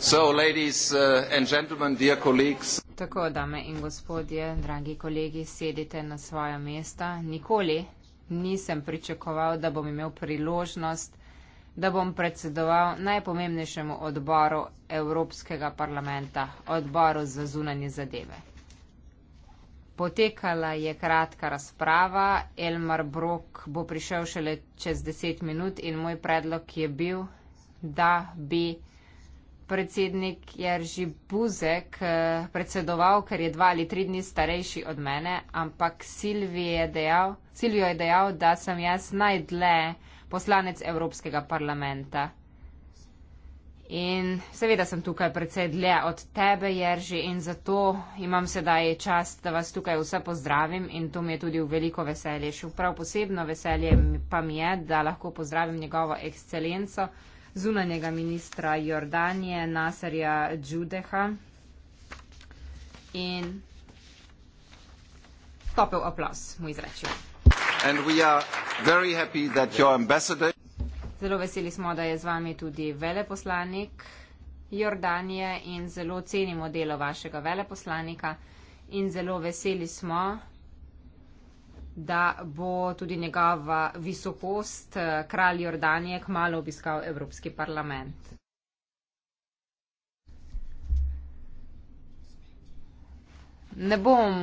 Uh, Tako, dame in gospodje, dragi kolegi, sedite na svoja mesta. Nikoli nisem pričakoval, da bom imel priložnost, da bom predsedoval najpomembnejšemu odboru Evropskega parlamenta, odboru za zunanje zadeve. Potekala je kratka razprava, Elmar Brok bo prišel šele čez deset minut in moj predlog je bil, da bi predsednik Jerži Buzek eh, predsedoval, ker je dva ali tri dni starejši od mene, ampak Silvijo je, je dejal, da sem jaz najdle poslanec Evropskega parlamenta. In seveda sem tukaj predvsej dlje od tebe, Jerži, in zato imam sedaj čast, da vas tukaj vse pozdravim in to mi je tudi v veliko veselje. Še prav posebno veselje pa mi je, da lahko pozdravim njegovo ekscelenco, zunanjega ministra Jordanije Nasarja Džudeha in topel aplaus mu izrečil. Zelo veseli smo, da je z vami tudi veleposlanik Jordanije in zelo cenimo delo vašega veleposlanika in zelo veseli smo, da bo tudi njegova visokost eh, kralj Jordanije kmalo obiskal Evropski parlament. Ne bom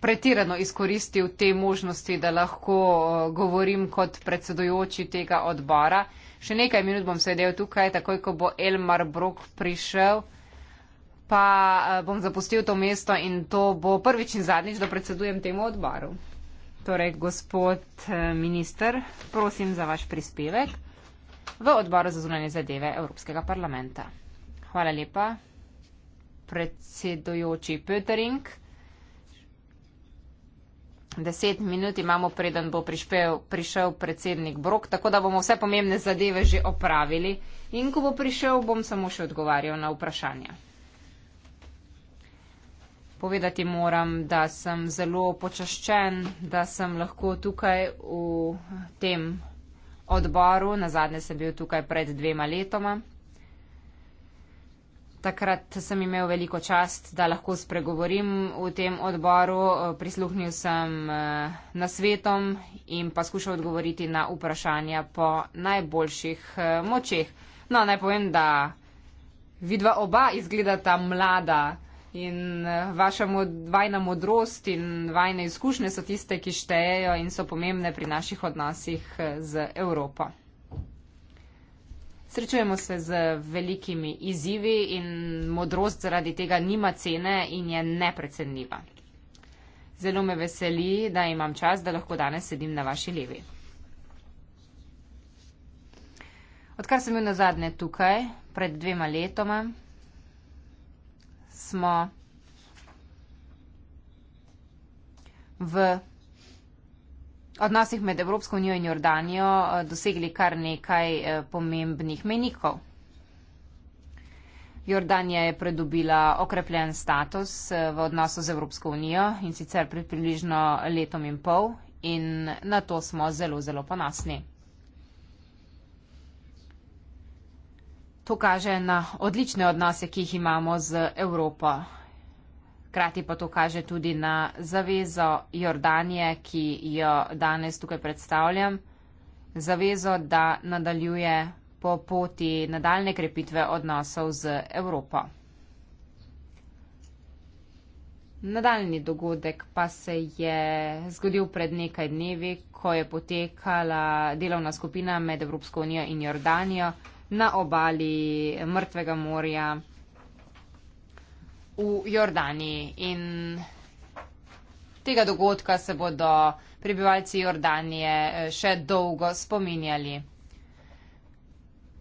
pretirano izkoristil te možnosti, da lahko eh, govorim kot predsedujoči tega odbora. Še nekaj minut bom sedel tukaj, takoj ko bo Elmar Brok prišel, pa eh, bom zapustil to mesto in to bo prvič in zadnjič, da predsedujem temu odboru. Torej, gospod eh, minister, prosim za vaš prispevek v odboru za zunanje zadeve Evropskega parlamenta. Hvala lepa, predsedojoči Pötering. Deset minut imamo, preden bo prišpel, prišel predsednik Brok, tako da bomo vse pomembne zadeve že opravili. In ko bo prišel, bom samo še odgovarjal na vprašanja. Povedati moram, da sem zelo počaščen, da sem lahko tukaj v tem odboru. Na zadnje sem bil tukaj pred dvema letoma. Takrat sem imel veliko čast, da lahko spregovorim v tem odboru. Prisluhnil sem eh, na svetom in pa skušal odgovoriti na vprašanja po najboljših eh, močeh. No, naj povem, da vidva oba izgledata mlada. In eh, vaša mod, vajna modrost in vajne izkušnje so tiste, ki štejejo in so pomembne pri naših odnosih eh, z Evropo. Srečujemo se z velikimi izzivi in modrost zaradi tega nima cene in je neprecenljiva. Zelo me veseli, da imam čas, da lahko danes sedim na vaši levi. Odkar sem bil nazadnje tukaj, pred dvema letoma, smo v odnosih med Evropsko unijo in Jordanijo eh, dosegli kar nekaj eh, pomembnih menikov. Jordanija je predobila okrepljen status eh, v odnosu z Evropsko unijo in sicer pred približno letom in pol in na to smo zelo, zelo ponosni. To kaže na odlične odnose, ki jih imamo z Evropo. Hkrati pa to kaže tudi na zavezo Jordanije, ki jo danes tukaj predstavljam, zavezo, da nadaljuje po poti nadaljne krepitve odnosov z Evropo. Nadaljni dogodek pa se je zgodil pred nekaj dnevi, ko je potekala delovna skupina med Evropsko unijo in Jordanijo na obali Mrtvega morja v Jordaniji. In tega dogodka se bodo prebivalci Jordanije eh, še dolgo spominjali.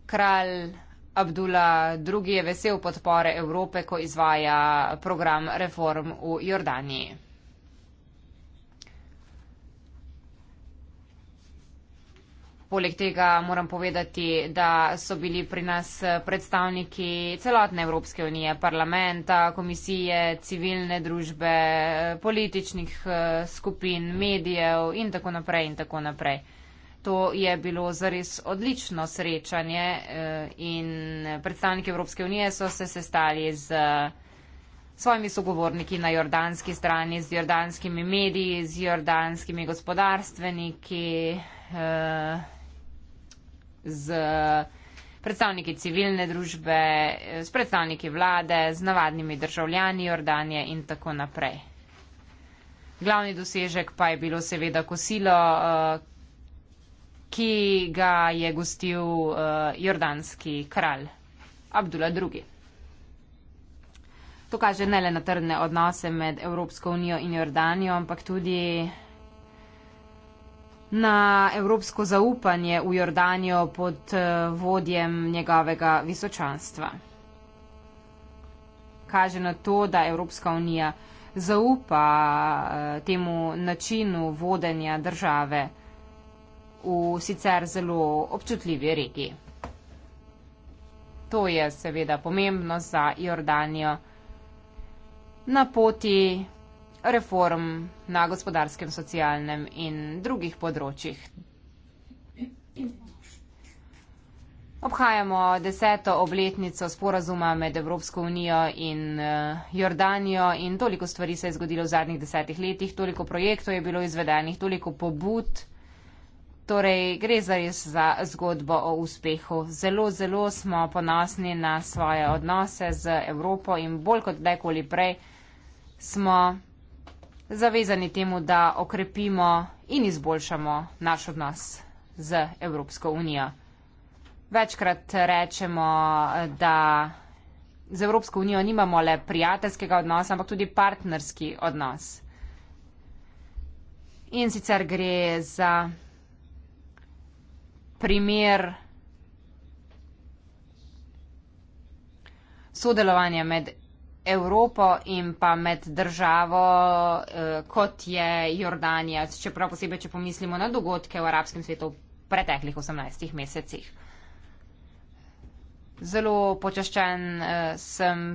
Kralj Abdula II. je vesel podpore Evrope, ko izvaja program reform v Jordaniji. Poleg tega moram povedati, da so bili pri nas eh, predstavniki celotne Evropske unije, parlamenta, komisije, civilne družbe, eh, političnih eh, skupin, medijev in tako naprej in tako naprej. To je bilo zares odlično srečanje in predstavniki Evropske unije so se sestali z svojimi sogovorniki na jordanski strani, z jordanskimi mediji, z jordanskimi gospodarstveniki. Uh, z predstavniki civilne družbe, s predstavniki vlade, z navadnimi državljani Jordanije in tako naprej. Glavni dosežek pa je bilo seveda kosilo, eh, ki ga je gostil eh, jordanski kralj Abdullah II. To kaže ne le na trdne odnose med Evropsko unijo in Jordanijo, ampak tudi na evropsko zaupanje v Jordanijo pod eh, vodjem njegovega visočanstva. Kaže na to, da Evropska unija zaupa eh, temu načinu vodenja države v sicer zelo občutljivi regiji. To je seveda pomembno za Jordanijo na poti reform na gospodarskem, socialnem in drugih področjih. Obhajamo deseto obletnico sporazuma med Evropsko unijo in eh, Jordanijo in toliko stvari se je zgodilo v zadnjih desetih letih, toliko projektov je bilo izvedenih, toliko pobud. Torej, gre za res za zgodbo o uspehu. Zelo, zelo smo ponosni na svoje odnose z Evropo in bolj kot dekoli prej smo zavezani temu, da okrepimo in izboljšamo naš odnos z Evropsko unijo. Večkrat rečemo, da z Evropsko unijo nimamo le prijateljskega odnosa, ampak tudi partnerski odnos. In sicer gre za primer sodelovanja med Evropo in pa med državo, eh, kot je Jordanija, čeprav posebej, če pomislimo na dogodke v arabskem svetu v preteklih 18 mesecih. Zelo počaščen eh, sem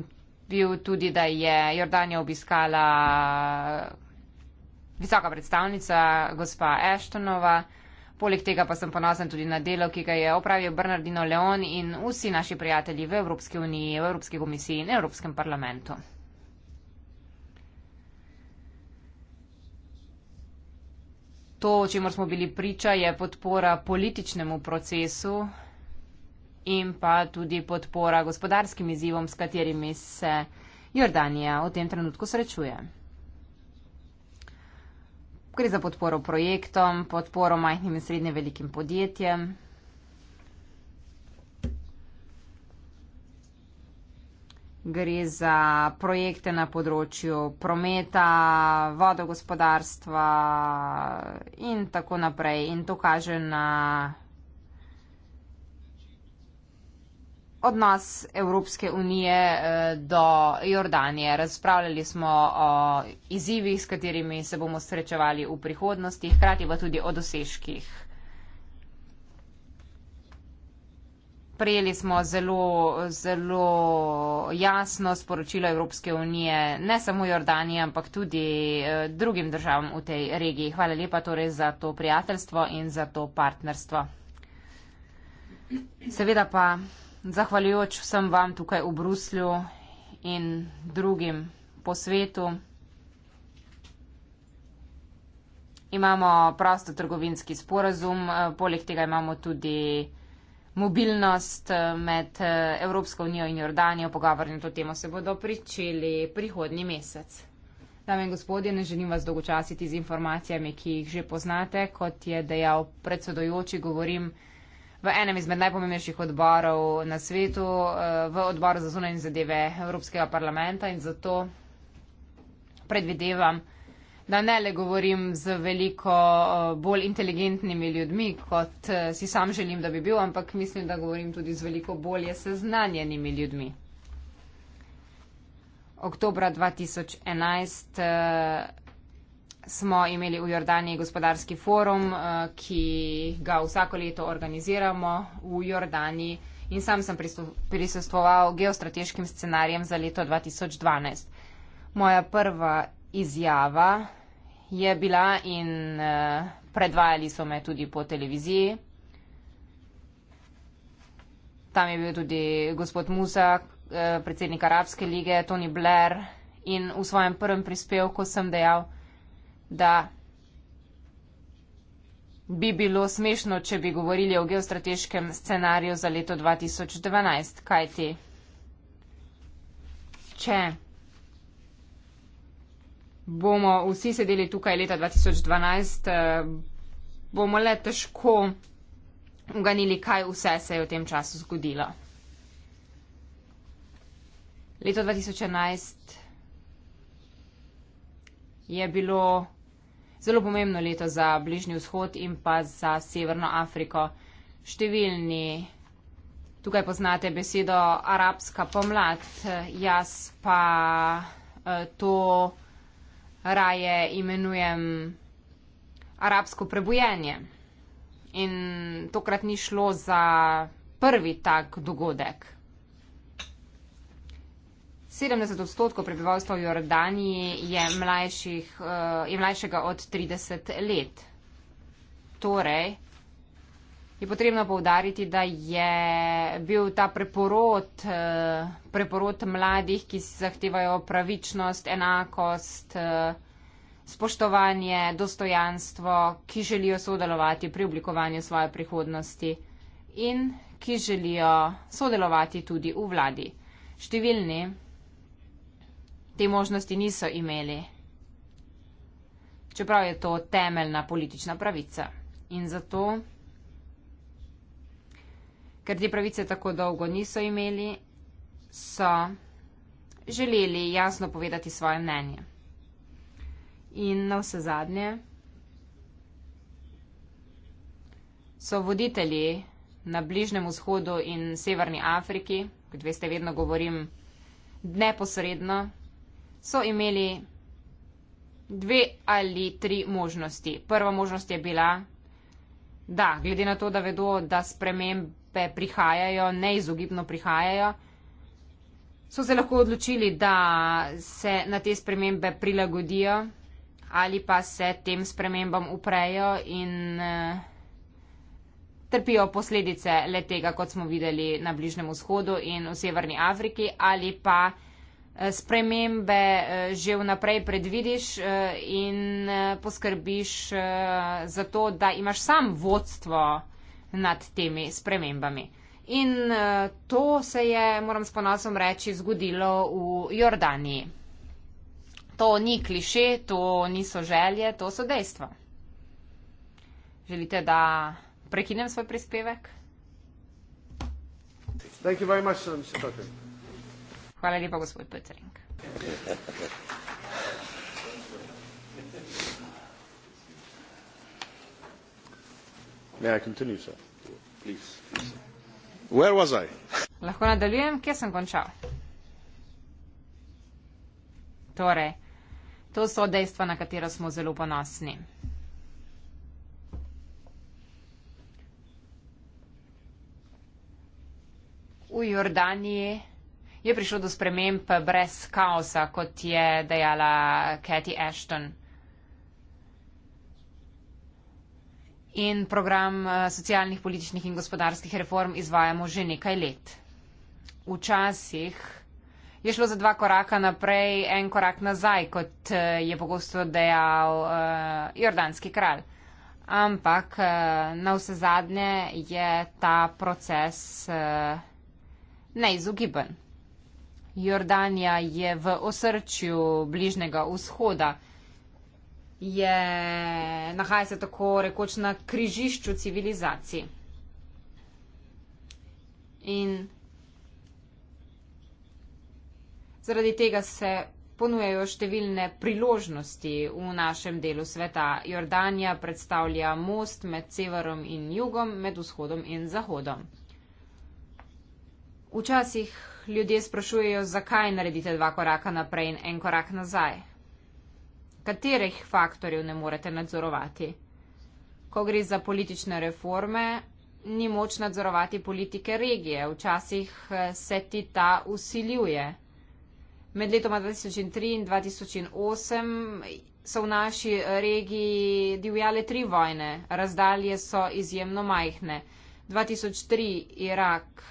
bil tudi, da je Jordanijo obiskala visoka predstavnica, gospa Ashtonova. Poleg tega pa sem ponosen tudi na delo, ki ga je opravil Bernardino Leon in vsi naši prijatelji v Evropski uniji, v Evropski komisiji in Evropskem parlamentu. To, o čemer smo bili priča, je podpora političnemu procesu in pa tudi podpora gospodarskim izzivom, s katerimi se Jordanija v tem trenutku srečuje gre za podporo projektom, podporo majhnim in srednje velikim podjetjem. Gre za projekte na področju prometa, vodogospodarstva in tako naprej. In to kaže na od nas Evropske unije eh, do Jordanije. Razpravljali smo o izzivih, s katerimi se bomo srečevali v prihodnosti, hkrati pa tudi o dosežkih. Prejeli smo zelo, zelo jasno sporočilo Evropske unije, ne samo Jordanije, ampak tudi eh, drugim državam v tej regiji. Hvala lepa torej za to prijateljstvo in za to partnerstvo. Seveda pa zahvaljujoč vsem vam tukaj v Bruslju in drugim po svetu. Imamo prostotrgovinski sporazum, eh, poleg tega imamo tudi mobilnost eh, med eh, Evropsko unijo in Jordanijo. Pogovor na to temo se bodo pričeli prihodnji mesec. Dame in gospodje, ne želim vas dolgočasiti z informacijami, ki jih že poznate, kot je dejal predsedojoči, govorim v enem izmed najpomembnejših odborov na svetu, eh, v odboru za zunanje zadeve Evropskega parlamenta in zato predvidevam, da ne le govorim z veliko eh, bolj inteligentnimi ljudmi, kot eh, si sam želim, da bi bil, ampak mislim, da govorim tudi z veliko bolje seznanjenimi ljudmi. Oktobra 2011 smo imeli v Jordani gospodarski forum, eh, ki ga vsako leto organiziramo v Jordani in sam sem prisostoval geostrateškim scenarijem za leto 2012. Moja prva izjava je bila in eh, predvajali so me tudi po televiziji. Tam je bil tudi gospod Musa, eh, predsednik Arabske lige, Tony Blair. In v svojem prvem prispevku sem dejal, da da bi bilo smešno, če bi govorili o geostrateškem scenariju za leto 2012. Kaj ti? Če bomo vsi sedeli tukaj leta 2012, eh, bomo le težko uganili, kaj vse se je v tem času zgodilo. Leto 2011 je bilo zelo pomembno leto za Bližnji vzhod in pa za Severno Afriko. Številni tukaj poznate besedo arabska pomlad, jaz pa eh, to raje imenujem arabsko prebojenje. In tokrat ni šlo za prvi tak dogodek. 70 odstotkov prebivalstva v Jordaniji je, mlajših, eh, je mlajšega od 30 let. Torej, je potrebno povdariti, da je bil ta preporod, eh, preporod mladih, ki si zahtevajo pravičnost, enakost, eh, spoštovanje, dostojanstvo, ki želijo sodelovati pri oblikovanju svoje prihodnosti in ki želijo sodelovati tudi v vladi. Številni te možnosti niso imeli. Čeprav je to temeljna politična pravica. In zato, ker te pravice tako dolgo niso imeli, so želeli jasno povedati svoje mnenje. In na vse zadnje so voditelji na Bližnem vzhodu in Severni Afriki, kot veste, vedno govorim neposredno, so imeli dve ali tri možnosti. Prva možnost je bila, da glede na to, da vedo, da spremembe prihajajo, neizogibno prihajajo, so se lahko odločili, da se na te spremembe prilagodijo ali pa se tem spremembam uprejo in eh, trpijo posledice le tega, kot smo videli na Bližnem vzhodu in v Severni Afriki ali pa Eh, spremembe eh, že vnaprej predvidiš eh, in poskrbiš za to, da imaš sam vodstvo nad temi spremembami. In to se je, moram s ponosom reči, zgodilo v Jordaniji. To ni kliše, to niso želje, to so dejstva. Želite, da prekinem svoj prispevek? Thank you very much, Mr. Tucker. Hvala lepa, gospod Petring. Lahko nadaljujem, kje sem končal? Torej, to so dejstva, na katero smo zelo ponosni. V Jordaniji je prišlo do sprememb brez kaosa, kot je dejala Cathy Ashton. In program eh, socialnih, političnih in gospodarskih reform izvajamo že nekaj let. Včasih je šlo za dva koraka naprej, en korak nazaj, kot eh, je pogosto dejal uh, jordanski kralj. Ampak uh, na vse zadnje je ta proces uh, neizogiben. Jordanija je v osrčju Bližnjega vzhoda. Je, nahaja se tako rekoč na križišču civilizacij. In zaradi tega se ponujejo številne priložnosti v našem delu sveta. Jordanija predstavlja most med severom in jugom, med vzhodom in zahodom. Včasih ljudje sprašujejo, zakaj naredite dva koraka naprej in en korak nazaj. Katerih faktorjev ne morete nadzorovati? Ko gre za politične reforme, ni moč nadzorovati politike regije, včasih eh, se ti ta usiljuje. Med letoma 2003 in 2008 so v naši eh, regiji divjale tri vojne, razdalje so izjemno majhne. 2003 Irak,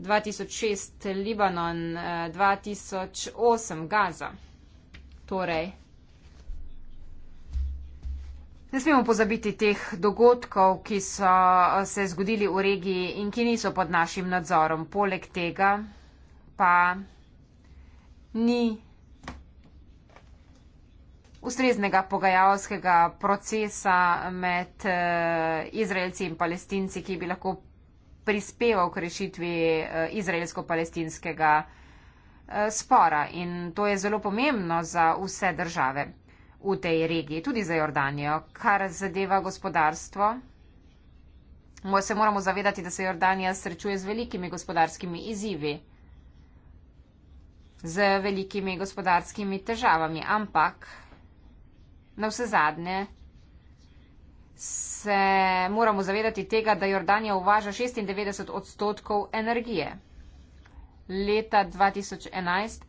2006 Libanon, 2008 eh, Gaza. Torej, ne smemo pozabiti teh dogodkov, ki so eh, se zgodili v regiji in ki niso pod našim nadzorom. Poleg tega pa ni ustreznega pogajalskega procesa med eh, Izraelci in palestinci, ki bi lahko prispeval k rešitvi eh, izraelsko-palestinskega eh, spora in to je zelo pomembno za vse države v tej regiji, tudi za Jordanijo, kar zadeva gospodarstvo. Se moramo zavedati, da se Jordanija srečuje z velikimi gospodarskimi izzivi, z velikimi gospodarskimi težavami, ampak na vse zadnje se moramo zavedati tega, da Jordanija uvaža 96 odstotkov energije. Leta 2011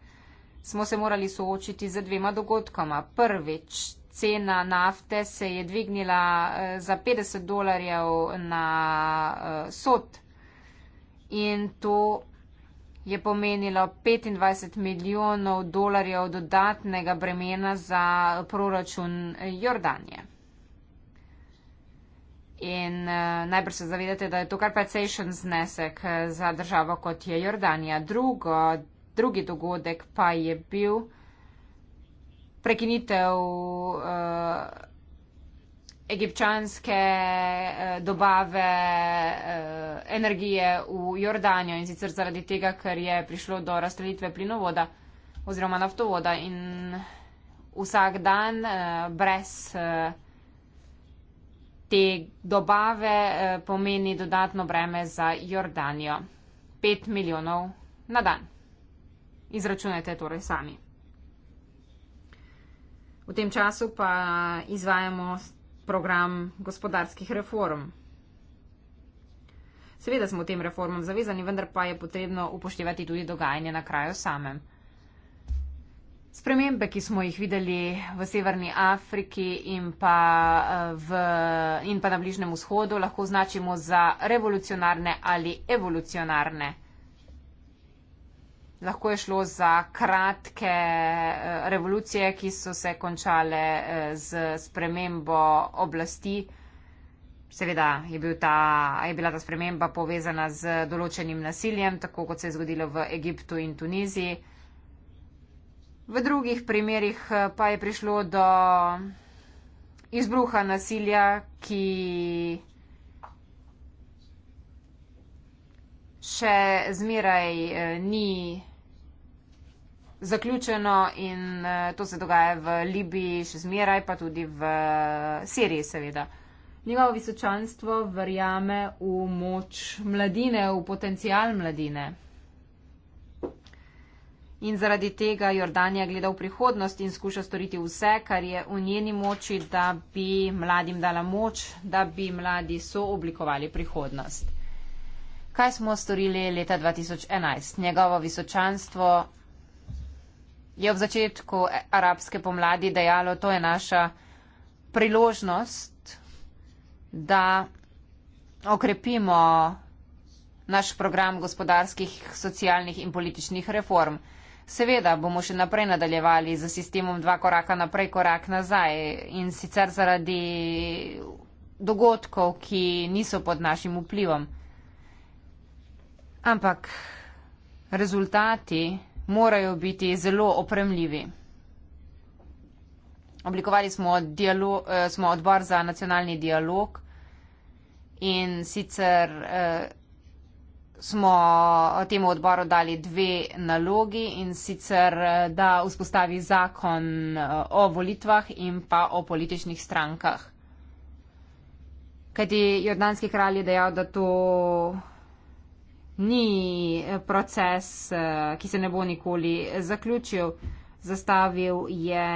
smo se morali soočiti z dvema dogodkoma. Prvič, cena nafte se je dvignila eh, za 50 dolarjev na eh, sod in to je pomenilo 25 milijonov dolarjev dodatnega bremena za proračun eh, Jordanije. In uh, najbrž se zavedate, da je to kar precejšen znesek eh, za državo, kot je Jordanija. Drugo, drugi dogodek pa je bil prekinitev uh, egipčanske uh, dobave uh, energije v Jordanijo in sicer zaradi tega, ker je prišlo do razstrelitve plinovoda oziroma naftovoda in vsak dan uh, brez. Uh, te dobave eh, pomeni dodatno breme za Jordanijo. 5 milijonov na dan. Izračunajte torej sami. V tem času pa izvajamo program gospodarskih reform. Seveda smo tem reformam zavezani, vendar pa je potrebno upoštevati tudi dogajanje na kraju samem. Spremembe, ki smo jih videli v Severni Afriki in pa, eh, v, in pa na Bližnem vzhodu, lahko označimo za revolucionarne ali evolucionarne. Lahko je šlo za kratke eh, revolucije, ki so se končale eh, z spremembo oblasti. Seveda je, bil ta, je bila ta sprememba povezana z določenim nasiljem, tako kot se je zgodilo v Egiptu in Tuniziji. V drugih primerjih eh, pa je prišlo do izbruha nasilja, ki še zmeraj eh, ni zaključeno in eh, to se dogaja v Libiji še zmeraj, pa tudi v Siriji seveda. Njegovo visočanstvo verjame v moč mladine, v potencial mladine in zaradi tega Jordanija gleda v prihodnost in skuša storiti vse, kar je v njeni moči, da bi mladim dala moč, da bi mladi sooblikovali prihodnost. Kaj smo storili leta 2011? Njegovo visočanstvo je v začetku arabske pomladi dejalo, to je naša priložnost, da okrepimo naš program gospodarskih, socialnih in političnih reform. Seveda bomo še naprej nadaljevali z sistemom dva koraka naprej, korak nazaj in sicer zaradi dogodkov, ki niso pod našim vplivom. Ampak rezultati morajo biti zelo opremljivi. Oblikovali smo, dialog, eh, smo odbor za nacionalni dialog in sicer. Eh, smo temu odboru dali dve nalogi in sicer, da vzpostavi zakon eh, o volitvah in pa o političnih strankah. Kajti jordanski kralj je dejal, da to ni eh, proces, eh, ki se ne bo nikoli zaključil. Zastavil je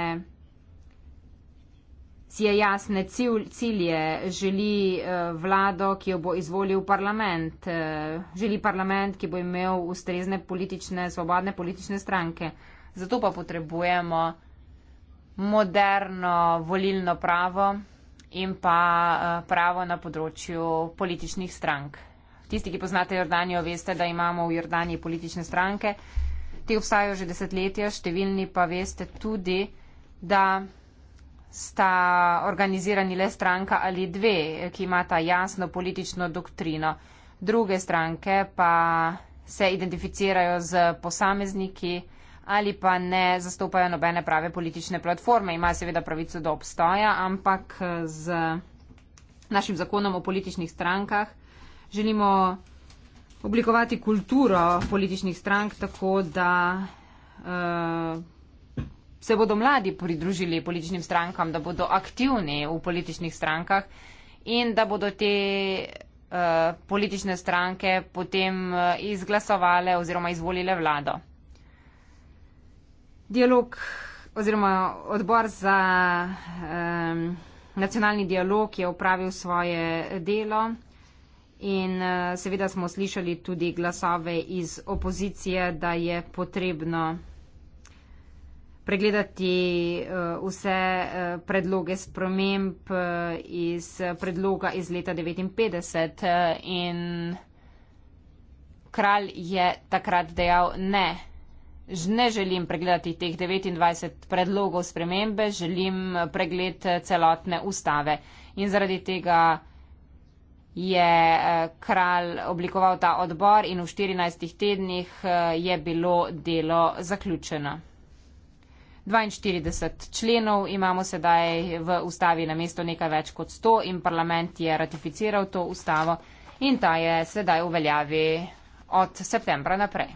si je jasne cilj, cilje, želi eh, vlado, ki jo bo izvolil parlament, eh, želi parlament, ki bo imel ustrezne politične, svobodne politične stranke. Zato pa potrebujemo moderno volilno pravo in pa eh, pravo na področju političnih strank. Tisti, ki poznate Jordanijo, veste, da imamo v Jordaniji politične stranke. Te obstajajo že desetletja, številni pa veste tudi, da sta organizirani le stranka ali dve, ki imata jasno politično doktrino. Druge stranke pa se identificirajo z posamezniki ali pa ne zastopajo nobene prave politične platforme. Ima seveda pravico do obstoja, ampak z našim zakonom o političnih strankah želimo oblikovati kulturo političnih strank tako, da. Uh, se bodo mladi pridružili političnim strankam, da bodo aktivni v političnih strankah in da bodo te uh, politične stranke potem eh, izglasovale oziroma izvolile vlado. Dialog oziroma odbor za um, nacionalni dialog je upravil svoje delo. In eh, seveda smo slišali tudi glasove iz opozicije, da je potrebno pregledati eh, vse eh, predloge sprememb eh, iz predloga iz leta 59 in kralj je takrat dejal ne. Ne želim pregledati teh 29 predlogov spremembe, želim pregled celotne ustave. In zaradi tega je kralj oblikoval ta odbor in v 14 tednih je bilo delo zaključeno. 42 členov imamo sedaj v ustavi na mesto nekaj več kot 100 in parlament je ratificiral to ustavo in ta je sedaj v veljavi od septembra naprej.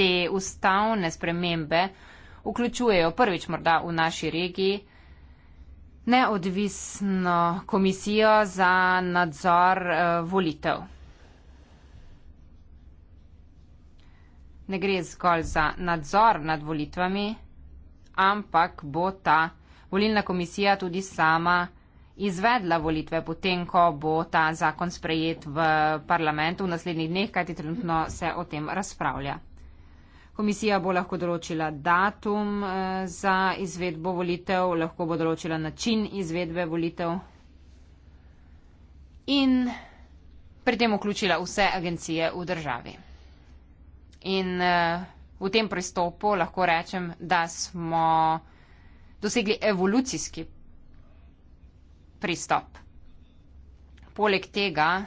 Te ustavne spremembe vključujejo prvič morda v naši regiji neodvisno komisijo za nadzor eh, volitev. ne gre zgolj za nadzor nad volitvami, ampak bo ta volilna komisija tudi sama izvedla volitve potem, ko bo ta zakon sprejet v parlamentu v naslednjih dneh, kajti trenutno se o tem razpravlja. Komisija bo lahko določila datum eh, za izvedbo volitev, lahko bo določila način izvedbe volitev in pri tem vključila vse agencije v državi. In eh, v tem pristopu lahko rečem, da smo dosegli evolucijski pristop. Poleg tega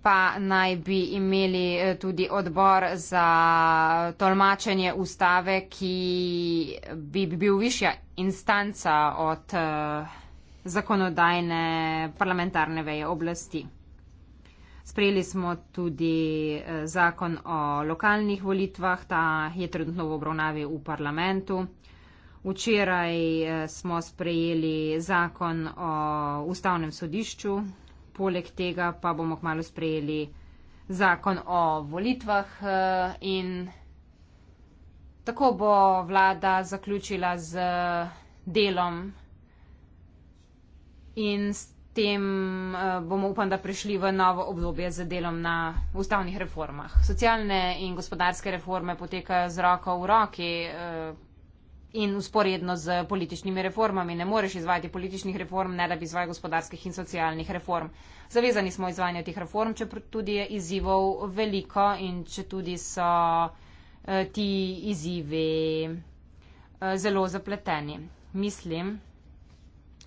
pa naj bi imeli eh, tudi odbor za tolmačenje ustave, ki bi bil višja instanca od eh, zakonodajne parlamentarne veje oblasti. Sprejeli smo tudi eh, zakon o lokalnih volitvah, ta je trenutno v obravnavi v parlamentu. Včeraj eh, smo sprejeli zakon o ustavnem sodišču, poleg tega pa bomo kmalo sprejeli zakon o volitvah eh, in tako bo vlada zaključila z delom in s potem eh, bomo upam, da prišli v novo obdobje z delom na ustavnih reformah. Socialne in gospodarske reforme potekajo z roko v roki eh, in usporedno z političnimi reformami. Ne moreš izvajati političnih reform, ne da bi izvajal gospodarskih in socialnih reform. Zavezani smo izvajanju teh reform, čeprav je izzivov veliko in čeprav so eh, ti izzivi zelo zapleteni. Mislim,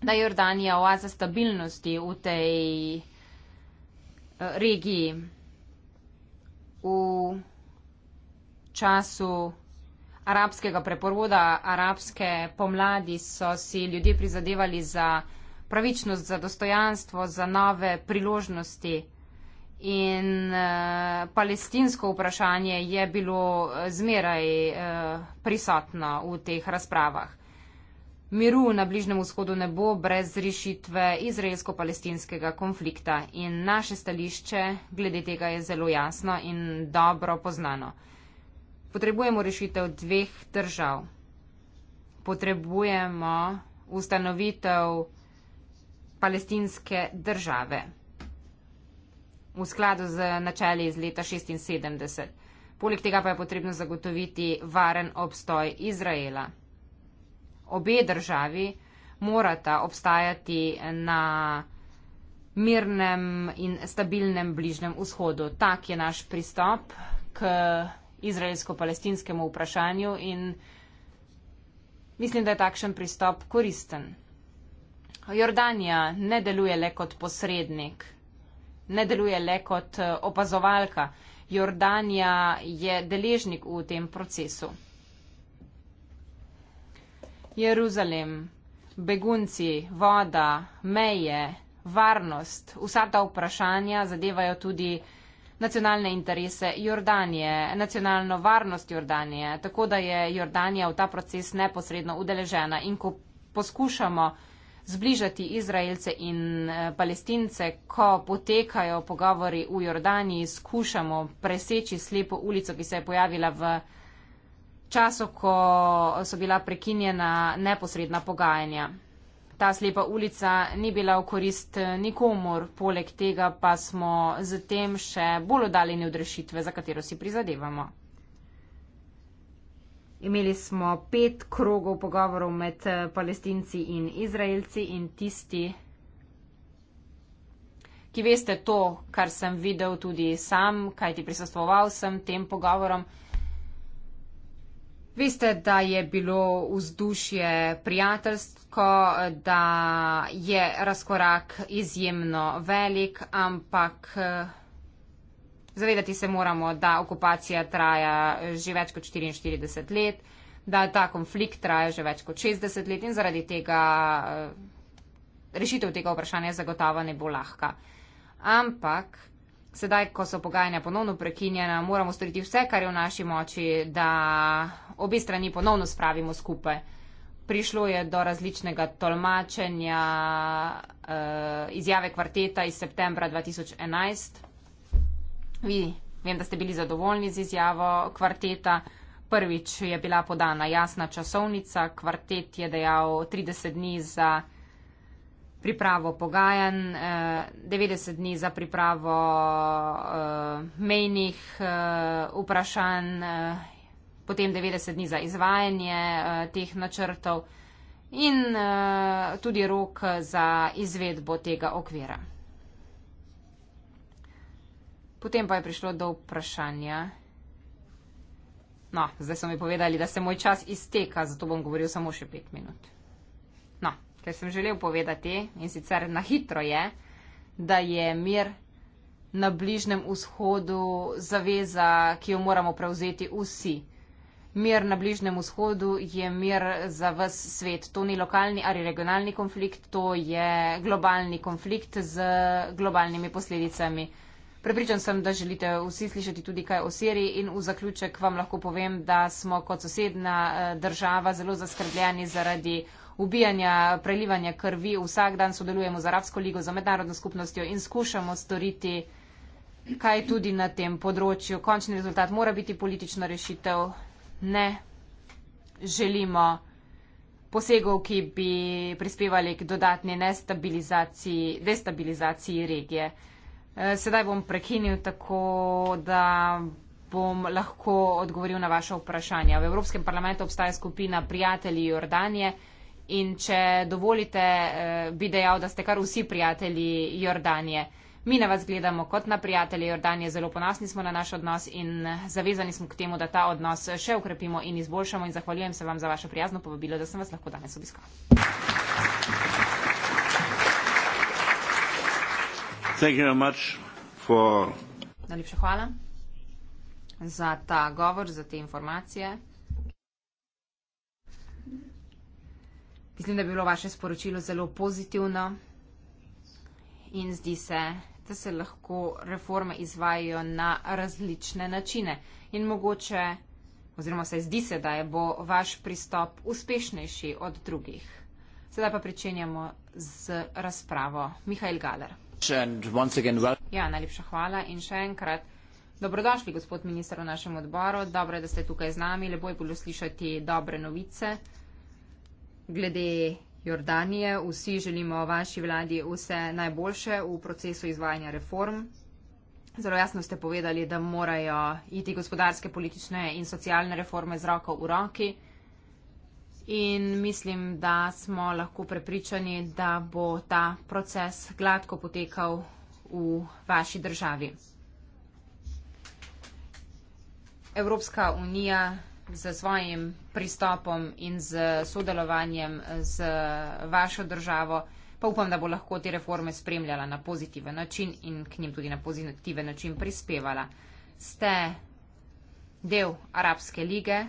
da je Jordanija oaza stabilnosti v tej eh, regiji v času arabskega preporoda, arabske pomladi so si ljudje prizadevali za pravičnost, za dostojanstvo, za nove priložnosti in uh, palestinsko vprašanje je bilo eh, zmeraj uh, prisotno v teh razpravah. Miru na Bližnem vzhodu ne bo brez rešitve izraelsko-palestinskega konflikta in naše stališče glede tega je zelo jasno in dobro poznano. Potrebujemo rešitev dveh držav. Potrebujemo ustanovitev palestinske države v skladu z načeli iz leta 1976. Poleg tega pa je potrebno zagotoviti varen obstoj Izraela obe državi morata obstajati na mirnem in stabilnem bližnem vzhodu. Tak je naš pristop k izraelsko-palestinskemu vprašanju in mislim, da je takšen pristop koristen. Jordanija ne deluje le kot posrednik, ne deluje le kot opazovalka. Jordanija je deležnik v tem procesu. Jeruzalem, begunci, voda, meje, varnost, vsa ta vprašanja zadevajo tudi nacionalne interese Jordanije, nacionalno varnost Jordanije, tako da je Jordanija v ta proces neposredno udeležena. In ko poskušamo zbližati Izraelce in eh, palestince, ko potekajo pogovori v Jordaniji, skušamo preseči slepo ulico, ki se je pojavila v času, ko so bila prekinjena neposredna pogajanja. Ta slepa ulica ni bila v korist eh, nikomor, poleg tega pa smo z tem še bolj odaljeni od rešitve, za katero si prizadevamo. Imeli smo pet krogov pogovorov med eh, palestinci in izraelci in tisti, ki veste to, kar sem videl tudi sam, kajti prisostoval sem tem pogovorom. Veste, da je bilo vzdušje prijateljsko, da je razkorak izjemno velik, ampak eh, zavedati se moramo, da okupacija traja že več kot 44 let, da ta konflikt traja že več kot 60 let in zaradi tega eh, rešitev tega vprašanja zagotovo ne bo lahka. Ampak sedaj, ko so pogajanja ponovno prekinjena, moramo storiti vse, kar je v naši moči, da obi strani ponovno spravimo skupaj. Prišlo je do različnega tolmačenja eh, izjave kvarteta iz septembra 2011. Vi, vem, da ste bili zadovoljni z izjavo kvarteta. Prvič je bila podana jasna časovnica, kvartet je dejal 30 dni za pripravo pogajanj, 90 eh, dni za pripravo eh, mejnih eh, vprašanj, potem 90 dni za izvajanje teh načrtov in tudi rok za izvedbo tega okvira. Potem pa je prišlo do vprašanja. No, zdaj so mi povedali, da se moj čas izteka, zato bom govoril samo še pet minut kar sem želel povedati, in sicer na hitro je, da je mir na Bližnem vzhodu zaveza, ki jo moramo prevzeti vsi. Mir na Bližnem vzhodu je mir za ves svet. To ni lokalni ali regionalni konflikt, to je globalni konflikt z globalnimi posledicami. Prepričan sem, da želite vsi slišati tudi kaj o Siriji in v zaključek vam lahko povem, da smo kot sosedna eh, država zelo zaskrbljeni zaradi ubijanja, prelivanja krvi. Vsak dan sodelujemo z Arabsko ligo, z mednarodno skupnostjo in skušamo storiti kaj tudi na tem področju. Končni rezultat mora biti politična rešitev. Ne želimo posegov, ki bi prispevali k dodatni nestabilizaciji, destabilizaciji regije. E, sedaj bom prekinil tako, da bom lahko odgovoril na vaše vprašanje. V Evropskem parlamentu obstaja skupina prijatelji Jordanije in če dovolite, eh, bi dejal, da ste kar vsi prijatelji Jordanije. Mi na vas gledamo kot na prijatelje Jordanije, zelo ponosni smo na naš odnos in zavezani smo k temu, da ta odnos še ukrepimo in izboljšamo in zahvaljujem se vam za vaše prijazno povabilo, da sem vas lahko danes obiskal. For... Najlepša hvala za ta govor, za te informacije. Mislim, da je bilo vaše sporočilo zelo pozitivno in zdi se, da se lahko reforme izvajajo na različne načine. In mogoče, oziroma se zdi se, da je bo vaš pristop uspešnejši od drugih. Sedaj pa pričenjamo z razpravo. Mihajl Galer. Ja, najlepša hvala in še enkrat. Dobrodošli, gospod minister, v našem odboru. Dobro je, da ste tukaj z nami. Lepo je bilo slišati dobre novice glede Jordanije. Vsi želimo vaši vladi vse najboljše v procesu izvajanja reform. Zelo jasno ste povedali, da morajo iti gospodarske, politične in socialne reforme z roko v roki. In mislim, da smo lahko prepričani, da bo ta proces gladko potekal v vaši državi. Evropska unija z svojim pristopom in z sodelovanjem z vašo državo, pa upam, da bo lahko te reforme spremljala na pozitiven način in k njim tudi na pozitiven način prispevala. Ste del Arabske lige,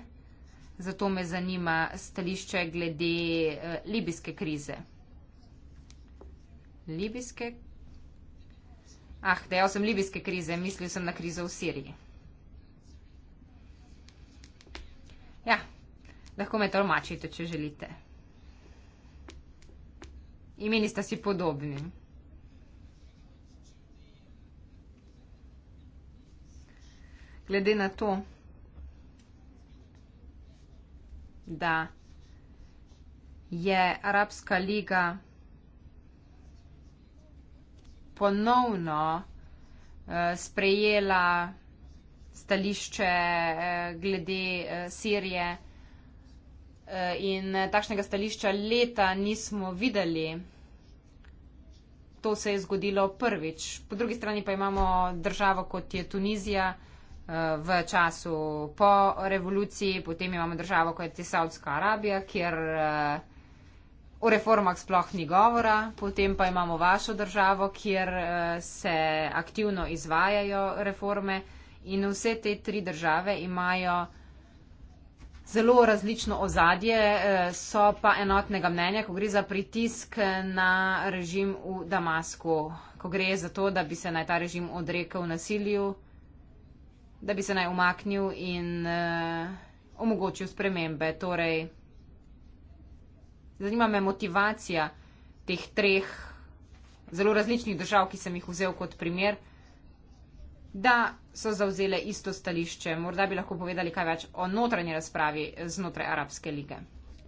zato me zanima stališče glede eh, libijske krize. Libijske? Ah, dejal sem libijske krize, mislil sem na krizo v Siriji. Ja, lahko me tolmačite, če želite. Imeni sta si podobni. Glede na to, da je Arabska liga ponovno uh, sprejela stališče eh, glede eh, Sirije eh, in takšnega stališča leta nismo videli. To se je zgodilo prvič. Po drugi strani pa imamo državo, kot je Tunizija v času po revoluciji, potem imamo državo, kot je Saudska Arabija, kjer o reformah sploh ni govora, potem pa imamo vašo državo, kjer se aktivno izvajajo reforme. In vse te tri države imajo zelo različno ozadje, eh, so pa enotnega mnenja, ko gre za pritisk eh, na režim v Damasku, ko gre za to, da bi se naj ta režim odrekel nasilju, da bi se naj umaknil in uh, omogočil spremembe. Torej, zanima me motivacija teh treh zelo različnih držav, ki sem jih vzel kot primer da so zauzele isto stališče. Morda bi lahko povedali kaj več o notranji razpravi znotraj Arabske lige.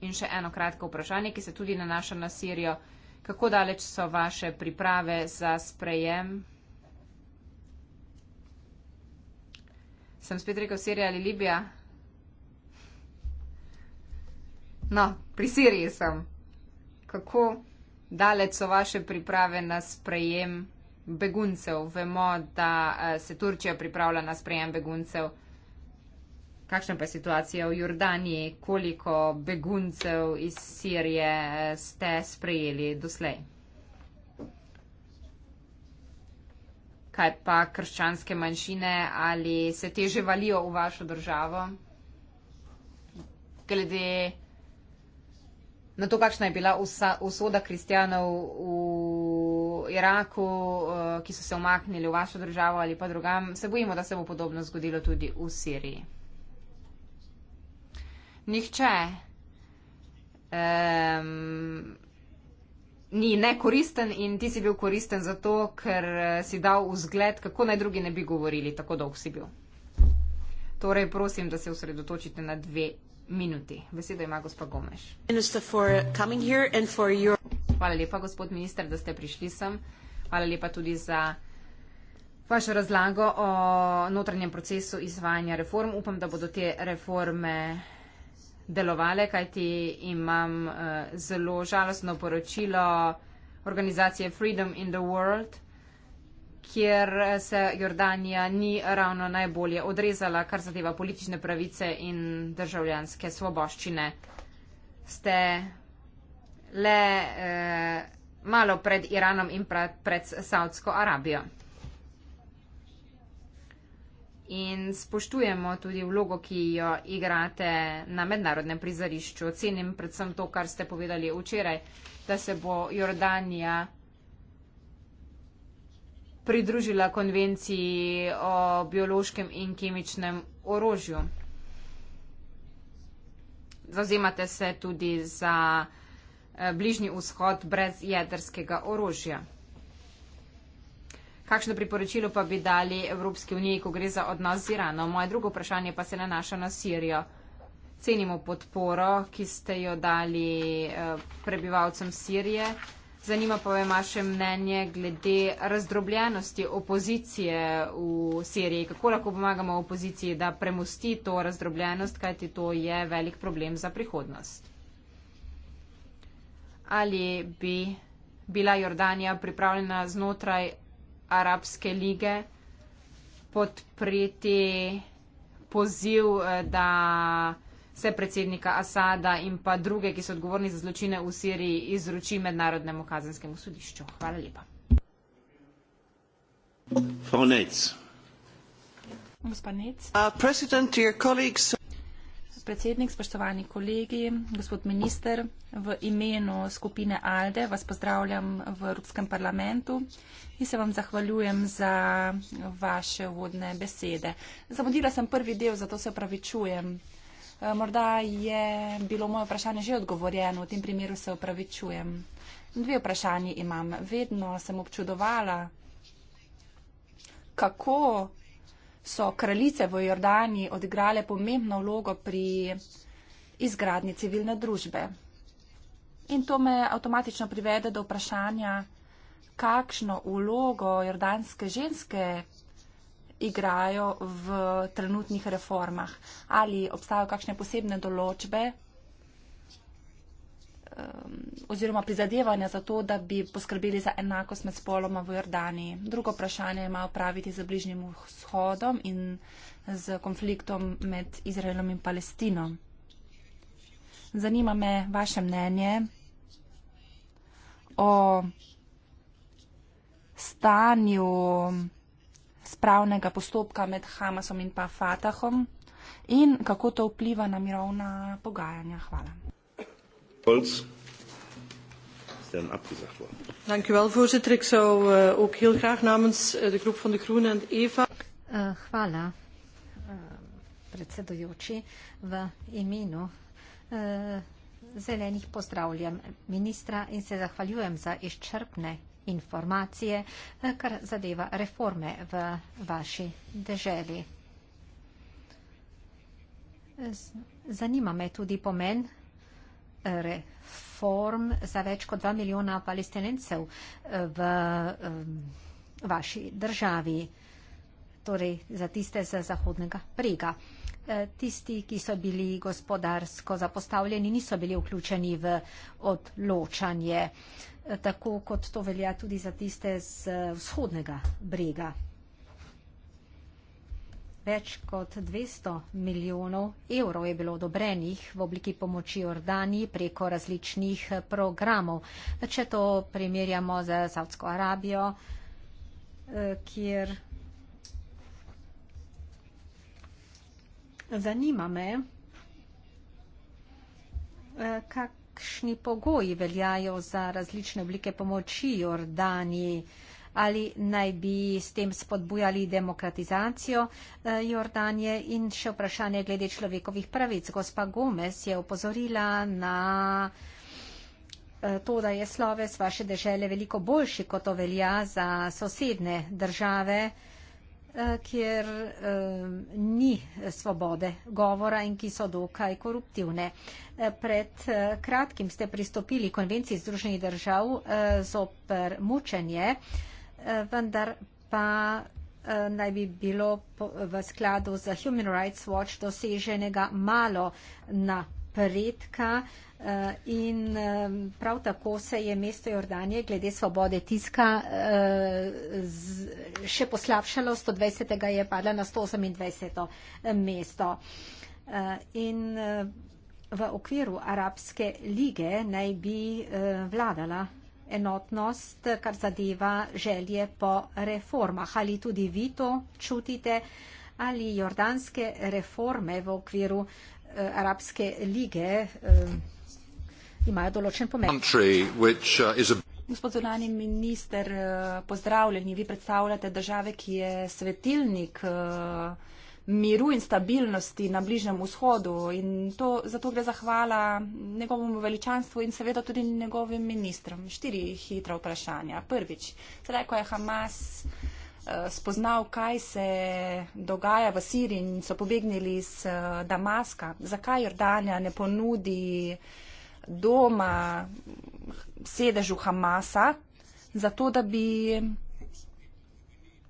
In še eno kratko vprašanje, ki se tudi nanaša na Sirijo. Kako daleč so vaše priprave za sprejem? Sem spet rekel Sirija ali Libija? No, pri Siriji sem. Kako daleč so vaše priprave na sprejem? beguncev. Vemo, da eh, se Turčija pripravlja na sprejem beguncev. Kakšna pa je situacija v Jordaniji? Koliko beguncev iz Sirije eh, ste sprejeli doslej? Kaj pa krščanske manjšine, ali se teže valijo v vašo državo? Glede Na to, kakšna je bila usoda kristijanov v Iraku, eh, ki so se omaknili v vašo državo ali pa drugam, se bojimo, da se bo podobno zgodilo tudi v Siriji. Nihče um, ni nekoristen in ti si bil koristen zato, ker eh, si dal vzgled, kako naj drugi ne bi govorili, tako dolg si bil. Torej, prosim, da se osredotočite na dve minuti. Besedo ima gospod Gomeš. Hvala lepa, gospod minister, da ste prišli sem. Hvala lepa tudi za vašo razlago o notranjem procesu izvajanja reform. Upam, da bodo te reforme delovale, kajti imam eh, zelo žalostno poročilo organizacije Freedom in the World kjer se Jordanija ni ravno najbolje odrezala, kar zadeva politične pravice in državljanske svoboščine. Ste le eh, malo pred Iranom in pred, pred Saudsko Arabijo. In spoštujemo tudi vlogo, ki jo igrate na mednarodnem prizorišču. Cenim predvsem to, kar ste povedali včeraj, da se bo Jordanija pridružila konvenciji o biološkem in kemičnem orožju. Zazemate se tudi za eh, bližnji vzhod brez jedrskega orožja. Kakšno priporočilo pa bi dali Evropski uniji, ko gre za odnos z Iranom? Moje drugo vprašanje pa se nanaša na Sirijo. Cenimo podporo, ki ste jo dali eh, prebivalcem Sirije. Zanima pa me vaše mnenje glede razdrobljenosti opozicije v Siriji. Kako lahko pomagamo opoziciji, da premosti to razdrobljenost, kajti to je velik problem za prihodnost? Ali bi bila Jordanija pripravljena znotraj Arabske lige podpreti poziv, eh, da se predsednika Asada in pa druge, ki so odgovorni za zločine v Siriji, izruči mednarodnemu kazenskemu sodišču. Hvala lepa. Uh, Predsednik, spoštovani kolegi, gospod minister, v imenu skupine ALDE vas pozdravljam v Evropskem parlamentu in se vam zahvaljujem za vaše vodne besede. Zamudila sem prvi del, zato se opravičujem. Eh, morda je bilo moje vprašanje že odgovorjeno, v tem primeru se upravičujem. Dve vprašanji imam. Vedno sem občudovala, kako so kraljice v Jordani odigrale pomembno vlogo pri izgradnji civilne družbe. In to me avtomatično privede do vprašanja, kakšno vlogo jordanske ženske igrajo v trenutnih reformah? Ali obstajajo kakšne posebne določbe ehm, oziroma prizadevanja za to, da bi poskrbeli za enakost med spoloma v Jordaniji? Drugo vprašanje ima opraviti z bližnjim vzhodom in z konfliktom med Izraelom in Palestino. Zanima me vaše mnenje o stanju pravnega postopka med Hamasom in pa Fatahom in kako to vpliva na mirovna pogajanja. Hvala. Eh, eh, Pulc. Eh, hvala, predsedujoči. V imenu zelenih pozdravljam ministra in se zahvaljujem za izčrpne informacije, eh, kar zadeva reforme v vaši deželi. Zanima me tudi pomen eh, reform za več kot 2 milijona palestinencev eh, v vaši državi, torej za tiste z Zahodnega brega. Tisti, ki so bili gospodarsko zapostavljeni, niso bili vključeni v odločanje tako kot to velja tudi za tiste z eh, vzhodnega brega. Več kot 200 milijonov evrov je bilo odobrenih v obliki pomoči Jordani preko različnih eh, programov. Če to primerjamo z Saudsko Arabijo, eh, kjer zanima me, kak kakšni pogoji veljajo za različne oblike pomoči Jordaniji? Ali naj bi s tem spodbujali demokratizacijo eh, Jordanije in še vprašanje glede človekovih pravic? Gospa Gomez je upozorila na eh, to, da je sloves vaše dežele veliko boljši, kot to velja za sosedne države. Eh, kjer eh, ni svobode govora in ki so dokaj koruptivne. Eh, pred kratkim ste pristopili konvenciji Združenih držav zoper mučenje, vendar pa naj bi bilo v skladu z Human Rights Watch doseženega malo na redka eh, in eh, prav tako se je mesto Jordanije glede svobode tiska eh, še poslabšalo, 120. je padla na 128. mesto. In v okviru Arabske lige naj bi vladala enotnost, kar zadeva želje po reformah. Ali tudi vi to čutite? ali jordanske reforme v okviru uh, Eh, arabske lige eh, imajo določen pomen. Eh, Gospod zunani minister, pozdravljeni. Vi predstavljate države, ki je svetilnik miru in stabilnosti na Bližnem vzhodu in to zato gre zahvala njegovemu veličanstvu in seveda tudi njegovim ministrom. Štiri hitra vprašanja. Prvič, sedaj, ko je Hamas Eh, spoznal, kaj se dogaja v Siriji in so pobegnili iz eh, Damaska. Zakaj Jordanija ne ponudi doma sedežu Hamasa, zato da bi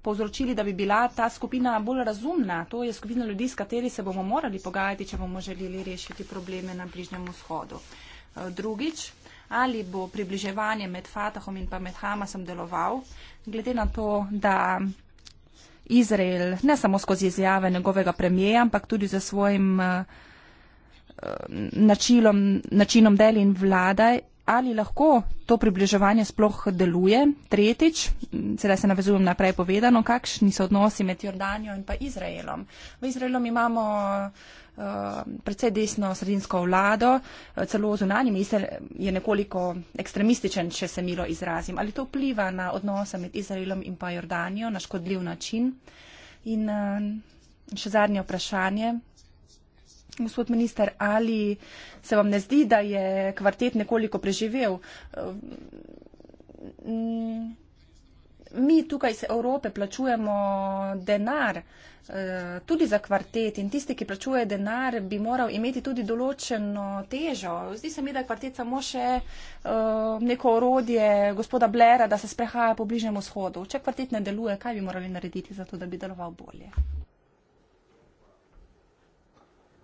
povzročili, da bi bila ta skupina bolj razumna. To je skupina ljudi, s kateri se bomo morali pogajati, če bomo želeli rešiti probleme na Bližnjem vzhodu. Eh, drugič, ali bo približevanje med Fatahom in pa med Hamasom deloval, glede na to, da Izrael ne samo skozi izjave njegovega premijeja, ampak tudi za svojim eh, načilom, načinom del in vlada, ali lahko to približevanje sploh deluje. Tretjič, sedaj se navezujem naprej povedano, kakšni so odnosi med Jordanijo in pa Izraelom. V Izraelom imamo Eh, predvsej desno sredinsko vlado, eh, celo zunanji minister je nekoliko ekstremističen, če se milo izrazim. Ali to vpliva na odnose med Izraelom in pa Jordanijo na škodljiv način? In eh, še zadnje vprašanje. Gospod minister, ali se vam ne zdi, da je kvartet nekoliko preživel? Mm, mi tukaj iz Evrope plačujemo denar eh, tudi za kvartet in tisti, ki plačuje denar, bi moral imeti tudi določeno težo. Zdi se mi, da je kvartet samo še eh, neko orodje gospoda Blera, da se sprehaja po bližnjem vzhodu. Če kvartet ne deluje, kaj bi morali narediti za to, da bi deloval bolje?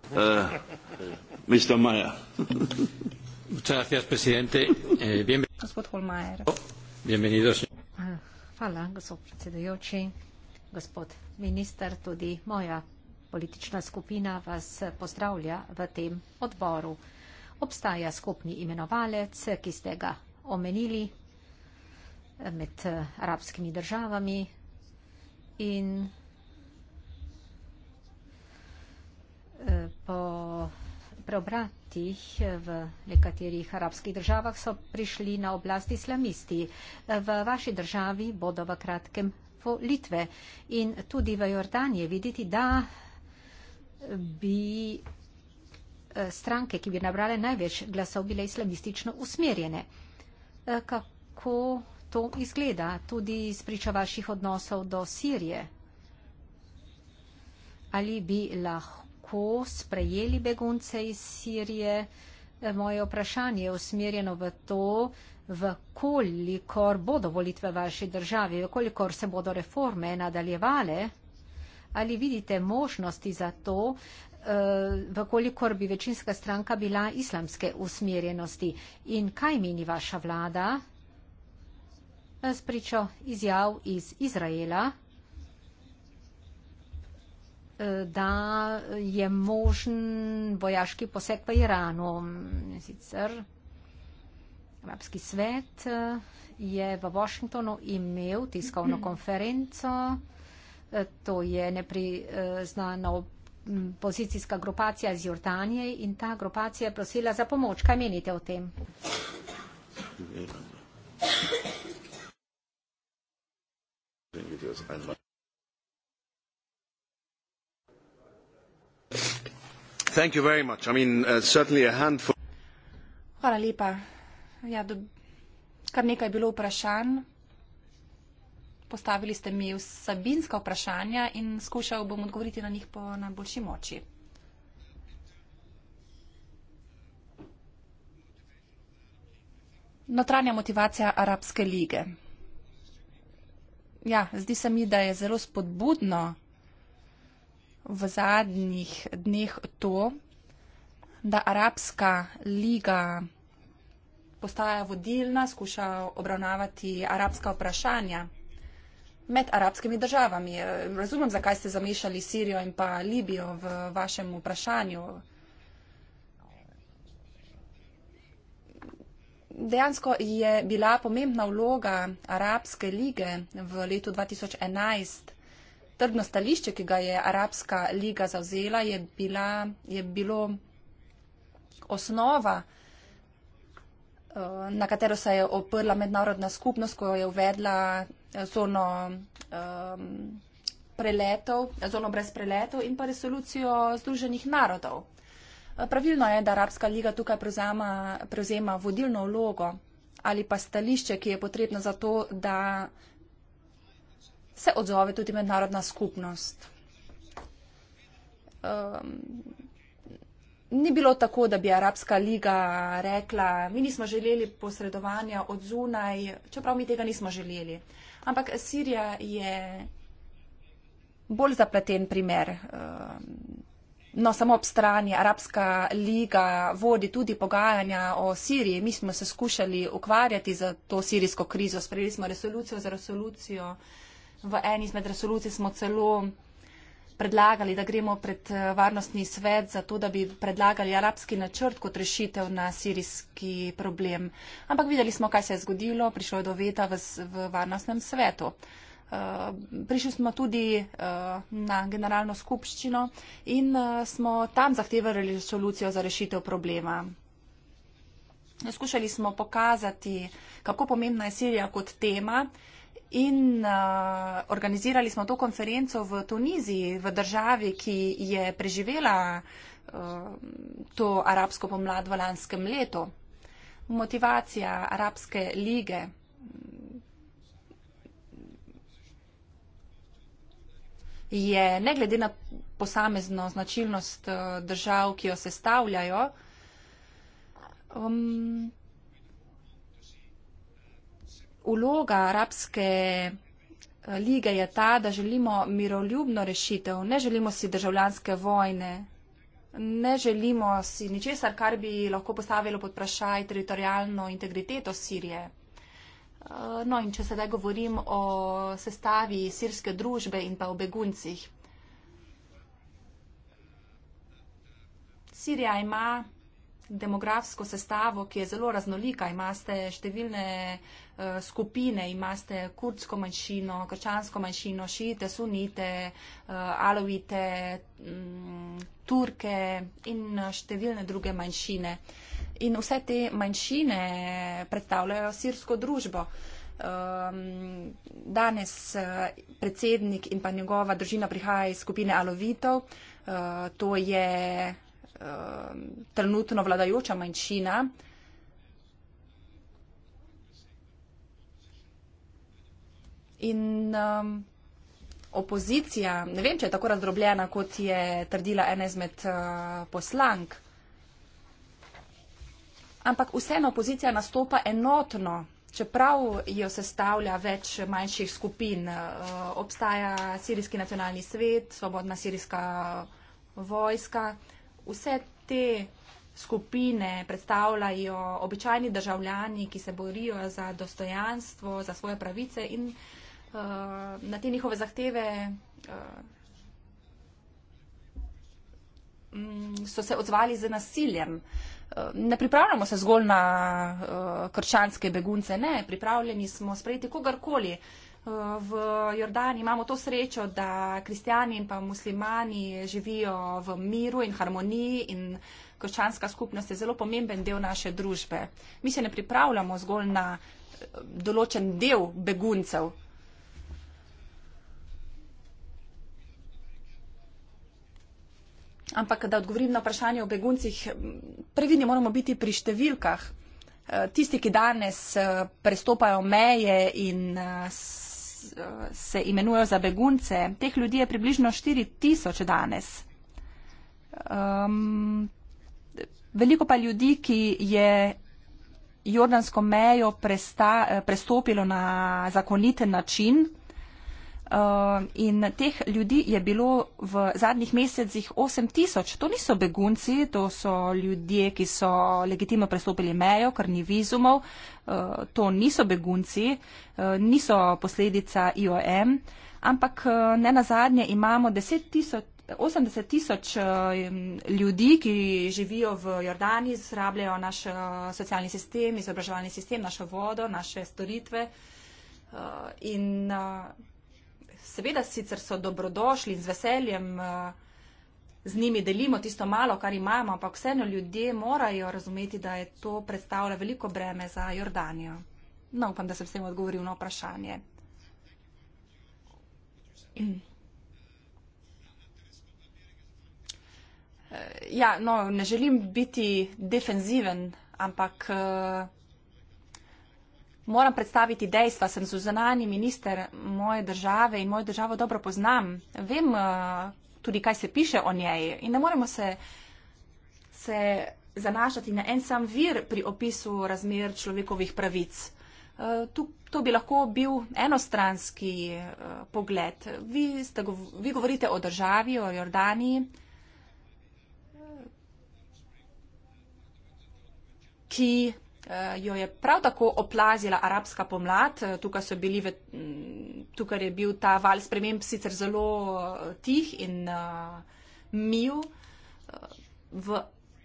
Uh, Mr. Maja. Muchas gracias, presidente. Eh, bienvenido. Gospod Holmajer. Bienvenido, señor. Uh. Hvala, gospod predsedujoči, gospod minister, tudi moja politična skupina vas pozdravlja v tem odboru. Obstaja skupni imenovalec, ki ste ga omenili med arabskimi državami in eh, preobrat letih v nekaterih arabskih državah so prišli na oblast islamisti. V vaši državi bodo v kratkem volitve in tudi v Jordanije videti, da bi eh, stranke, ki bi nabrale največ glasov, bile islamistično usmerjene. Eh, kako to izgleda tudi iz priča vaših odnosov do Sirije? Ali bi lahko kako sprejeli begunce iz Sirije. E, moje vprašanje je usmerjeno v to, v kolikor bodo volitve v vaši državi, v kolikor se bodo reforme nadaljevale, ali vidite možnosti za to, e, v kolikor bi večinska stranka bila islamske usmerjenosti in kaj meni vaša vlada, e, spričo izjav iz Izraela, da je možen vojaški poseg v Iranu. Sicer Evropski svet eh, je v Washingtonu imel tiskovno konferenco, eh, to je nepriznano mm, pozicijska grupacija iz Jordanije in ta grupacija je prosila za pomoč. Kaj menite o tem? Ja. Uh, Hvala lepa. Ja, do, kar nekaj je bilo vprašanj. Postavili ste mi vsebinska vprašanja in skušal bom odgovoriti na njih po najboljši moči. Notranja motivacija Arabske lige. Ja, zdi se mi, da je zelo spodbudno v zadnjih dneh to, da Arabska liga postaja vodilna, skuša obravnavati arabska vprašanja med arabskimi državami. Razumem, zakaj ste zamešali Sirijo in pa Libijo v vašem vprašanju. Dejansko je bila pomembna vloga Arabske lige v letu 2011 trdno stališče, ki ga je Arabska liga zavzela, je, bila, je bilo osnova, eh, na katero se je oprla mednarodna skupnost, ko je uvedla eh, zono eh, preletov, zono brez preletov in pa resolucijo Združenih narodov. Pravilno je, da Arabska liga tukaj prevzema, prevzema vodilno vlogo ali pa stališče, ki je potrebno za to, da se odzove tudi mednarodna skupnost. Um, ni bilo tako, da bi Arabska liga rekla, mi nismo želeli posredovanja od zunaj, čeprav mi tega nismo želeli. Ampak Sirija je bolj zapleten primer. Um, No, samo ob strani Arabska liga vodi tudi pogajanja o Siriji. Mi smo se skušali ukvarjati za to sirijsko krizo. Sprejeli smo resolucijo za resolucijo. Uh, V eni izmed resolucij smo celo predlagali, da gremo pred eh, varnostni svet za to, da bi predlagali arabski načrt kot rešitev na sirijski problem. Ampak videli smo, kaj se je zgodilo, prišlo je do veta v, v varnostnem svetu. Uh, prišli smo tudi uh, na generalno skupščino in uh, smo tam zahtevali resolucijo za rešitev problema. Skušali smo pokazati, kako pomembna je Sirija kot tema uh, In uh, organizirali smo to konferenco v Tuniziji, v državi, ki je preživela uh, to arabsko pomlad v lanskem letu. Motivacija Arabske lige. je ne glede na posamezno značilnost uh, držav, ki jo sestavljajo, um, vloga arabske eh, lige je ta, da želimo miroljubno rešitev, ne želimo si državljanske vojne, ne želimo si ničesar, kar bi lahko postavilo pod vprašaj teritorijalno integriteto Sirije. Eh, no in če sedaj govorim o sestavi sirske družbe in pa o beguncih. Sirija ima demografsko sestavo, ki je zelo raznolika, imate številne uh, Eh, skupine, imate kurdsko manjšino, krčansko manjšino, šiite, sunite, eh, alovite, mm, turke in številne druge manjšine. In vse te manjšine predstavljajo sirsko družbo. Ehm, danes eh, predsednik in pa njegova družina prihaja iz skupine alovitov. To je trenutno vladajoča manjšina, uh, In um, opozicija, ne vem, če je tako razdrobljena, kot je trdila ena izmed uh, poslank, ampak vseeno opozicija nastopa enotno. Čeprav jo sestavlja več manjših skupin, uh, obstaja Sirijski nacionalni svet, Svobodna sirijska vojska, vse te skupine predstavljajo običajni državljani, ki se borijo za dostojanstvo, za svoje pravice in uh, uh, na te njihove zahteve. Uh, So se odzvali z nasiljem. Eh, ne pripravljamo se zgolj na eh, krščanske begunce, ne, pripravljeni smo sprejeti kogarkoli. V Jordani imamo to srečo, da kristijani in pa muslimani živijo v miru in harmoniji in krščanska skupnost je zelo pomemben del naše družbe. Mi se ne pripravljamo zgolj na določen del beguncev, Ampak, da odgovorim na vprašanje o beguncih, previdni moramo biti pri številkah. Eh, tisti, ki danes eh, prestopajo meje in eh, se imenujejo za begunce, teh ljudi je približno 4000 danes. Um, veliko pa ljudi, ki je jordansko mejo presta, prestopilo na zakoniten način, Uh, in teh ljudi je bilo v zadnjih mesecih 8 tisoč. To niso begunci, to so ljudje, ki so legitimno prestopili mejo, kar ni vizumov. Uh, to niso begunci, uh, niso posledica IOM, ampak uh, ne na zadnje imamo 10 tisoč. 80 tisoč ljudi, ki živijo v Jordani, zrabljajo naš socialni sistem, izobraževalni sistem, našo vodo, naše storitve. In seveda sicer so dobrodošli in z veseljem eh, z njimi delimo tisto malo, kar imamo, ampak vseeno ljudje morajo razumeti, da je to predstavlja veliko breme za Jordanijo. No, upam, da sem vsem odgovoril na vprašanje. Eh, ja, no, ne želim biti defenziven, ampak. Eh, Moram predstaviti dejstva, sem zunani minister moje države in mojo državo dobro poznam. Vem eh, tudi, kaj se piše o njej in ne moremo se, se zanašati na en sam vir pri opisu razmer človekovih pravic. Eh, to, to bi lahko bil enostranski eh, pogled. Vi, ste, vi govorite o državi, o Jordaniji. ki Eh, jo je prav tako oplazila arabska pomlad. Eh, tukaj, v, tukaj je bil ta val sprememb sicer zelo eh, tih in mil. V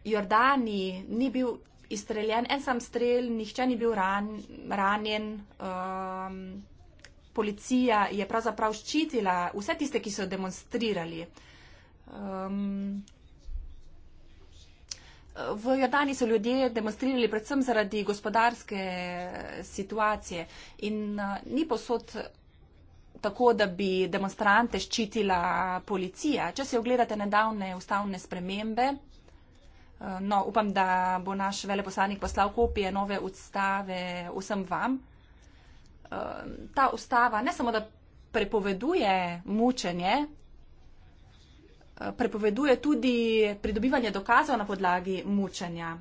Jordaniji ni bil izstreljen en sam strel, nihče ni bil ran, ranjen. Um, policija je pravzaprav ščitila vse tiste, ki so demonstrirali. Um, V Jordani so ljudje demonstrirali predvsem zaradi gospodarske situacije in ni posod tako, da bi demonstrante ščitila policija. Če si ogledate nedavne ustavne spremembe, no, upam, da bo naš veleposlanik poslal kopije nove ustave vsem vam. Ta ustava ne samo, da prepoveduje mučenje, Eh, prepoveduje tudi pridobivanje dokazov na podlagi mučenja.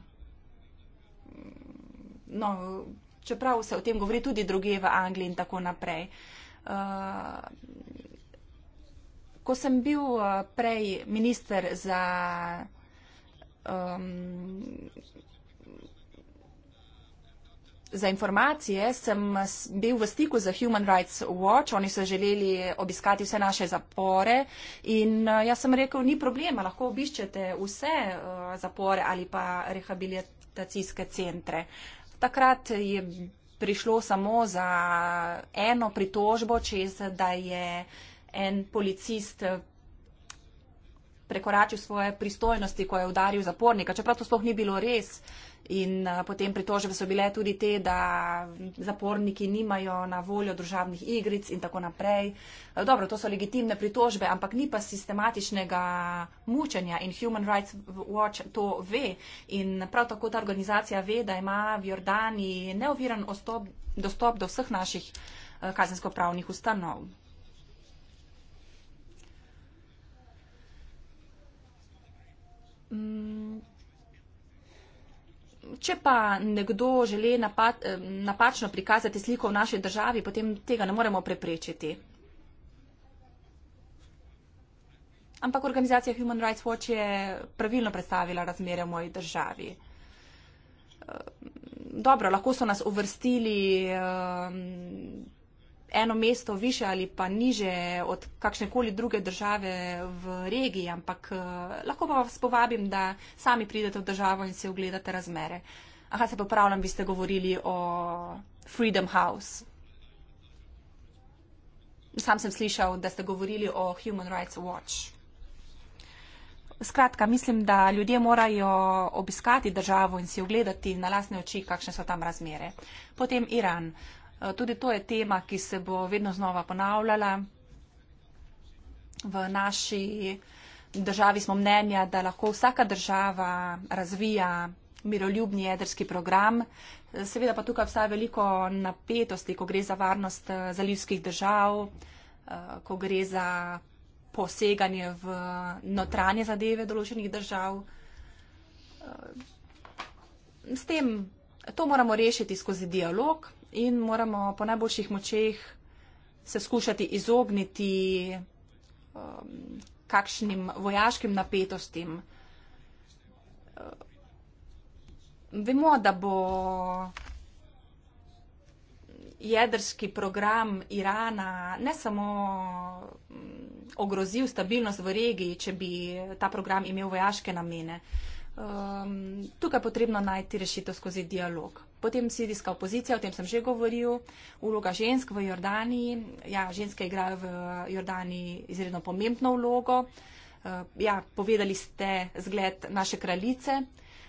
No, čeprav se o tem govori tudi druge v Angliji in tako naprej. Uh, ko sem bil eh, prej minister za um, za informacije sem bil v stiku z Human Rights Watch, oni so želeli obiskati vse naše zapore in eh, jaz sem rekel, ni problema, lahko obiščete vse eh, zapore ali pa rehabilitacijske centre. Takrat je prišlo samo za eno pritožbo, čez, da je en policist eh, prekoračil svoje pristojnosti, ko je udaril zapornika, čeprav to sploh ni bilo res. Uh, In potem pritožbe so bile tudi te, da zaporniki nimajo na voljo družabnih igric in tako naprej. Dobro, to so legitimne pritožbe, ampak ni pa sistematičnega mučenja in Human Rights Watch to ve. In prav tako ta organizacija ve, da ima v Jordani neoviran ostop, dostop do vseh naših kazensko-pravnih ustanov. Mm če pa nekdo želi napad, eh, napačno prikazati sliko v naši državi, potem tega ne moremo preprečiti. Ampak organizacija Human Rights Watch je pravilno predstavila razmere v moji državi. Eh, dobro, lahko so nas uvrstili eh, eno mesto više ali pa niže od kakšnekoli druge države v regiji, ampak eh, lahko pa vas povabim, da sami pridete v državo in si ogledate razmere. Aha, se popravljam, vi ste govorili o Freedom House. Sam sem slišal, da ste govorili o Human Rights Watch. Skratka, mislim, da ljudje morajo obiskati državo in si ogledati na lasne oči, kakšne so tam razmere. Potem Iran. Uh, Eh, tudi to je tema, ki se bo vedno znova ponavljala. V naši državi smo mnenja, da lahko vsaka država razvija miroljubni jedrski program. Eh, seveda pa tukaj obstaja veliko napetosti, ko gre za varnost eh, zalivskih držav, ko gre za poseganje v notranje zadeve določenih držav. S tem to moramo rešiti skozi dialog in moramo po najboljših močeh se skušati izogniti um, kakšnim vojaškim napetostim. Uh, vemo, da bo jedrski program Irana ne samo mm, ogrozil stabilnost v regiji, če bi ta program imel vojaške namene um, tukaj je potrebno najti rešitev skozi dialog. Potem sirijska opozicija, o tem sem že govoril, uloga žensk v Jordaniji. Ja, ženske igrajo v Jordaniji izredno pomembno vlogo. Uh, ja, povedali ste zgled naše kraljice.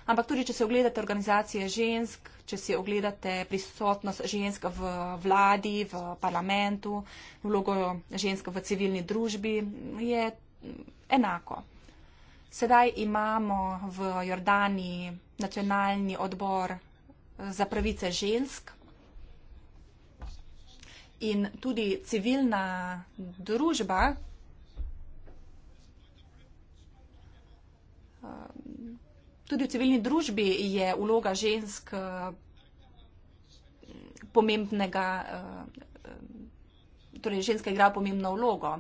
Ampak tudi, če se ogledate organizacije žensk, če si ogledate prisotnost žensk v vladi, v parlamentu, vlogo žensk v civilni družbi, je enako. Sedaj imamo v Jordaniji nacionalni odbor za pravice žensk in tudi civilna družba eh, Tudi v civilni družbi je vloga žensk eh, pomembnega, eh, torej ženska igra pomembno vlogo.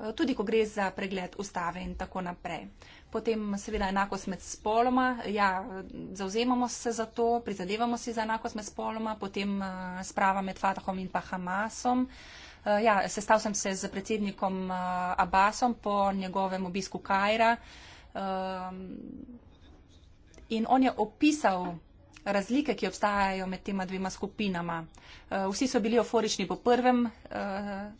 Eh, tudi ko gre za pregled ustave in tako naprej. Potem seveda enakost med spoloma, ja, zauzemamo se za to, prizadevamo si za enakost med spoloma, potem uh, sprava med Fatahom in pa Hamasom. Uh, ja, sestal sem se z predsednikom uh, Abbasom po njegovem obisku Kajra uh, in on je opisal razlike, ki obstajajo med tema dvema skupinama. Uh, vsi so bili euforični po prvem. Uh,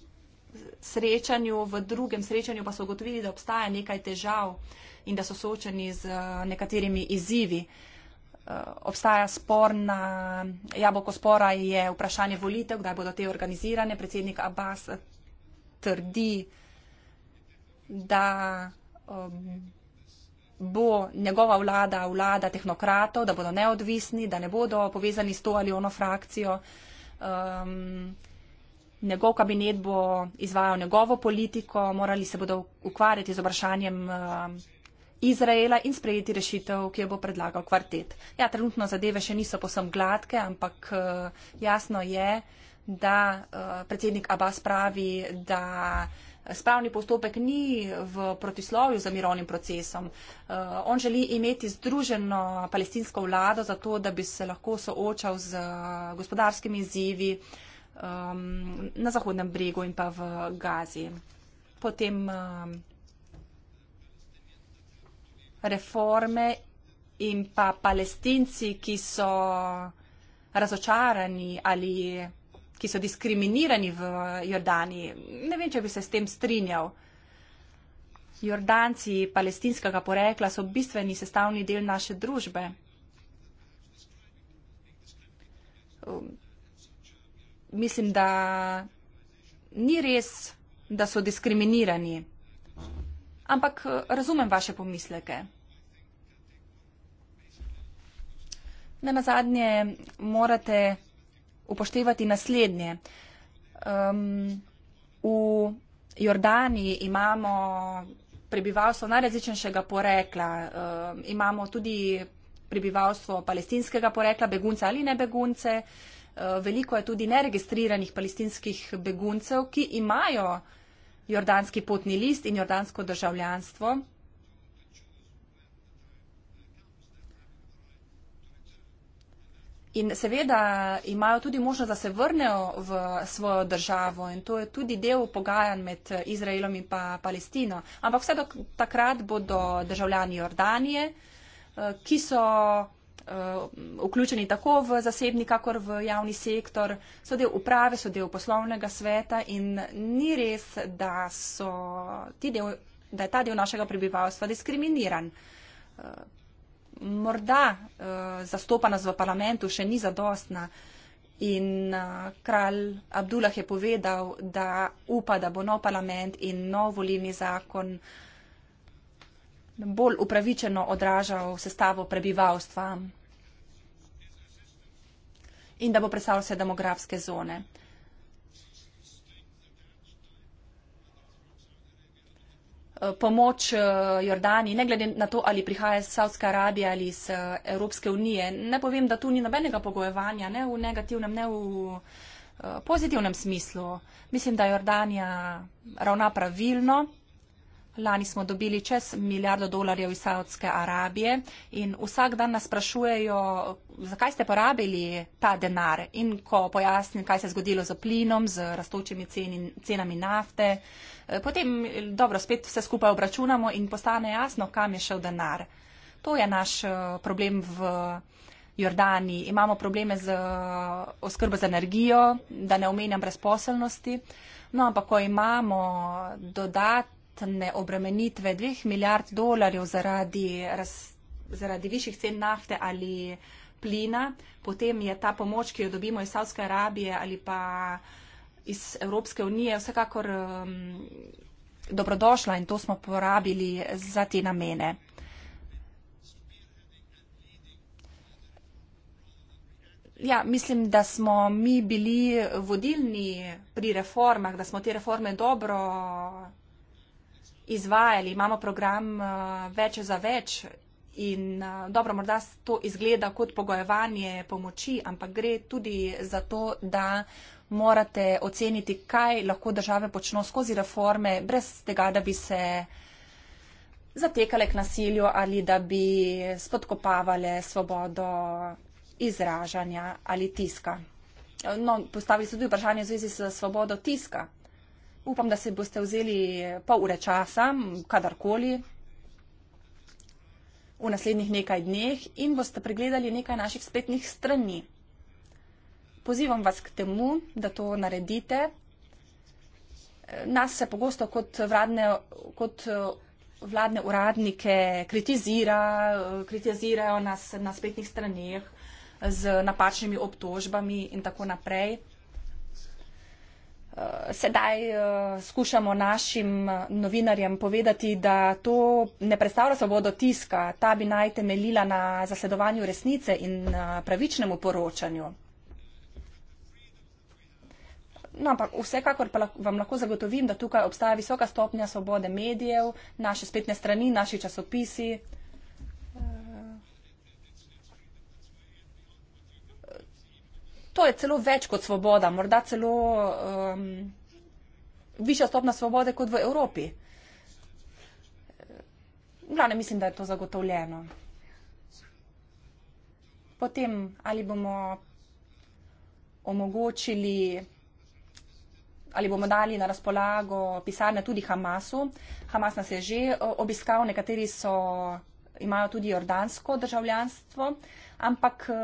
srečanju, v drugem srečanju pa so ugotovili, da obstaja nekaj težav in da so soočeni z eh, nekaterimi izzivi. Eh, obstaja sporna, jaboko spora je vprašanje volitev, kdaj bodo te organizirane. Predsednik Abbas trdi, da eh, bo njegova vlada vlada tehnokratov, da bodo neodvisni, da ne bodo povezani s to ali ono frakcijo. Ehm, njegov kabinet bo izvajal njegovo politiko, morali se bodo ukvarjati z vprašanjem eh, Izraela in sprejeti rešitev, ki jo bo predlagal kvartet. Ja, trenutno zadeve še niso posem gladke, ampak eh, jasno je, da eh, predsednik Abbas pravi, da spravni postopek ni v protislovju za mirovnim procesom. On želi imeti združeno palestinsko vlado zato, da bi se lahko soočal z gospodarskimi izzivi, um, na Zahodnem bregu in pa v Gazi. Potem um, reforme in pa palestinci, ki so razočarani ali ki so diskriminirani v Jordani. Ne vem, če bi se s tem strinjal. Jordanci palestinskega porekla so bistveni sestavni del naše družbe. Um, mislim, da ni res, da so diskriminirani. Ampak eh, razumem vaše pomisleke. Na nazadnje morate upoštevati naslednje. Um, v Jordani imamo prebivalstvo najrazličnejšega porekla. Um, imamo tudi prebivalstvo palestinskega porekla, begunce ali ne begunce. Uh, Eh, veliko je tudi neregistriranih palestinskih beguncev, ki imajo jordanski potni list in jordansko državljanstvo. In seveda imajo tudi možnost, da se vrnejo v svojo državo in to je tudi del pogajanj med Izraelom in pa Palestino. Ampak vse do takrat bodo državljani Jordanije, eh, ki so Eh, vključeni tako v zasebni, kakor v javni sektor, so del uprave, so del poslovnega sveta in ni res, da, del, da je ta del našega prebivalstva diskriminiran. Eh, morda eh, zastopanost v parlamentu še ni zadostna in kralj Abdullah je povedal, da upa, da bo nov parlament in nov volilni zakon bolj upravičeno odražal sestavo prebivalstva in da bo predstavljal vse demografske zone. Eh, pomoč eh, Jordani, ne glede na to, ali prihaja iz Saudske Arabije ali iz eh, Evropske unije, ne povem, da tu ni nobenega pogojevanja, ne v negativnem, ne v pozitivnem smislu. Mislim, da Jordanija ravna pravilno. Lani smo dobili čez milijardo dolarjev iz Saudske Arabije in vsak dan nas sprašujejo, zakaj ste porabili ta denar. In ko pojasnim, kaj se je zgodilo z plinom, z rastočimi cenami nafte, eh, potem eh, dobro, spet vse skupaj obračunamo in postane jasno, kam je šel denar. To je naš eh, problem v. Jordani. Imamo probleme z oskrbo z energijo, da ne omenjam brezposelnosti. No, ampak ko imamo dodat, dodatne obremenitve dveh milijard dolarjev zaradi, raz, zaradi višjih cen nafte ali plina, potem je ta pomoč, ki jo dobimo iz Savske Arabije ali pa iz Evropske unije, vsekakor um, dobrodošla in to smo porabili za te namene. Ja, mislim, da smo mi bili vodilni pri reformah, da smo te reforme dobro izvajali, imamo program eh, več za več in eh, dobro, morda to izgleda kot pogojevanje pomoči, ampak gre tudi za to, da morate oceniti, kaj lahko države počno skozi reforme, brez tega, da bi se zatekale k nasilju ali da bi spodkopavale svobodo izražanja ali tiska. No, postavili so tudi vprašanje v zvezi s svobodo tiska upam, da si boste vzeli pol ure časa, kadarkoli, v naslednjih nekaj dneh in boste pregledali nekaj naših spletnih strani. Pozivam vas k temu, da to naredite. Nas se pogosto kot, vradne, kot vladne uradnike kritizira, kritizirajo nas na spletnih straneh z napačnimi obtožbami in tako naprej. Eh, sedaj eh, skušamo našim eh, novinarjem povedati, da to ne predstavlja svobodo tiska, ta bi naj temeljila na zasledovanju resnice in pravičnemu poročanju. No, ampak vsekakor pa vam lahko zagotovim, da tukaj obstaja visoka stopnja svobode medijev, naše spletne strani, naši časopisi. To je celo več kot svoboda, morda celo um, višja stopna svobode kot v Evropi. V glavnem mislim, da je to zagotovljeno. Potem ali bomo omogočili, ali bomo dali na razpolago pisarne tudi Hamasu. Hamas nas je že eh, obiskal, nekateri so imajo tudi jordansko državljanstvo, ampak eh,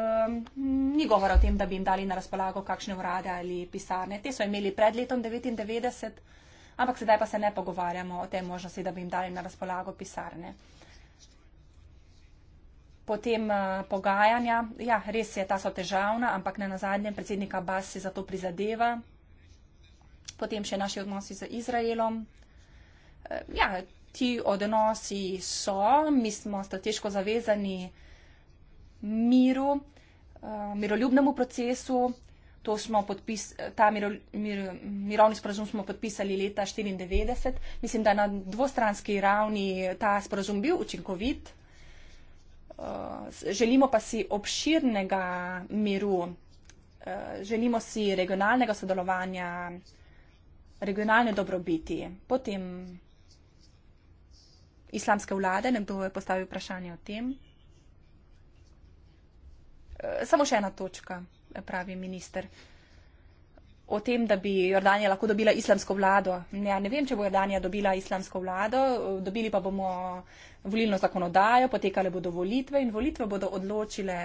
ni govora o tem, da bi jim dali na razpolago kakšne urade ali pisarne. Te so imeli pred letom 99, ampak sedaj pa se ne pogovarjamo o tej možnosti, da bi jim dali na razpolago pisarne. Potem eh, pogajanja, ja, res je, ta so težavna, ampak na nazadnje predsednik Abbas se za to prizadeva. Potem še naši odnosi z Izraelom. Eh, ja, ti odnosi so, mi smo strateško zavezani miru, uh, miroljubnemu procesu. Smo podpis, ta miro, mir, mirovni sporozum smo podpisali leta 1994. Mislim, da je na dvostranski ravni ta sporozum bil učinkovit. Uh, želimo pa si obširnega miru, uh, želimo si regionalnega sodelovanja, regionalne dobrobiti. Potem islamske vlade, nekdo je postavil vprašanje o tem. E, samo še ena točka, e, pravi minister. O tem, da bi Jordanija lahko dobila islamsko vlado. Ja, ne vem, če bo Jordanija dobila islamsko vlado. Dobili pa bomo volilno zakonodajo, potekale bodo volitve in volitve bodo odločile,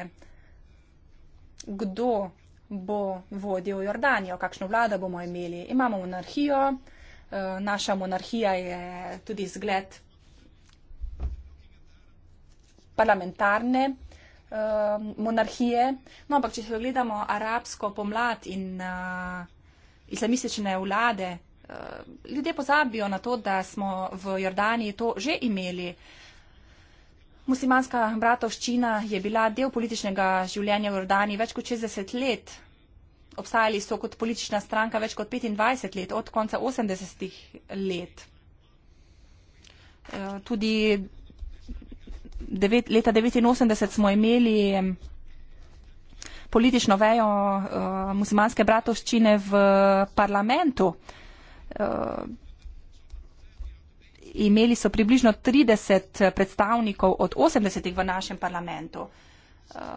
kdo bo vodil Jordanijo, kakšno vlado bomo imeli. Imamo monarhijo, e, naša monarhija je tudi zgled parlamentarne uh, monarhije. No, ampak, če se ogledamo arabsko pomlad in uh, islamistične vlade, uh, ljudje pozabijo na to, da smo v Jordaniji to že imeli. Muslimanska bratovščina je bila del političnega življenja v Jordani več kot 60 let. Obstajali so kot politična stranka več kot 25 let, od konca 80-ih let. Tudi devet, leta 1989 smo imeli politično vejo uh, eh, muzimanske bratovščine v eh, parlamentu. Uh, imeli so približno 30 predstavnikov od 80 v našem parlamentu.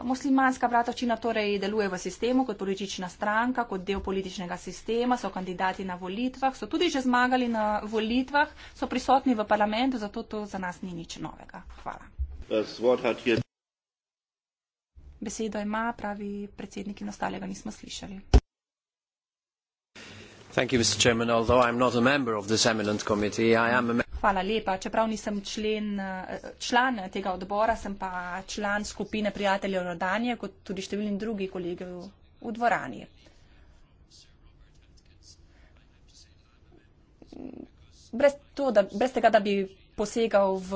Muslimanska bratovščina torej deluje v sistemu kot politična stranka, kot del političnega sistema, so kandidati na volitvah, so tudi že zmagali na volitvah, so prisotni v parlamentu, zato to za nas ni nič novega. Hvala. Besedo ima pravi predsednik in ostalega nismo slišali. Hvala lepa. Čeprav nisem člen, eh, član tega odbora, sem pa član skupine prijateljev Rodanje, kot tudi številni drugi kolegi v dvorani. Brez, to, da, brez tega, da bi posegal v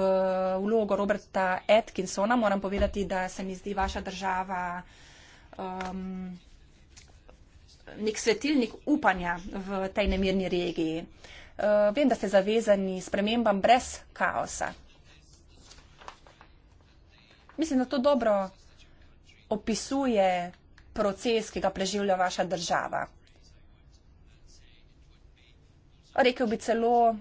vlogo Roberta Atkinsona. Moram povedati, da se mi zdi vaša država um, nek svetilnik upanja v tej nemirni regiji. Uh, vem, da ste zavezani spremembam brez kaosa. Mislim, da to dobro opisuje proces, ki ga preživlja vaša država. Rekel bi celo,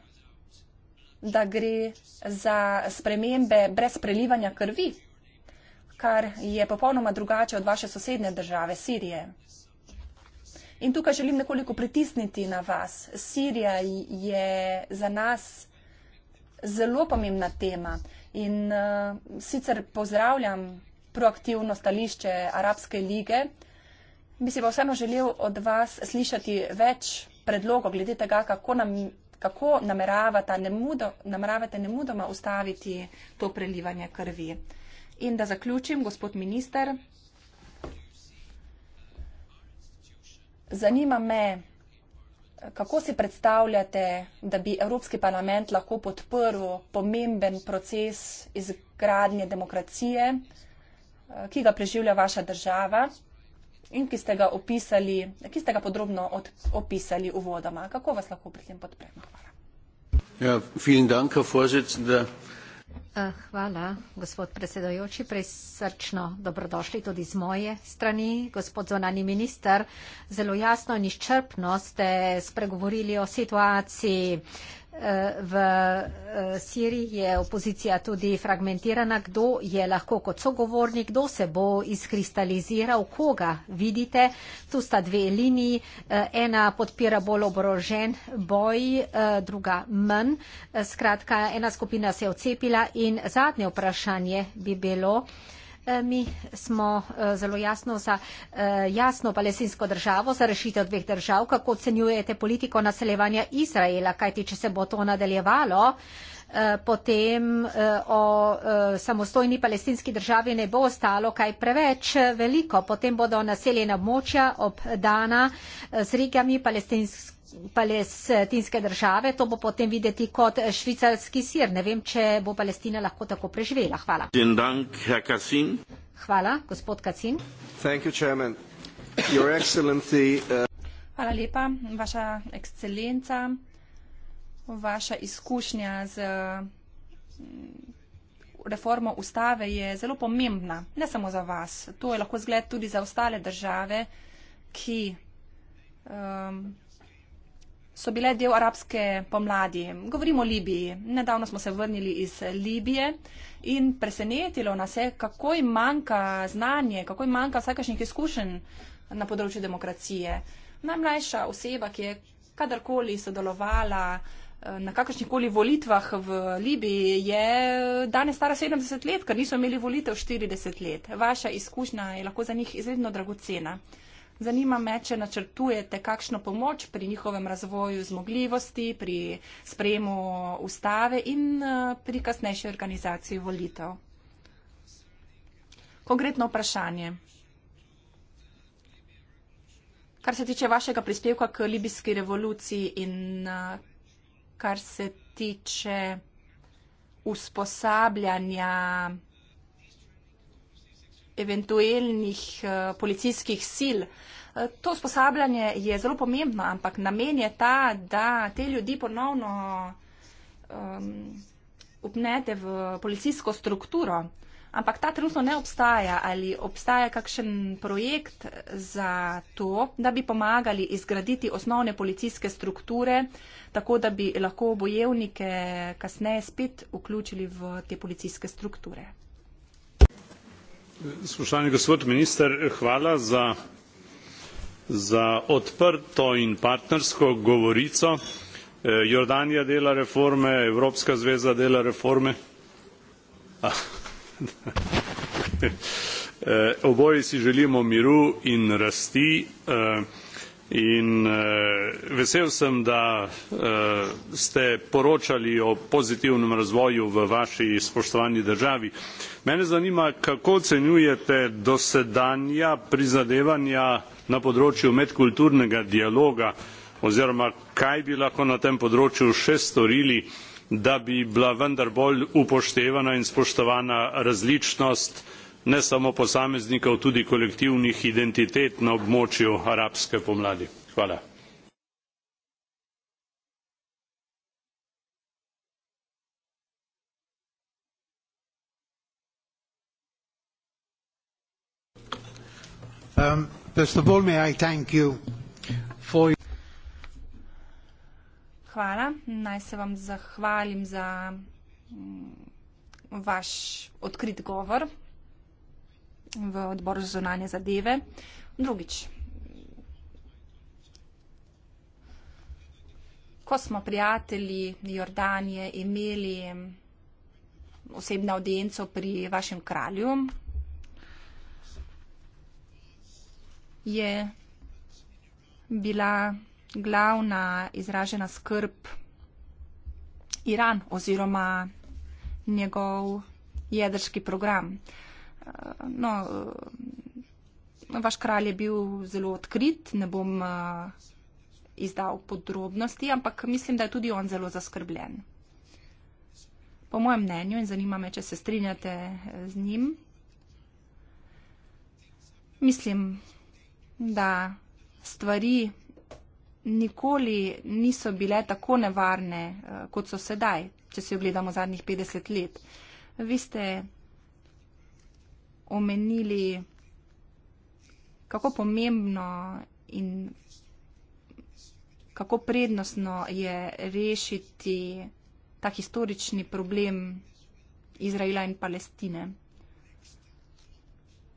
da gre za spremembe brez prelivanja krvi, kar je popolnoma drugače od vaše sosednje države, Sirije. In tukaj želim nekoliko pritisniti na vas. Sirija je za nas zelo pomembna tema in uh, sicer pozdravljam proaktivno stališče Arabske lige. Bi si pa vseeno želel od vas slišati več predlogov glede tega, kako nam kako nameravata, nemudo, nameravate ne mudoma ustaviti to prelivanje krvi. In da zaključim, gospod minister, zanima me, kako si predstavljate, da bi Evropski parlament lahko podprl pomemben proces izgradnje demokracije, ki ga preživlja vaša država in ki ste ga, opisali, ki ste ga podrobno od, opisali v vodama. Kako vas lahko pri tem podpremo? Ja, dank, eh, Hvala, gospod predsedojoči. Presrčno dobrodošli tudi z moje strani, gospod zonani minister. Zelo jasno in izčrpno ste spregovorili o situaciji V eh, Siriji je opozicija tudi fragmentirana, kdo je lahko kot sogovornik, kdo se bo izkristaliziral, koga vidite. Tu sta dve liniji, eh, ena podpira bolj oborožen boj, eh, druga mn. Skratka, ena skupina se je odcepila in zadnje vprašanje bi bilo, E, mi smo e, zelo jasno za e, jasno palestinsko državo, za rešitev dveh držav. Kako ocenjujete politiko naseljevanja Izraela? Kajti, če se bo to nadaljevalo, potem o samostojni palestinski državi ne bo ostalo kaj preveč veliko. Potem bodo naseljena območja obdana z rigami palestinske palestinske države, to bo potem videti kot švicarski sir. Ne vem, če bo Palestina lahko tako preživela. Hvala. Hvala, gospod Kacin. Uh, Hvala lepa, vaša ekscelenca, vaša izkušnja z mm, reformo ustave je zelo pomembna, ne samo za vas, to je lahko zgled tudi za ostale države, ki um, so bile del arabske pomladi. Govorimo o Libiji. Nedavno smo se vrnili iz Libije in presenetilo nas je, kako jim manjka znanje, kako jim manjka vsakašnjih izkušenj na področju demokracije. Najmlajša oseba, ki je kadarkoli sodelovala eh, na kakršnikoli volitvah v Libiji, je danes stara 70 let, ker niso imeli volitev 40 let. Vaša izkušnja je lahko za njih izredno dragocena. Zanima me, če načrtujete kakšno pomoč pri njihovem razvoju zmogljivosti, pri sprejemu ustave in eh, pri kasnejši organizaciji volitev. Konkretno vprašanje. Kar se tiče vašega prispevka k libijski revoluciji in eh, kar se tiče usposabljanja eventuelnih eh, policijskih sil. Eh, to usposabljanje je zelo pomembno, ampak namen je ta, da te ljudi ponovno um, upnete v policijsko strukturo. Ampak ta trenutno ne obstaja ali obstaja kakšen projekt za to, da bi pomagali izgraditi osnovne policijske strukture, tako da bi lahko bojevnike kasneje spet vključili v te policijske strukture spoštovani gospod minister hvala za odprto in partnersko govorico e, jordanija dela reforme evropska zveza dela reforme e, oboji si želimo miru in rasti e, In uh, vesel sem, da uh, ste poročali o pozitivnem razvoju v vaši spoštovani državi. Mene zanima, kako ocenjujete dosedanja prizadevanja na področju medkulturnega dialoga oziroma kaj bi lahko na tem področju še storili, da bi bila vendar bolj upoštevana in spoštovana različnost uh, ne samo posameznikov tudi kolektivnih identitet na območju arabske pomladi. Hvala. Um, Naj se vam zahvalim za mm, vaš odkrit govor v odboru za zunanje zadeve. Drugič, ko smo prijatelji Jordanije imeli osebno audienco pri vašem kralju, je bila glavna izražena skrb Iran oziroma njegov jedrski program no, eh, vaš kralj je bil zelo odkrit, ne bom eh, izdal podrobnosti, ampak mislim, da je tudi on zelo zaskrbljen. Po mojem mnenju in zanima me, če se strinjate eh, z njim, mislim, da stvari nikoli niso bile tako nevarne, kot so sedaj, če si jo gledamo zadnjih 50 let. Vi ste omenili, kako pomembno in kako prednostno je rešiti ta historični problem Izraela in Palestine.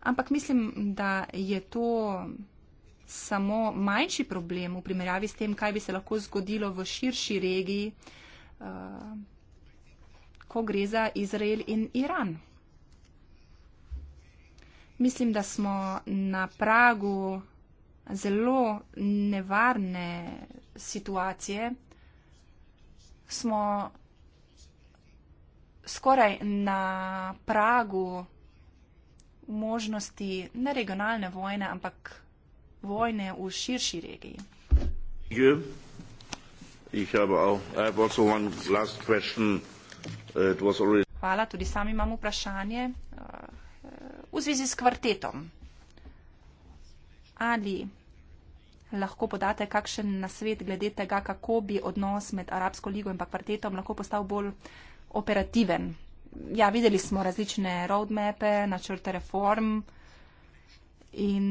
Ampak mislim, da je to samo manjši problem v primerjavi s tem, kaj bi se lahko zgodilo v širši regiji, uh, ko gre za Izrael in Iran mislim, da smo na pragu zelo nevarne situacije. Smo skoraj na pragu možnosti ne regionalne vojne, ampak vojne v širši regiji. Hvala, tudi sam imam vprašanje. Uh, v zvezi s kvartetom. Ali lahko podate kakšen nasvet glede tega, kako bi odnos med Arabsko ligo in pa kvartetom lahko postal bolj operativen? Ja, videli smo različne roadmape, načrte reform in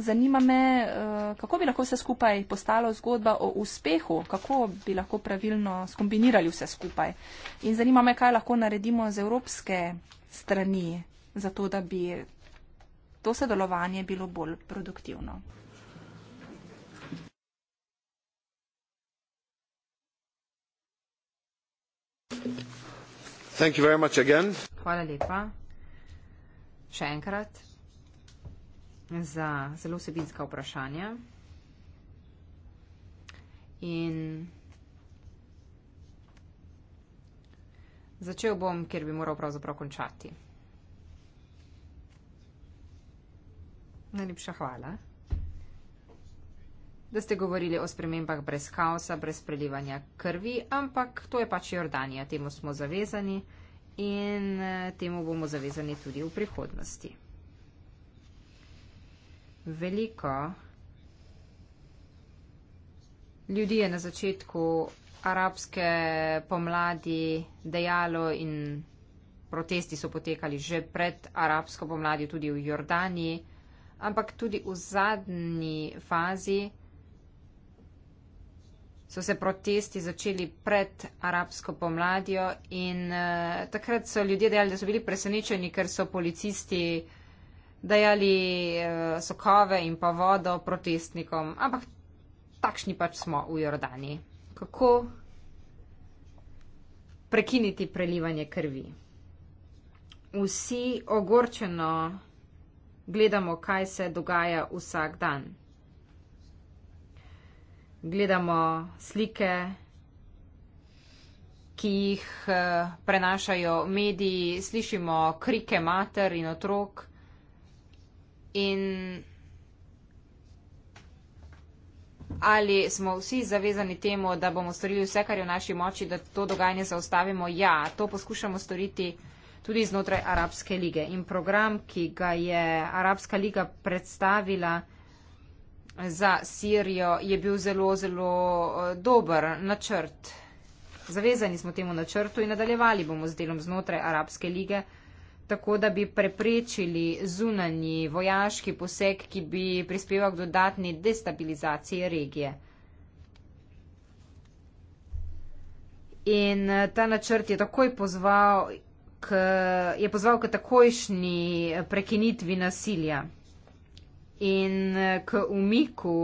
zanima me, eh, kako bi lahko vse skupaj postalo zgodba o uspehu, kako bi lahko pravilno skombinirali vse skupaj. In zanima me, kaj lahko naredimo z evropske strani, zato da bi to sodelovanje bilo bolj produktivno. Hvala lepa. Še enkrat za zelo vsebinska vprašanja. In začel bom, kjer bi moral pravzaprav končati. Najlepša hvala, da ste govorili o spremembah brez kaosa, brez prelivanja krvi, ampak to je pač Jordanija, temu smo zavezani in eh, temu bomo zavezani tudi v prihodnosti veliko. Ljudje je na začetku arabske pomladi dejalo in protesti so potekali že pred arabsko pomladi tudi v Jordaniji, ampak tudi v zadnji fazi so se protesti začeli pred arabsko pomladjo in eh, takrat so ljudje dejali, da so bili presenečeni, ker so policisti eh, dajali eh, sokove in pa vodo protestnikom, ampak takšni pač smo v Jordani. Kako prekiniti prelivanje krvi? Vsi ogorčeno gledamo, kaj se dogaja vsak dan. Gledamo slike, ki jih eh, prenašajo mediji, slišimo krike mater in otrok, in ali smo vsi zavezani temu, da bomo storili vse, kar je v naši moči, da to dogajanje zaustavimo. Ja, to poskušamo storiti tudi znotraj Arabske lige. In program, ki ga je Arabska liga predstavila za Sirijo, je bil zelo, zelo eh, dober načrt. Zavezani smo temu načrtu in nadaljevali bomo z delom znotraj Arabske lige tako da bi preprečili zunanji vojaški poseg, ki bi prispeval k dodatni destabilizaciji regije. In eh, ta načrt je takoj pozval k, je pozval k takojšnji prekinitvi nasilja in eh, k umiku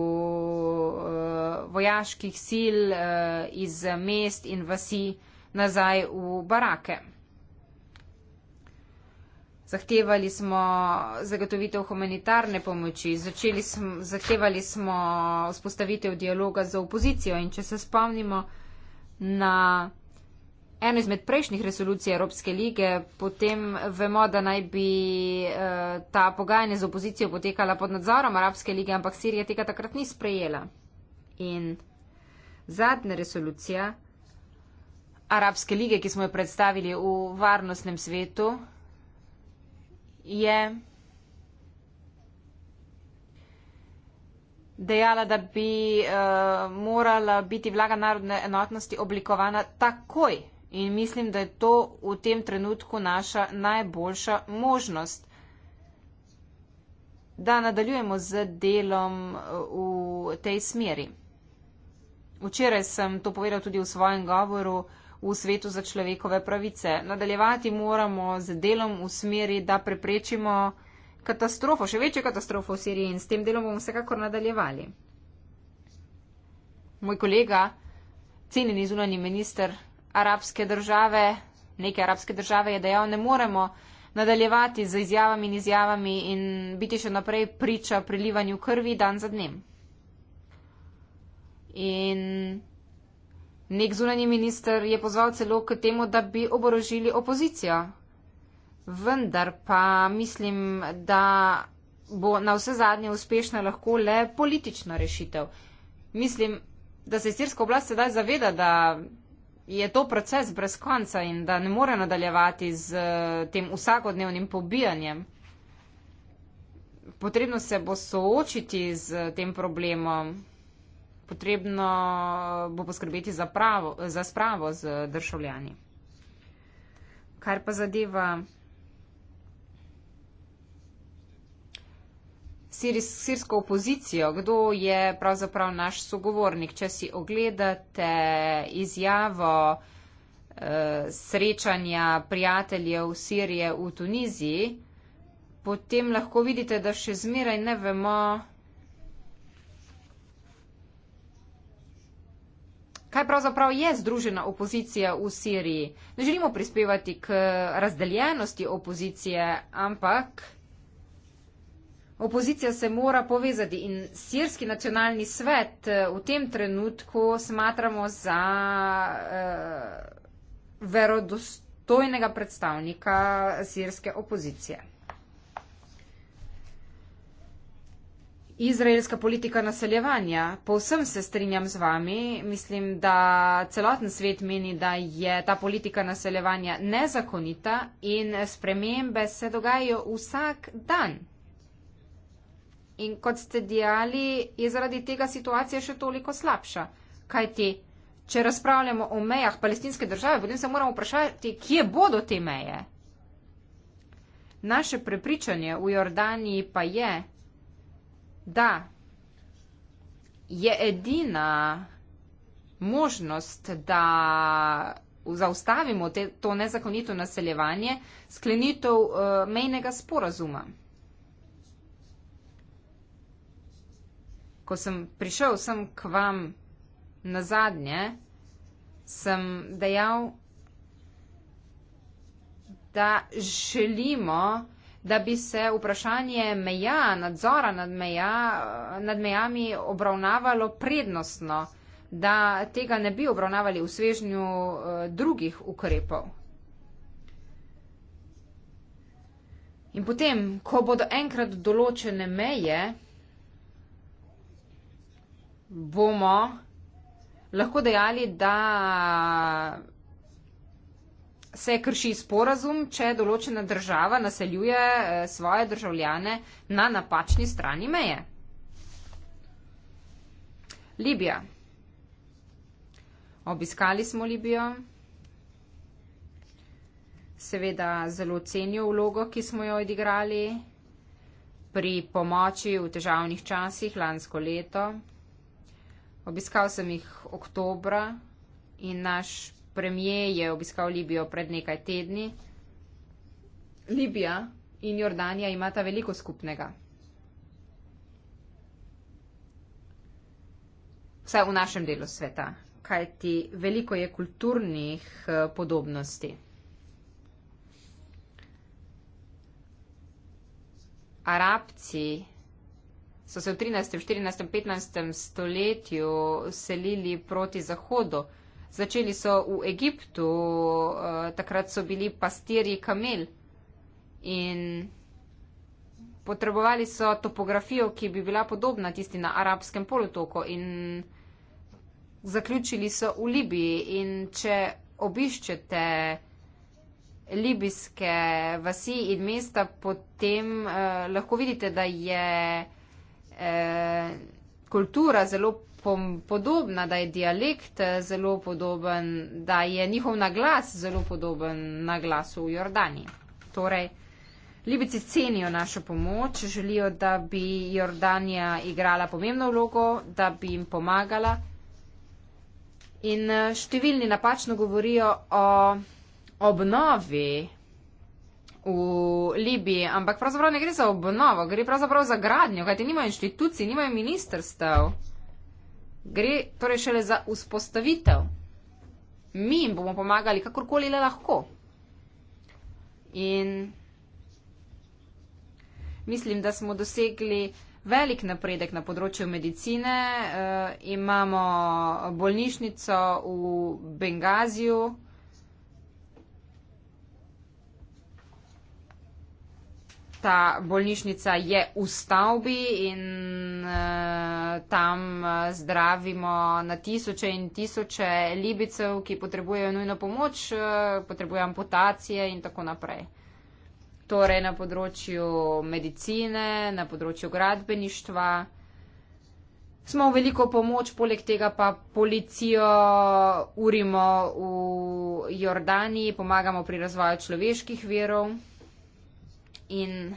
eh, vojaških sil iz mest in vasi nazaj v barake. Zahtevali smo zagotovitev humanitarne pomoči, začeli smo, zahtevali smo vzpostavitev dialoga z opozicijo in če se spomnimo na eno izmed prejšnjih resolucij Evropske lige, potem vemo, da naj bi eh, ta pogajanja z opozicijo potekala pod nadzorom Arabske lige, ampak Sirija tega takrat ni sprejela. In zadnja resolucija Arabske lige, ki smo jo predstavili v varnostnem svetu, je dejala, da bi uh, morala biti vlaga narodne enotnosti oblikovana takoj. In mislim, da je to v tem trenutku naša najboljša možnost, da nadaljujemo z delom eh, v tej smeri. Včeraj sem to povedal tudi v svojem govoru v svetu za človekove pravice. Nadaljevati moramo z delom v smeri, da preprečimo katastrofo, še večjo katastrofo v Siriji in s tem delom bomo vsekakor nadaljevali. Moj kolega, cenjeni zunani minister arabske države, neke arabske države je dejal, ne moremo nadaljevati z izjavami in izjavami in biti še naprej priča prilivanju krvi dan za dnem. In Nek zunani minister je pozval celo k temu, da bi oborožili opozicijo. Vendar pa mislim, da bo na vse zadnje uspešna lahko le politična rešitev. Mislim, da se sirska oblast sedaj zaveda, da je to proces brez konca in da ne more nadaljevati z eh, tem vsakodnevnim pobijanjem. Potrebno se bo soočiti z tem problemom potrebno eh, bo poskrbeti za, pravo, za spravo z državljani. Kar pa zadeva siris, sirsko opozicijo, kdo je pravzaprav naš sogovornik. Če si ogledate izjavo eh, srečanja prijateljev Sirije v Tuniziji, potem lahko vidite, da še zmeraj ne vemo, kaj pravzaprav je združena opozicija v Siriji. Ne želimo prispevati k razdeljenosti opozicije, ampak opozicija se mora povezati in sirski nacionalni svet eh, v tem trenutku smatramo za eh, verodostojnega predstavnika sirske opozicije. Izraelska politika naseljevanja. Povsem se strinjam z vami. Mislim, da celoten svet meni, da je ta politika naseljevanja nezakonita in spremembe se dogajajo vsak dan. In kot ste dijali, je zaradi tega situacija še toliko slabša. Kaj ti, če razpravljamo o mejah palestinske države, potem se moramo vprašati, kje bodo te meje. Naše prepričanje v Jordaniji pa je, da je edina možnost, da zaustavimo te, to nezakonito naseljevanje, sklenitev uh, mejnega sporazuma. Ko sem prišel sem k vam na zadnje, sem dejal, da želimo, da bi se vprašanje meja, nadzora nad, meja, nad mejami obravnavalo prednostno, da tega ne bi obravnavali v svežnju eh, drugih ukrepov. In potem, ko bodo enkrat določene meje, bomo lahko dejali, da se krši sporazum, če določena država naseljuje eh, svoje državljane na napačni strani meje. Libija. Obiskali smo Libijo. Seveda zelo cenijo vlogo, ki smo jo odigrali pri pomoči v težavnih časih lansko leto. Obiskal sem jih oktobra in naš premije je obiskal Libijo pred nekaj tedni. Libija in Jordanija imata veliko skupnega. Vsaj v našem delu sveta, kajti veliko je kulturnih eh, podobnosti. Arabci so se v 13., 14., 15. stoletju selili proti zahodu. Začeli so v Egiptu, eh, takrat so bili pastirji kamel in potrebovali so topografijo, ki bi bila podobna tisti na arabskem polotoku in zaključili so v Libiji. In če obiščete libijske vasi in mesta, potem eh, lahko vidite, da je eh, kultura zelo podobna, da je dialekt eh, zelo podoben, da je njihov naglas zelo podoben na glasu v Jordani. Torej, Libici cenijo našo pomoč, želijo, da bi Jordanija igrala pomembno vlogo, da bi jim pomagala. In eh, številni napačno govorijo o obnovi v Libiji, ampak pravzaprav ne gre za obnovo, gre pravzaprav za gradnjo, kajti nimajo inštitucij, nimajo ministrstev. Gre torej šele za vzpostavitev. Mi jim bomo pomagali, kakorkoli le lahko. In mislim, da smo dosegli velik napredek na področju medicine. E, imamo bolnišnico v Bengaziju, ta bolnišnica je v stavbi in uh, tam eh, zdravimo na tisoče in tisoče libicev, ki potrebujejo nujno pomoč, uh, potrebujejo amputacije in tako naprej. Torej na področju medicine, na področju gradbeništva. Smo v veliko pomoč, poleg tega pa policijo urimo v Jordani, pomagamo pri razvoju človeških verov in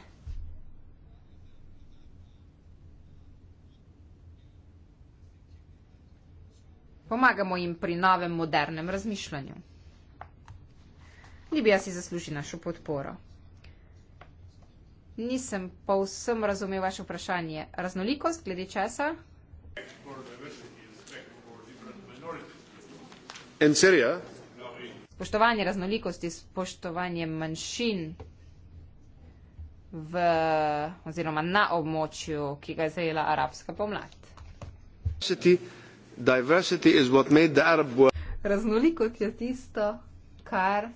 pomagamo jim pri novem modernem razmišljanju. Libija si zasluži našo podporo. Nisem pa vsem razumel vaše vprašanje. Raznolikost glede česa? Spoštovanje raznolikosti, spoštovanje manjšin v, oziroma na območju, ki ga je zajela arabska pomlad. Raznolikost je tisto, kar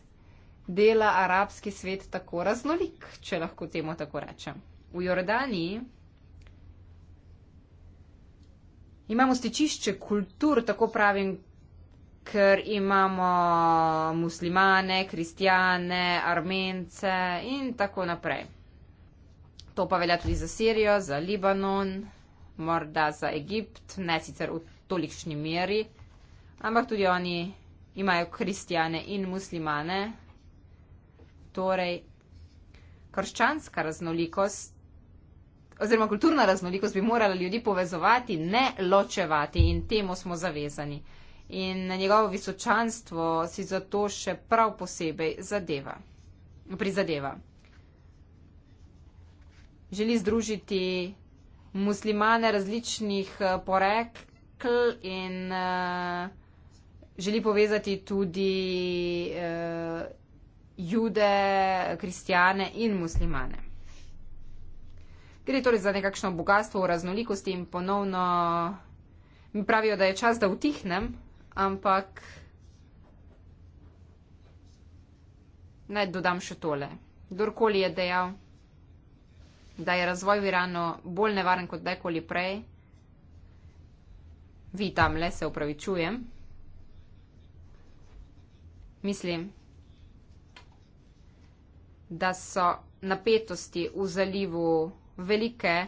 dela arabski svet tako raznolik, če lahko temu tako rečem. V Jordaniji imamo stičišče kultur, tako pravim, ker imamo muslimane, kristijane, armence in tako naprej. To pa velja tudi za Sirijo, za Libanon, morda za Egipt, ne sicer v tolikšni meri, ampak tudi oni imajo kristjane in muslimane. Torej, krščanska raznolikost. Oziroma, kulturna raznolikost bi morala ljudi povezovati, ne ločevati, in temu smo zavezani. In njegovo visočanstvo si zato še prav posebej zadeva, prizadeva želi združiti muslimane različnih eh, porekl in uh, želi povezati tudi uh, jude, kristijane in muslimane. Gre torej za nekakšno bogatstvo v raznolikosti in ponovno mi pravijo, da je čas, da utihnem, ampak naj dodam še tole. Kdorkoli je dejal, da je razvoj v Iranu bolj nevaren kot kdajkoli prej. Vi tam le se upravičujem. Mislim, da so napetosti v zalivu velike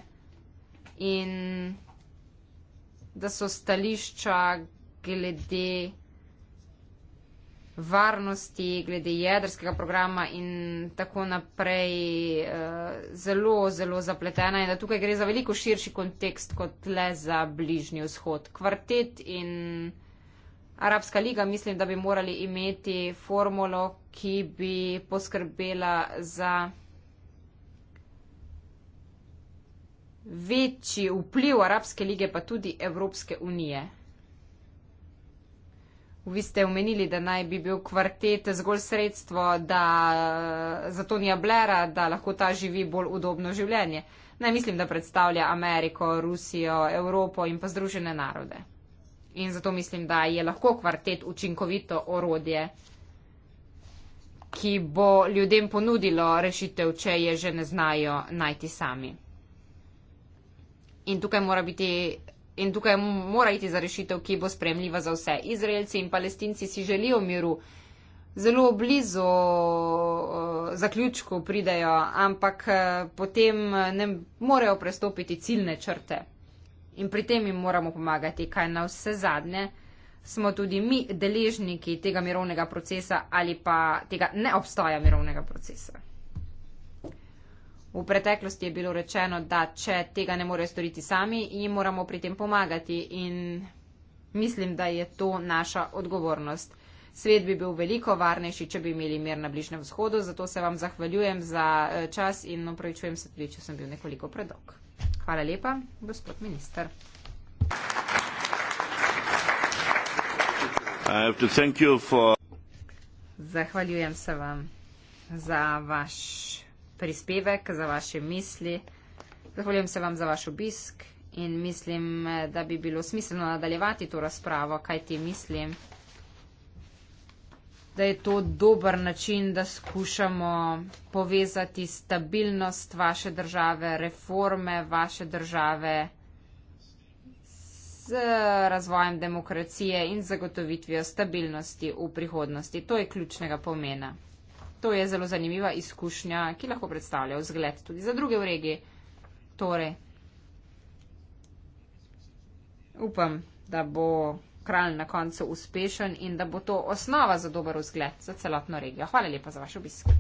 in da so stališča glede varnosti, glede jedrskega programa in tako naprej eh, zelo, zelo zapletena in da tukaj gre za veliko širši kontekst kot le za bližnji vzhod. Kvartet in Arabska liga mislim, da bi morali imeti formulo, ki bi poskrbela za večji vpliv Arabske lige, pa tudi Evropske unije Vi ste omenili, da naj bi bil kvartet zgolj sredstvo da, za Tonija Blera, da lahko ta živi bolj udobno življenje. Naj mislim, da predstavlja Ameriko, Rusijo, Evropo in pa Združene narode. In zato mislim, da je lahko kvartet učinkovito orodje, ki bo ljudem ponudilo rešitev, če je že ne znajo najti sami. In tukaj mora biti in tukaj mora iti za rešitev, ki bo spremljiva za vse. Izraelci in palestinci si želijo miru. Zelo blizu eh, zaključku pridejo, ampak eh, potem eh, ne morejo prestopiti ciljne črte. In pri tem jim moramo pomagati, kaj na vse zadnje smo tudi mi deležniki tega mirovnega procesa ali pa tega ne obstaja mirovnega procesa. V preteklosti je bilo rečeno, da če tega ne morejo storiti sami, jim moramo pri tem pomagati in mislim, da je to naša odgovornost. Svet bi bil veliko varnejši, če bi imeli mir na Bližnem vzhodu, zato se vam zahvaljujem za eh, čas in opravičujem se tudi, če sem bil nekoliko predolg. Hvala lepa, gospod minister. For... Zahvaljujem se vam za vaš prispevek, za vaše misli. Zahvaljujem se vam za vaš obisk in mislim, da bi bilo smiselno nadaljevati to razpravo, kaj ti mislim, da je to dober način, da skušamo povezati stabilnost vaše države, reforme vaše države z razvojem demokracije in zagotovitvijo stabilnosti v prihodnosti. To je ključnega pomena. To je zelo zanimiva izkušnja, ki lahko predstavlja vzgled tudi za druge v regiji. Torej, upam, da bo kralj na koncu uspešen in da bo to osnova za dober vzgled za celotno regijo. Hvala lepa za vaš obisk.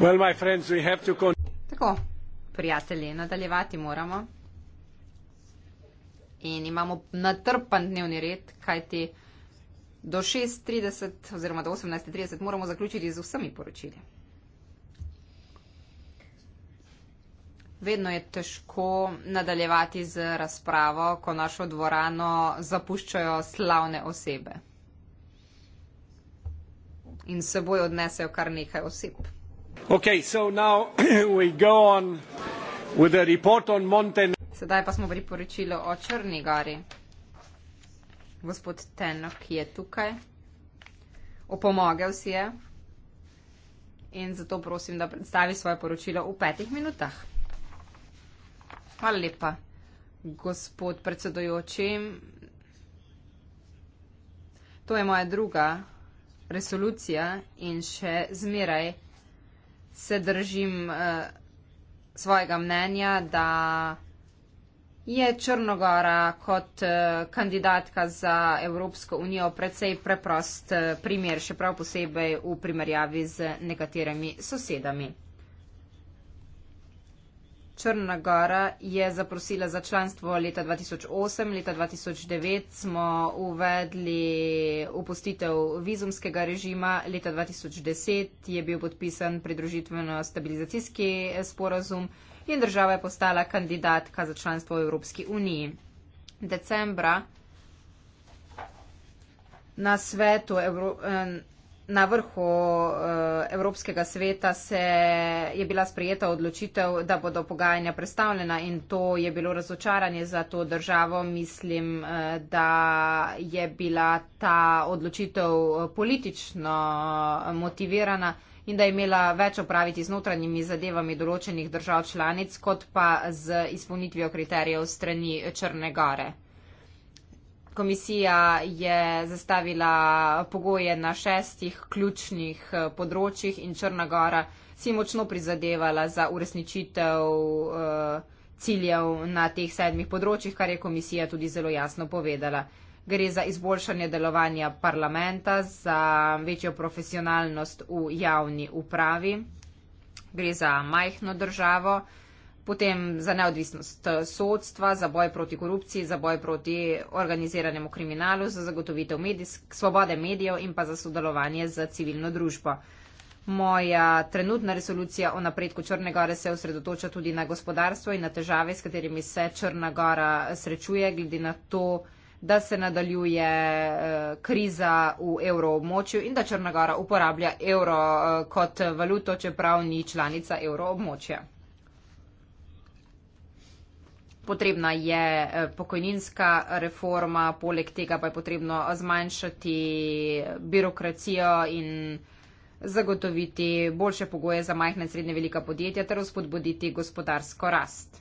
Well, my friends, we have to Tako, prijatelji, nadaljevati moramo. In imamo natrpan dnevni red, kajti do 6.30 oziroma do 18.30 moramo zaključiti z vsemi poročili. Vedno je težko nadaljevati z razpravo, ko našo dvorano zapuščajo slavne osebe in seboj odnesejo kar nekaj oseb. Sedaj pa smo pri poročilu o Črni gori. Gospod Tenok je tukaj, opomogel si je in zato prosim, da predstavi svoje poročilo v petih minutah. Hvala lepa, gospod predsedojoči. To je moja druga resolucija in še zmeraj se držim uh, svojega mnenja, da je Črnogora kot uh, kandidatka za Evropsko unijo precej preprost uh, primer, še prav posebej v primerjavi z nekaterimi sosedami. Črna Gora je zaprosila za članstvo leta 2008. Leta 2009 smo uvedli upustitev vizumskega režima, leta 2010 je bil podpisan pridružitveno-stabilizacijski sporazum in država je postala kandidatka za članstvo v Evropski uniji. Decembra na svetu Evropske unije na vrhu eh, Evropskega sveta se je bila sprejeta odločitev, da bodo pogajanja predstavljena in to je bilo razočaranje za to državo. Mislim, eh, da je bila ta odločitev eh, politično motivirana in da je imela več opraviti z notranjimi zadevami določenih držav članic, kot pa z izpolnitvijo kriterijev strani Črne Gore komisija je zastavila pogoje na šestih ključnih eh, področjih in Črnagora si močno prizadevala za uresničitev eh, ciljev na teh sedmih področjih, kar je komisija tudi zelo jasno povedala. Gre za izboljšanje delovanja parlamenta, za večjo profesionalnost v javni upravi, gre za majhno državo, potem za neodvisnost eh, sodstva, za boj proti korupciji, za boj proti organiziranemu kriminalu, za zagotovitev medijsk, svobode medijev in pa za sodelovanje z civilno družbo. Moja trenutna resolucija o napredku Črne gore se osredotoča tudi na gospodarstvo in na težave, s katerimi se Črna gora eh, srečuje, glede na to, da se nadaljuje eh, kriza v evroobmočju in da Črna gora uporablja evro kot valuto, čeprav ni članica evroobmočja potrebna je eh, pokojninska reforma, poleg tega pa je potrebno zmanjšati birokracijo in zagotoviti boljše pogoje za majhne in srednje velika podjetja ter vzpodbuditi gospodarsko rast.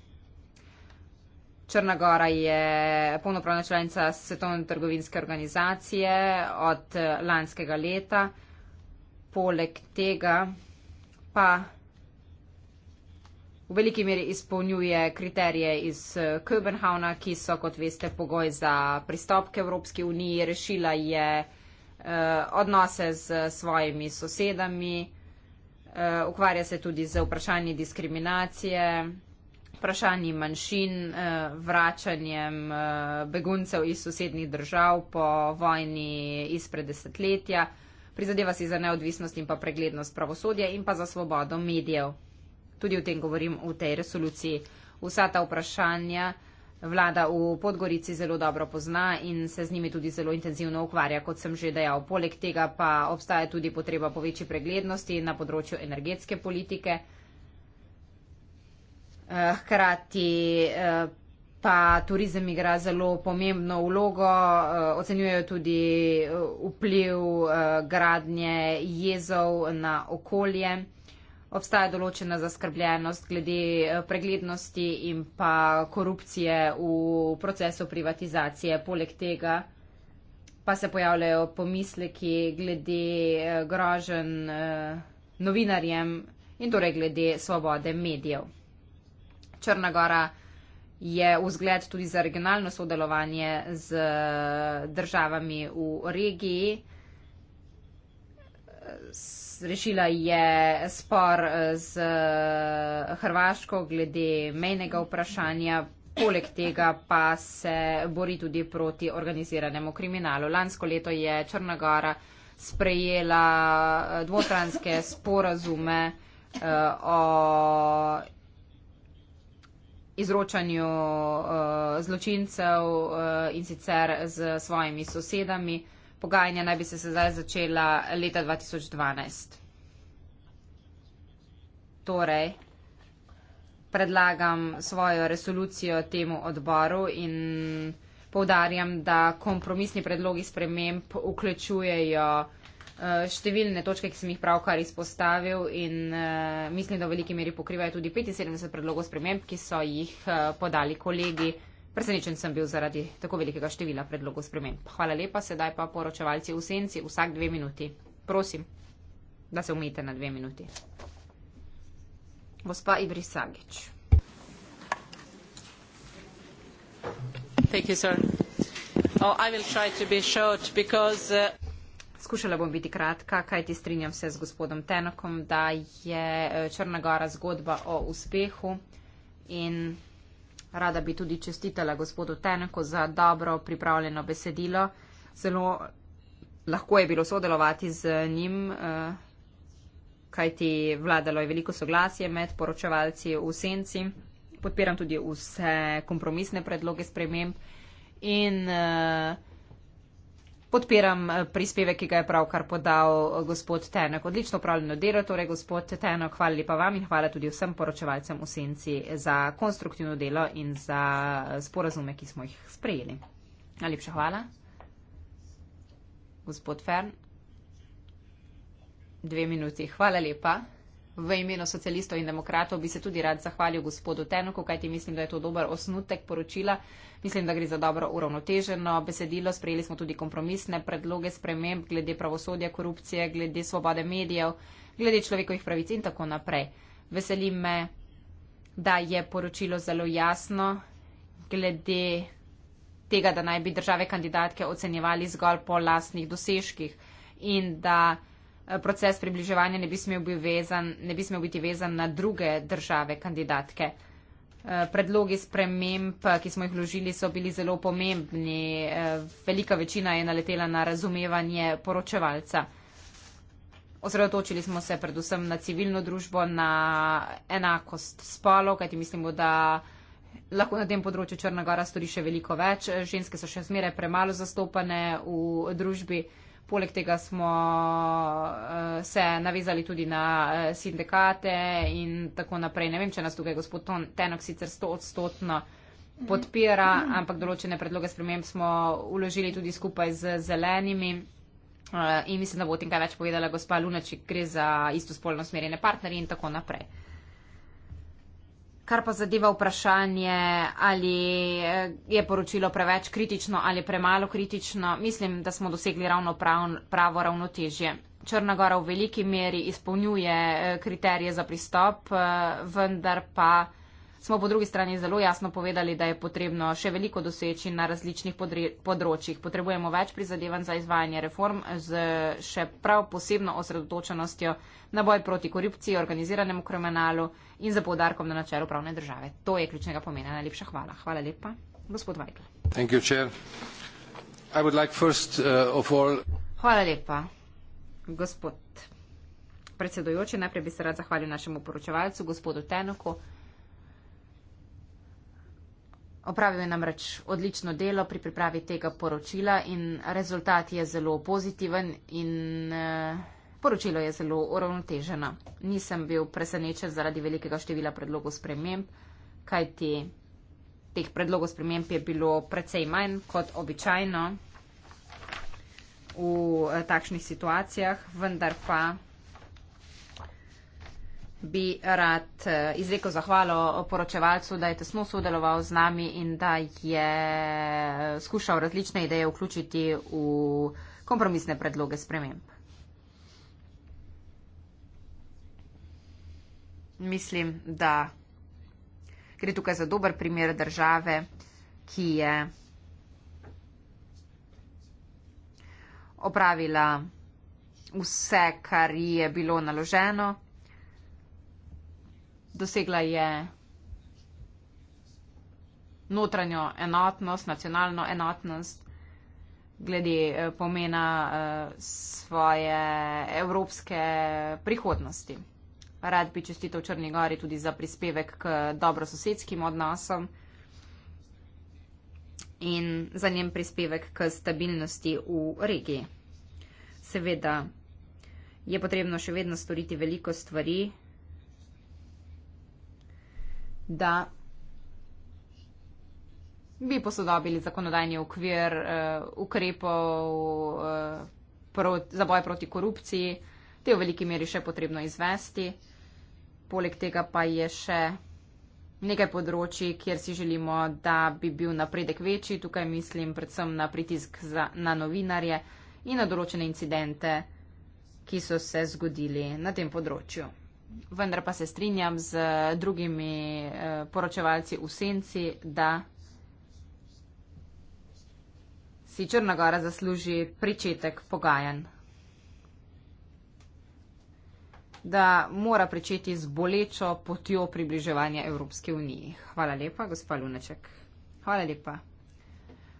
Črnagora je polnopravna članica Svetovne trgovinske organizacije od lanskega leta. Poleg tega pa v veliki meri izpolnjuje kriterije iz eh, Kopenhavna, ki so, kot veste, pogoj za pristop k Evropski uniji, rešila je eh, odnose z svojimi sosedami, eh, ukvarja se tudi z vprašanji diskriminacije, vprašanji manjšin, vračanjem beguncev iz sosednih držav po vojni izpred desetletja, prizadeva si za neodvisnost in pa preglednost pravosodja in pa za svobodo medijev. Tudi o tem govorim v tej resoluciji. Vsa ta vprašanja vlada v Podgorici zelo dobro pozna in se z njimi tudi zelo intenzivno ukvarja, kot sem že dejal. Poleg tega pa obstaja tudi potreba po večji preglednosti na področju energetske politike. Eh, hkrati eh, pa turizem igra zelo pomembno vlogo, eh, ocenjujejo tudi vpliv gradnje jezov na okolje obstaja določena zaskrbljenost glede eh, preglednosti in pa korupcije v procesu privatizacije. Poleg tega pa se pojavljajo pomisleki glede eh, grožen eh, novinarjem in torej glede svobode medijev. Črnagora je vzgled tudi za regionalno sodelovanje z državami v regiji. S rešila je spor eh, z eh, Hrvaško glede mejnega vprašanja. Poleg tega pa se bori tudi proti organiziranemu kriminalu. Lansko leto je Črnagora sprejela eh, dvotranske sporazume o izročanju zločincev in sicer z svojimi sosedami. Pogajanja naj bi se zdaj začela leta 2012. Torej, predlagam svojo resolucijo temu odboru in povdarjam, da kompromisni predlogi sprememb vključujejo eh, številne točke, ki sem jih pravkar izpostavil in eh, mislim, da v veliki meri pokrivajo tudi 75 predlogov sprememb, ki so jih eh, podali kolegi. Presenečen sem bil zaradi tako velikega števila predlogov sprememb. Hvala lepa, sedaj pa poročevalci v senci vsak dve minuti. Prosim, da se umete na dve minuti. Gospa Ibris Sagič. Oh, uh, Skušala bom biti kratka, kaj ti strinjam se z gospodom Tenokom, da je eh, Črna gora zgodba o uspehu in Rada bi tudi čestitala gospodu Tenko za dobro pripravljeno besedilo. Zelo lahko je bilo sodelovati z njim, eh, kajti vladalo je veliko soglasje med poročevalci v senci. Podpiram tudi vse kompromisne predloge sprememb in uh, Podpiram eh, prispevek, ki ga je pravkar podal eh, gospod Tenek. Odlično upravljeno delo, torej gospod Tenek, hvala lepa vam in hvala tudi vsem poročevalcem v Senci za konstruktivno delo in za eh, sporazume, ki smo jih sprejeli. Najlepša hvala. Gospod Fern. Dve minuti. Hvala lepa. V imenu socialistov in demokratov bi se tudi rad zahvalil gospodu Tenoku, kajti mislim, da je to dober osnutek poročila. Mislim, da gre za dobro uravnoteženo besedilo. Sprejeli smo tudi kompromisne predloge sprememb glede pravosodja, korupcije, glede svobode medijev, glede človekovih pravic in tako naprej. Veseli me, da je poročilo zelo jasno glede tega, da naj bi države kandidatke ocenjevali zgolj po lastnih dosežkih in da. Eh, proces približevanja ne bi smel biti vezan, ne bi smel biti vezan na druge države kandidatke. Eh, predlogi sprememb, eh, ki smo jih vložili, so bili zelo pomembni. Velika večina je naletela na razumevanje poročevalca. Osredotočili smo se predvsem na civilno družbo, na enakost spolov, kajti mislimo, da lahko na tem področju Črnagora stori še veliko več. Ženske so še zmeraj premalo zastopane v družbi. Poleg tega smo uh, se navezali tudi na uh, sindikate in tako naprej. Ne vem, če nas tukaj gospod Tenok sicer sto odstotno podpira, ampak določene predloge sprememb smo uložili tudi skupaj z zelenimi. Uh, in mislim, da bo o tem kaj več povedala gospa Lunačik, gre za istospolno smerjene partnerje in tako naprej. Uh, Kar pa zadeva vprašanje, ali eh, je poročilo preveč kritično ali premalo kritično, mislim, da smo dosegli ravno prav, pravo ravnotežje. Črna Gora v veliki meri izpolnjuje eh, kriterije za pristop, eh, vendar pa smo po drugi strani zelo jasno povedali, da je potrebno še veliko doseči na različnih področjih. Potrebujemo več prizadevanj za izvajanje reform z še prav posebno osredotočenostjo na boj proti korupciji, organiziranemu kriminalu in za povdarkom na načelu pravne države. To je ključnega pomena. Najlepša hvala. Hvala lepa. Gospod Vajgl. Like uh, all... Hvala lepa. Gospod predsedujoči, najprej bi se rad zahvalil našemu poročevalcu, gospodu Tenoku. Opravil je namreč odlično delo pri pripravi tega poročila in rezultat je zelo pozitiven in eh, poročilo je zelo uravnoteženo. Nisem bil presenečen zaradi velikega števila predlogov sprememb, kajti teh predlogov sprememb je bilo precej manj kot običajno v eh, takšnih situacijah, vendar pa bi rad eh, izrekel zahvalo poročevalcu, da je tesno sodeloval z nami in da je eh, skušal različne ideje vključiti v kompromisne predloge sprememb. Mislim, da gre tukaj za dober primer države, ki je opravila vse, kar ji je bilo naloženo dosegla je notranjo enotnost, nacionalno enotnost glede eh, pomena eh, svoje evropske prihodnosti. Rad bi čestitev Črni Gori tudi za prispevek k dobrososedskim odnosom in za njen prispevek k stabilnosti v regiji. Seveda je potrebno še vedno storiti veliko stvari, da bi posodobili zakonodajni okvir uh, ukrepov uh, eh, prot, za boj proti korupciji. Te v veliki meri še potrebno izvesti. Poleg tega pa je še nekaj področji, kjer si želimo, da bi bil napredek večji. Tukaj mislim predvsem na pritisk za, na novinarje in na določene incidente, ki so se zgodili na tem področju vendar pa se strinjam z drugimi eh, poročevalci v senci, da si Črnagora zasluži pričetek pogajanj. Da mora pričeti z bolečo potjo približevanja Evropske unije. Hvala lepa, gospa Luneček. Hvala lepa.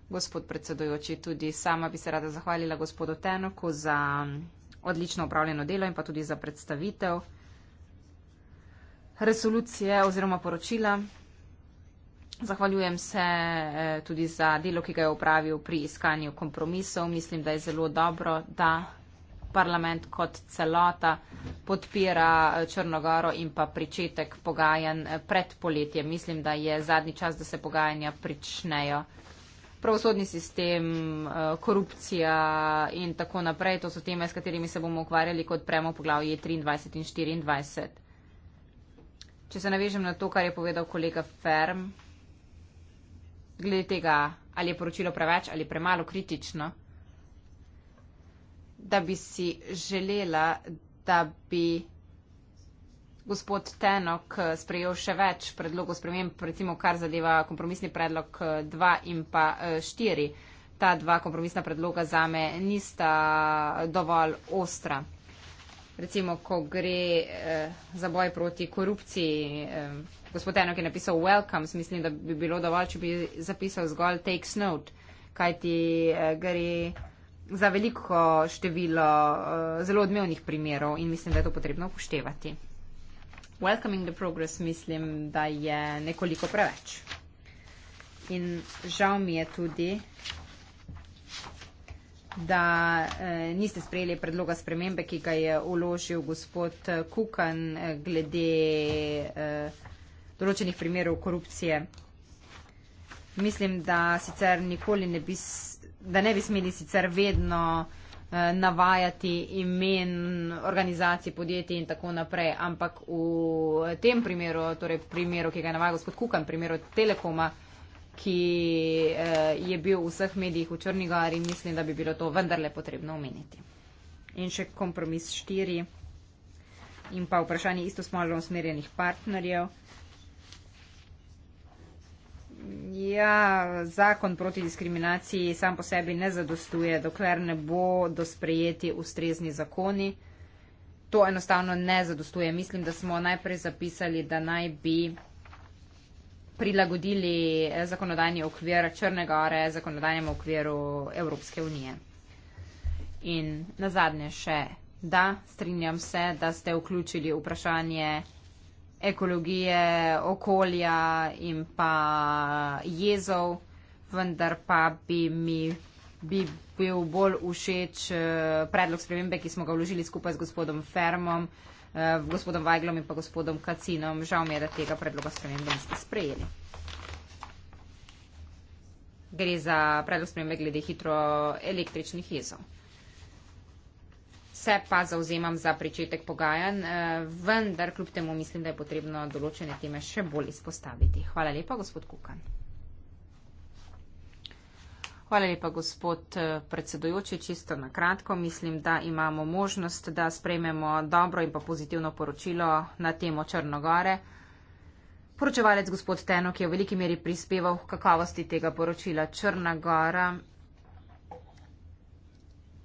Gospod predsedojoči, tudi sama bi se rada zahvalila gospodu Tenoku za odlično upravljeno delo in pa tudi za predstavitev resolucije oziroma poročila. Zahvaljujem se eh, tudi za delo, ki ga je upravil pri iskanju kompromisov. Mislim, da je zelo dobro, da parlament kot celota podpira eh, Črnogoro in pa pričetek pogajanj eh, pred poletjem. Mislim, da je zadnji čas, da se pogajanja pričnejo. Pravosodni sistem, korupcija in tako naprej, to so teme, s katerimi se bomo ukvarjali, kot premo poglavje 23 in 24. Če se navežem na to, kar je povedal kolega Ferm, glede tega, ali je poročilo preveč ali premalo kritično, da bi si želela, da bi gospod Tenok sprejel še več predlogov sprememb, recimo kar zadeva kompromisni predlog 2 eh, in pa 4. Eh, Ta dva kompromisna predloga zame nista eh, dovolj ostra recimo, ko gre eh, za boj proti korupciji. Eh, gospod Enok je napisal Welcomes, mislim, da bi bilo dovolj, če bi zapisal zgolj Takes Note, kajti eh, gre za veliko število eh, zelo odmevnih primerov in mislim, da je to potrebno upoštevati. Welcoming the progress mislim, da je nekoliko preveč. In žal mi je tudi, da eh, niste sprejeli predloga spremembe, ki ga je uložil gospod eh, Kukan eh, glede določenih primerov korupcije. Mislim, da sicer nikoli ne bi, da ne bi smeli sicer vedno navajati imen organizacij, podjetij in tako naprej, ampak v tem primeru, torej primeru, ki ga je navajal gospod Kukan, primeru Telekoma, ki eh, je bil v vseh medijih v Črnigari, mislim, da bi bilo to vendarle potrebno omeniti. In še kompromis štiri in pa vprašanje istosmalno usmerjenih partnerjev. Ja, zakon proti diskriminaciji sam po sebi ne zadostuje, dokler ne bo do sprejeti ustrezni zakoni. To enostavno ne zadostuje. Mislim, da smo najprej zapisali, da naj bi prilagodili eh, zakonodajni okvir Črne gore zakonodajnemu okviru Evropske unije. In na zadnje še, da strinjam se, da ste vključili vprašanje ekologije, okolja in pa jezov, vendar pa bi mi bi bil bolj všeč eh, predlog spremembe, ki smo ga vložili skupaj z gospodom Fermom, Eh, gospodom Vajglom in pa gospodom Kacinom. Žal mi je, da tega predloga spremembe niste sprejeli. Gre za predlog spremembe glede hitro električnih jezov. Se pa zauzemam za pričetek pogajanj, eh, vendar kljub temu mislim, da je potrebno določene teme še bolj izpostaviti. Hvala lepa, gospod Kukan. Hvala lepa, gospod eh, predsedujoči. Čisto na kratko mislim, da imamo možnost, da sprejmemo dobro in pa pozitivno poročilo na temo Črnogore. Poročevalec gospod Tenok je v veliki meri prispeval k kakovosti tega poročila. Črna Gora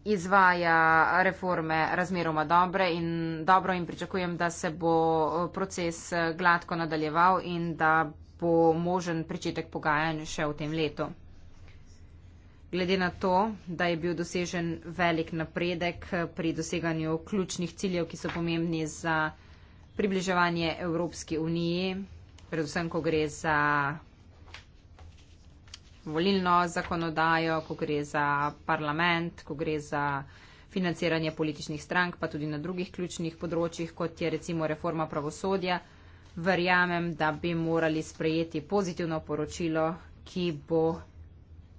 izvaja reforme razmeroma dobre in dobro in pričakujem, da se bo eh, proces eh, gladko nadaljeval in da bo možen pričetek pogajanj še v tem letu glede na to, da je bil dosežen velik napredek pri doseganju ključnih ciljev, ki so pomembni za približevanje Evropski uniji, predvsem, ko gre za volilno zakonodajo, ko gre za parlament, ko gre za financiranje političnih strank, pa tudi na drugih ključnih področjih, kot je recimo reforma pravosodja, verjamem, da bi morali sprejeti pozitivno poročilo, ki bo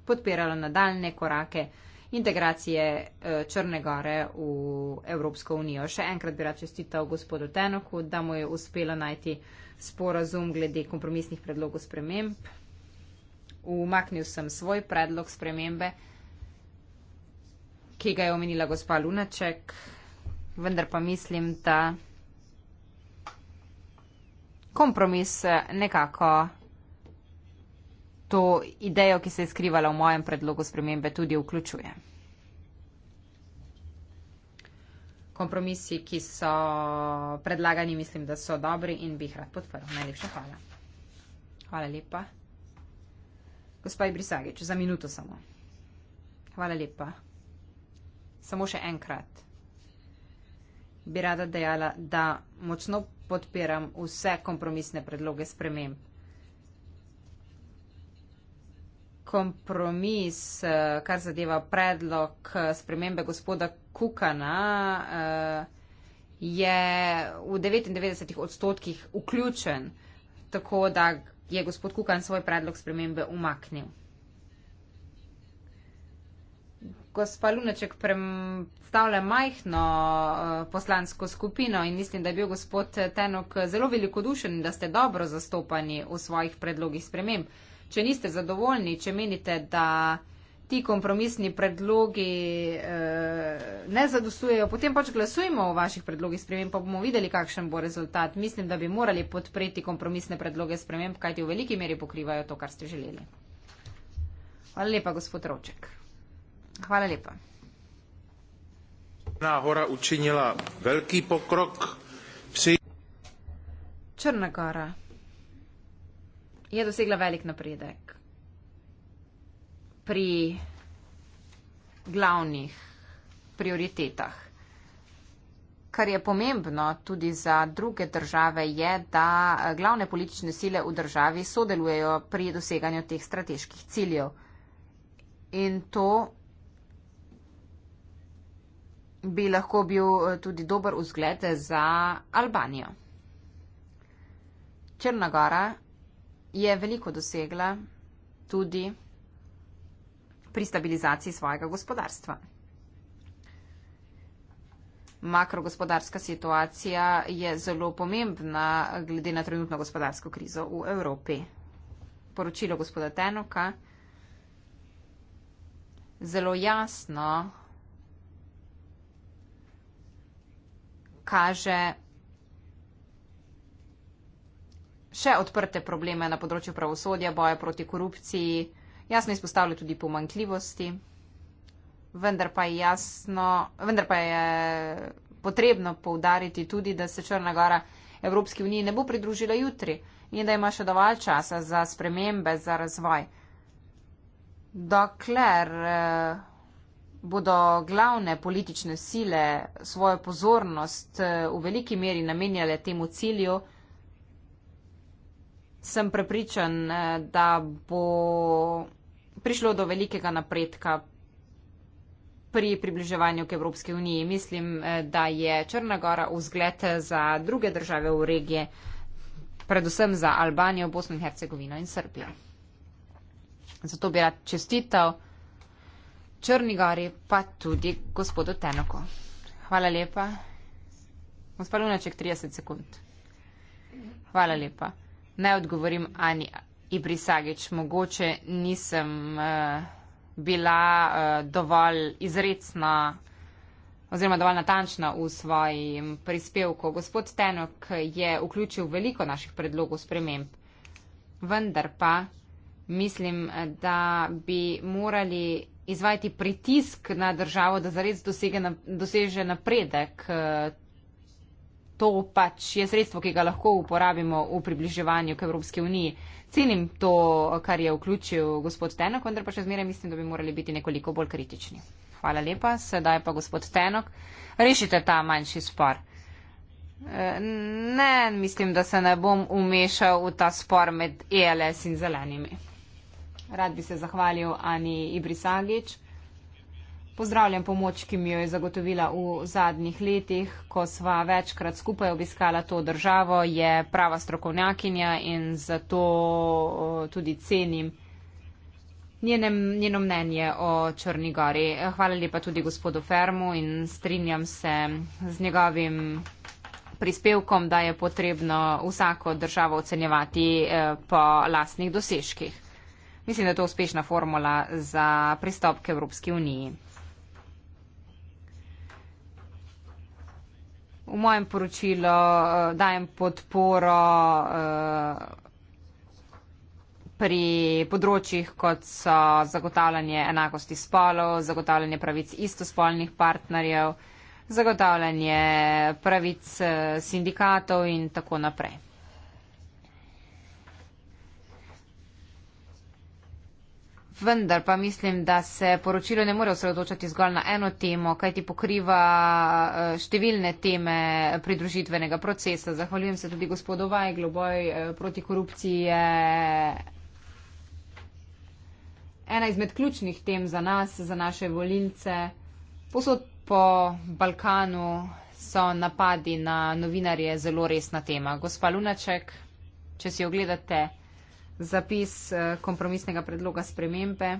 podpiralo nadaljne korake integracije eh, Črne Gore v Evropsko unijo. Še enkrat bi rad čestital gospodu Tenoku, da mu je uspelo najti sporazum glede kompromisnih predlogov sprememb. Umaknil sem svoj predlog spremembe, ki ga je omenila gospa Lunaček, vendar pa mislim, da kompromis eh, nekako to idejo, ki se je skrivala v mojem predlogu spremembe, tudi vključuje. Kompromisi, ki so predlagani, mislim, da so dobri in bi jih rad podprl. Najlepša hvala. Hvala lepa. Gospod Brisagič, za minuto samo. Hvala lepa. Samo še enkrat bi rada dejala, da močno podpiram vse kompromisne predloge sprememb. kompromis, eh, kar zadeva predlog eh, spremembe gospoda Kukana, eh, je v 99 odstotkih vključen, tako da je gospod Kukan svoj predlog spremembe umaknil. Gospa Lunaček predstavlja majhno poslansko skupino in mislim, da je bil gospod Tenok zelo velikodušen in da ste dobro zastopani v svojih predlogih spremembe če niste zadovoljni, če menite, da ti kompromisni predlogi eh, ne zadostujejo, potem pač glasujmo o vaših predlogih sprememb, pa bomo videli, kakšen bo rezultat. Mislim, da bi morali podpreti kompromisne predloge sprememb, kajti v veliki meri pokrivajo to, kar ste želeli. Hvala lepa, gospod Roček. Hvala lepa. Črna gora učinila veliki pokrok. Psi... Črna gora je dosegla velik napredek pri glavnih prioritetah. Kar je pomembno tudi za druge države, je, da glavne politične sile v državi sodelujejo pri doseganju teh strateških ciljev. In to bi lahko bil eh, tudi dober vzgled za Albanijo. Črna gora je veliko dosegla tudi pri stabilizaciji svojega gospodarstva. Makrogospodarska situacija je zelo pomembna glede na trenutno gospodarsko krizo v Evropi. Poročilo gospoda Tenoka zelo jasno kaže še odprte probleme na področju pravosodja, boja proti korupciji, jasno izpostavlja tudi pomankljivosti, vendar pa je jasno, vendar pa je potrebno poudariti tudi, da se Črna Gora Evropski uniji ne bo pridružila jutri in da ima še dovolj časa za spremembe, za razvoj. Dokler eh, bodo glavne politične sile svojo pozornost eh, v veliki meri namenjale temu cilju, sem prepričan, eh, da bo prišlo do velikega napredka pri približevanju k Evropski uniji. Mislim, eh, da je Črnagora vzgled za druge države v regiji, predvsem za Albanijo, Bosno in Hercegovino in Srbijo. Zato bi rad čestital Črnigori, pa tudi gospodu Tenoko. Hvala lepa. Gospod Lunaček, 30 sekund. Hvala lepa. Ne odgovorim Ani Ibrisagič, mogoče nisem uh, bila uh, dovolj izredna oziroma dovolj natančna v svojem prispevku. Gospod Tenok je vključil veliko naših predlogov sprememb, vendar pa mislim, da bi morali izvajati pritisk na državo, da zares doseže napredek. Uh, to pač je sredstvo, ki ga lahko uporabimo v približevanju k Evropski uniji. Cenim to, kar je vključil gospod Tenok, vendar pa še zmeraj mislim, da bi morali biti nekoliko bolj kritični. Hvala lepa, sedaj pa gospod Tenok, rešite ta manjši spor. E, ne, mislim, da se ne bom umešal v ta spor med ELS in zelenimi. Rad bi se zahvalil Ani Ibrisagič. Pozdravljam pomoč, ki mi jo je zagotovila v zadnjih letih, ko sva večkrat skupaj obiskala to državo, je prava strokovnjakinja in zato tudi cenim njenem, njeno mnenje o Črni gori. Hvala lepa tudi gospodu Fermu in strinjam se z njegovim prispevkom, da je potrebno vsako državo ocenjevati e, po lastnih dosežkih. Mislim, da je to uspešna formula za pristop k Evropski uniji. v mojem poročilu uh, dajem podporo uh, pri področjih, kot so zagotavljanje enakosti spolov, zagotavljanje pravic istospolnih partnerjev, zagotavljanje pravic eh, sindikatov in tako naprej. Vendar pa mislim, da se poročilo ne more osredotočati zgolj na eno temo, kaj ti pokriva eh, številne teme pridružitvenega procesa. Zahvaljujem se tudi gospodu Vajglu, boj eh, proti korupciji je ena izmed ključnih tem za nas, za naše volince. Posod po Balkanu so napadi na novinarje zelo resna tema. Gospa Lunaček, če si ogledate zapis eh, kompromisnega predloga spremembe.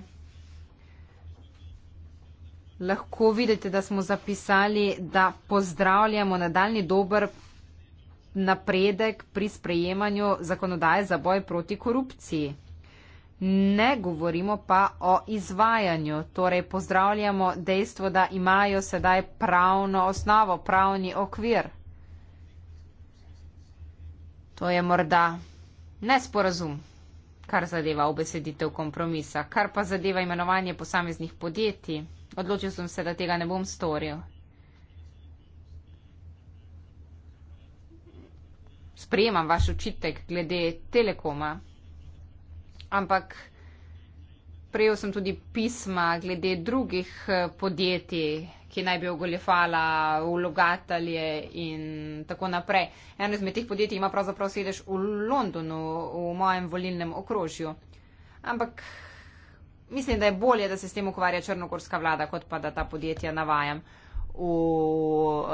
Lahko vidite, da smo zapisali, da pozdravljamo nadaljni dober napredek pri sprejemanju zakonodaje za boj proti korupciji. Ne govorimo pa o izvajanju, torej pozdravljamo dejstvo, da imajo sedaj pravno osnovo, pravni okvir. To je morda nesporazum kar zadeva obeseditev kompromisa. Kar pa zadeva imenovanje posameznih podjetij, odločil sem se, da tega ne bom storil. Sprejemam vaš očitek glede telekoma, ampak prejel sem tudi pisma glede drugih eh, podjetij, ki naj bi ogoljefala vlogatelje in tako naprej. Eno izmed teh podjetij ima pravzaprav sedež v Londonu, v mojem volilnem okrožju. Ampak mislim, da je bolje, da se s tem ukvarja črnogorska vlada, kot pa da ta podjetja navajam v uh,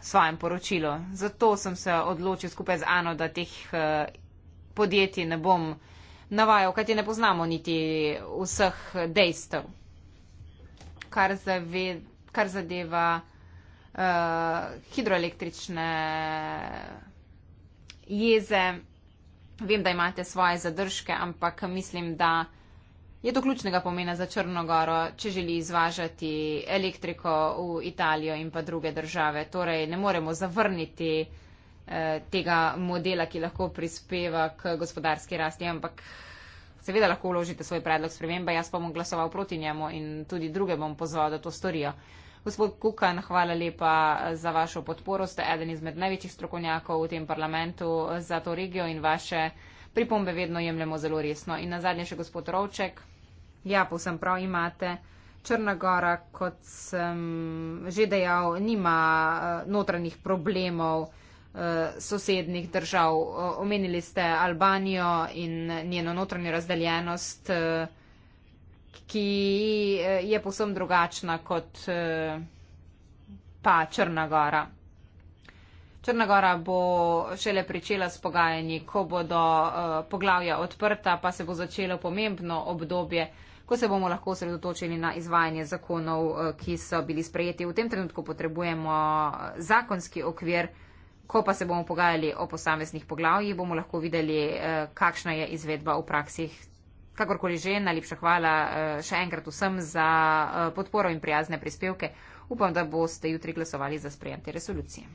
svojem poročilu. Zato sem se odločil skupaj z Ano, da teh uh, podjetij ne bom navajal, kajti ne poznamo niti vseh dejstev. Kar zaved kar zadeva uh, hidroelektrične jeze. Vem, da imate svoje zadržke, ampak mislim, da je to ključnega pomena za Črnogoro, če želi izvažati elektriko v Italijo in pa druge države. Torej, ne moremo zavrniti eh, tega modela, ki lahko prispeva k gospodarski rasti, ampak seveda lahko vložite svoj predlog spremembe. Jaz pa bom glasoval proti njemu in tudi druge bom pozval, da to storijo. Eh, Gospod Kukan, hvala lepa eh, za vašo podporo. Ste eden izmed največjih strokovnjakov v tem parlamentu eh, za to regijo in vaše pripombe vedno jemljemo zelo resno. In na zadnje še gospod Rovček. Ja, povsem prav imate. Črna Gora, kot sem že dejal, nima eh, notranjih problemov sosednih držav. Omenili ste Albanijo in njeno notranjo razdeljenost ki eh, je posebno drugačna kot eh, pa Črna Gora. Črna Gora bo šele pričela s pogajanji, ko bodo eh, poglavja odprta, pa se bo začelo pomembno obdobje, ko se bomo lahko sredotočili na izvajanje zakonov, ki so bili sprejeti. V tem trenutku potrebujemo zakonski okvir. Ko pa se bomo pogajali o posameznih poglavjih, bomo lahko videli, kakšna je izvedba v praksih. Kakorkoli že, najlepša hvala eh, še enkrat vsem za eh, podporo in prijazne prispevke. Upam, da boste jutri glasovali za sprejem te resolucije.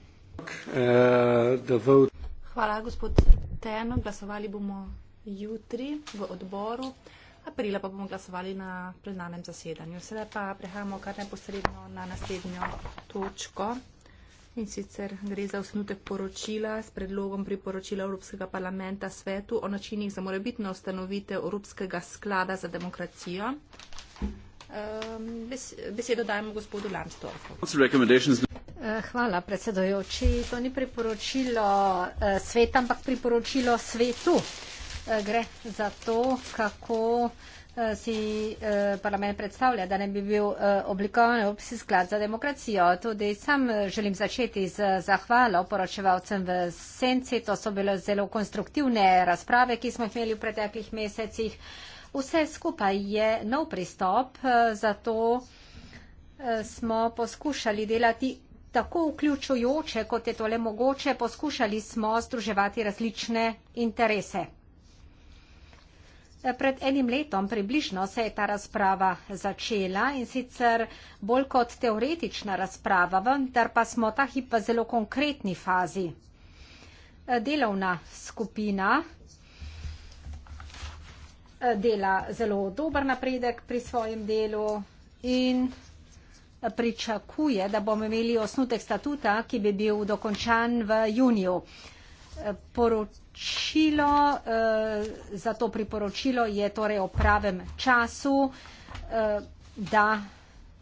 Hvala, gospod Teno. Glasovali bomo jutri v odboru, aprila pa bomo glasovali na plenarnem zasedanju. Sedaj pa prehajamo kar neposredno na naslednjo točko. In sicer gre za osnutek poročila s predlogom priporočila Evropskega parlamenta svetu o načinih za morebitno ustanovitev Evropskega sklada za demokracijo. Ehm, besedo dajemo gospodu Lamstorfu. Eh, hvala, predsedojoči. To ni priporočilo eh, sveta, ampak priporočilo svetu. Eh, gre za to, kako Eh, si eh, parlament predstavlja, da ne bi bil eh, oblikovan Evropski sklad za demokracijo. Tudi sam želim začeti z zahvalo poročevalcem v Senci. To so bile zelo konstruktivne razprave, ki smo imeli v preteklih mesecih. Vse skupaj je nov pristop, zato smo poskušali delati tako vključujoče, kot je tole mogoče. Poskušali smo združevati različne interese. Pred enim letom približno se je ta razprava začela in sicer bolj kot teoretična razprava, vendar pa smo ta hip zelo konkretni fazi. Delovna skupina dela zelo dober napredek pri svojem delu in pričakuje, da bomo imeli osnutek statuta, ki bi bil dokončan v juniju poročilo, eh, za to priporočilo je torej o pravem času, eh, da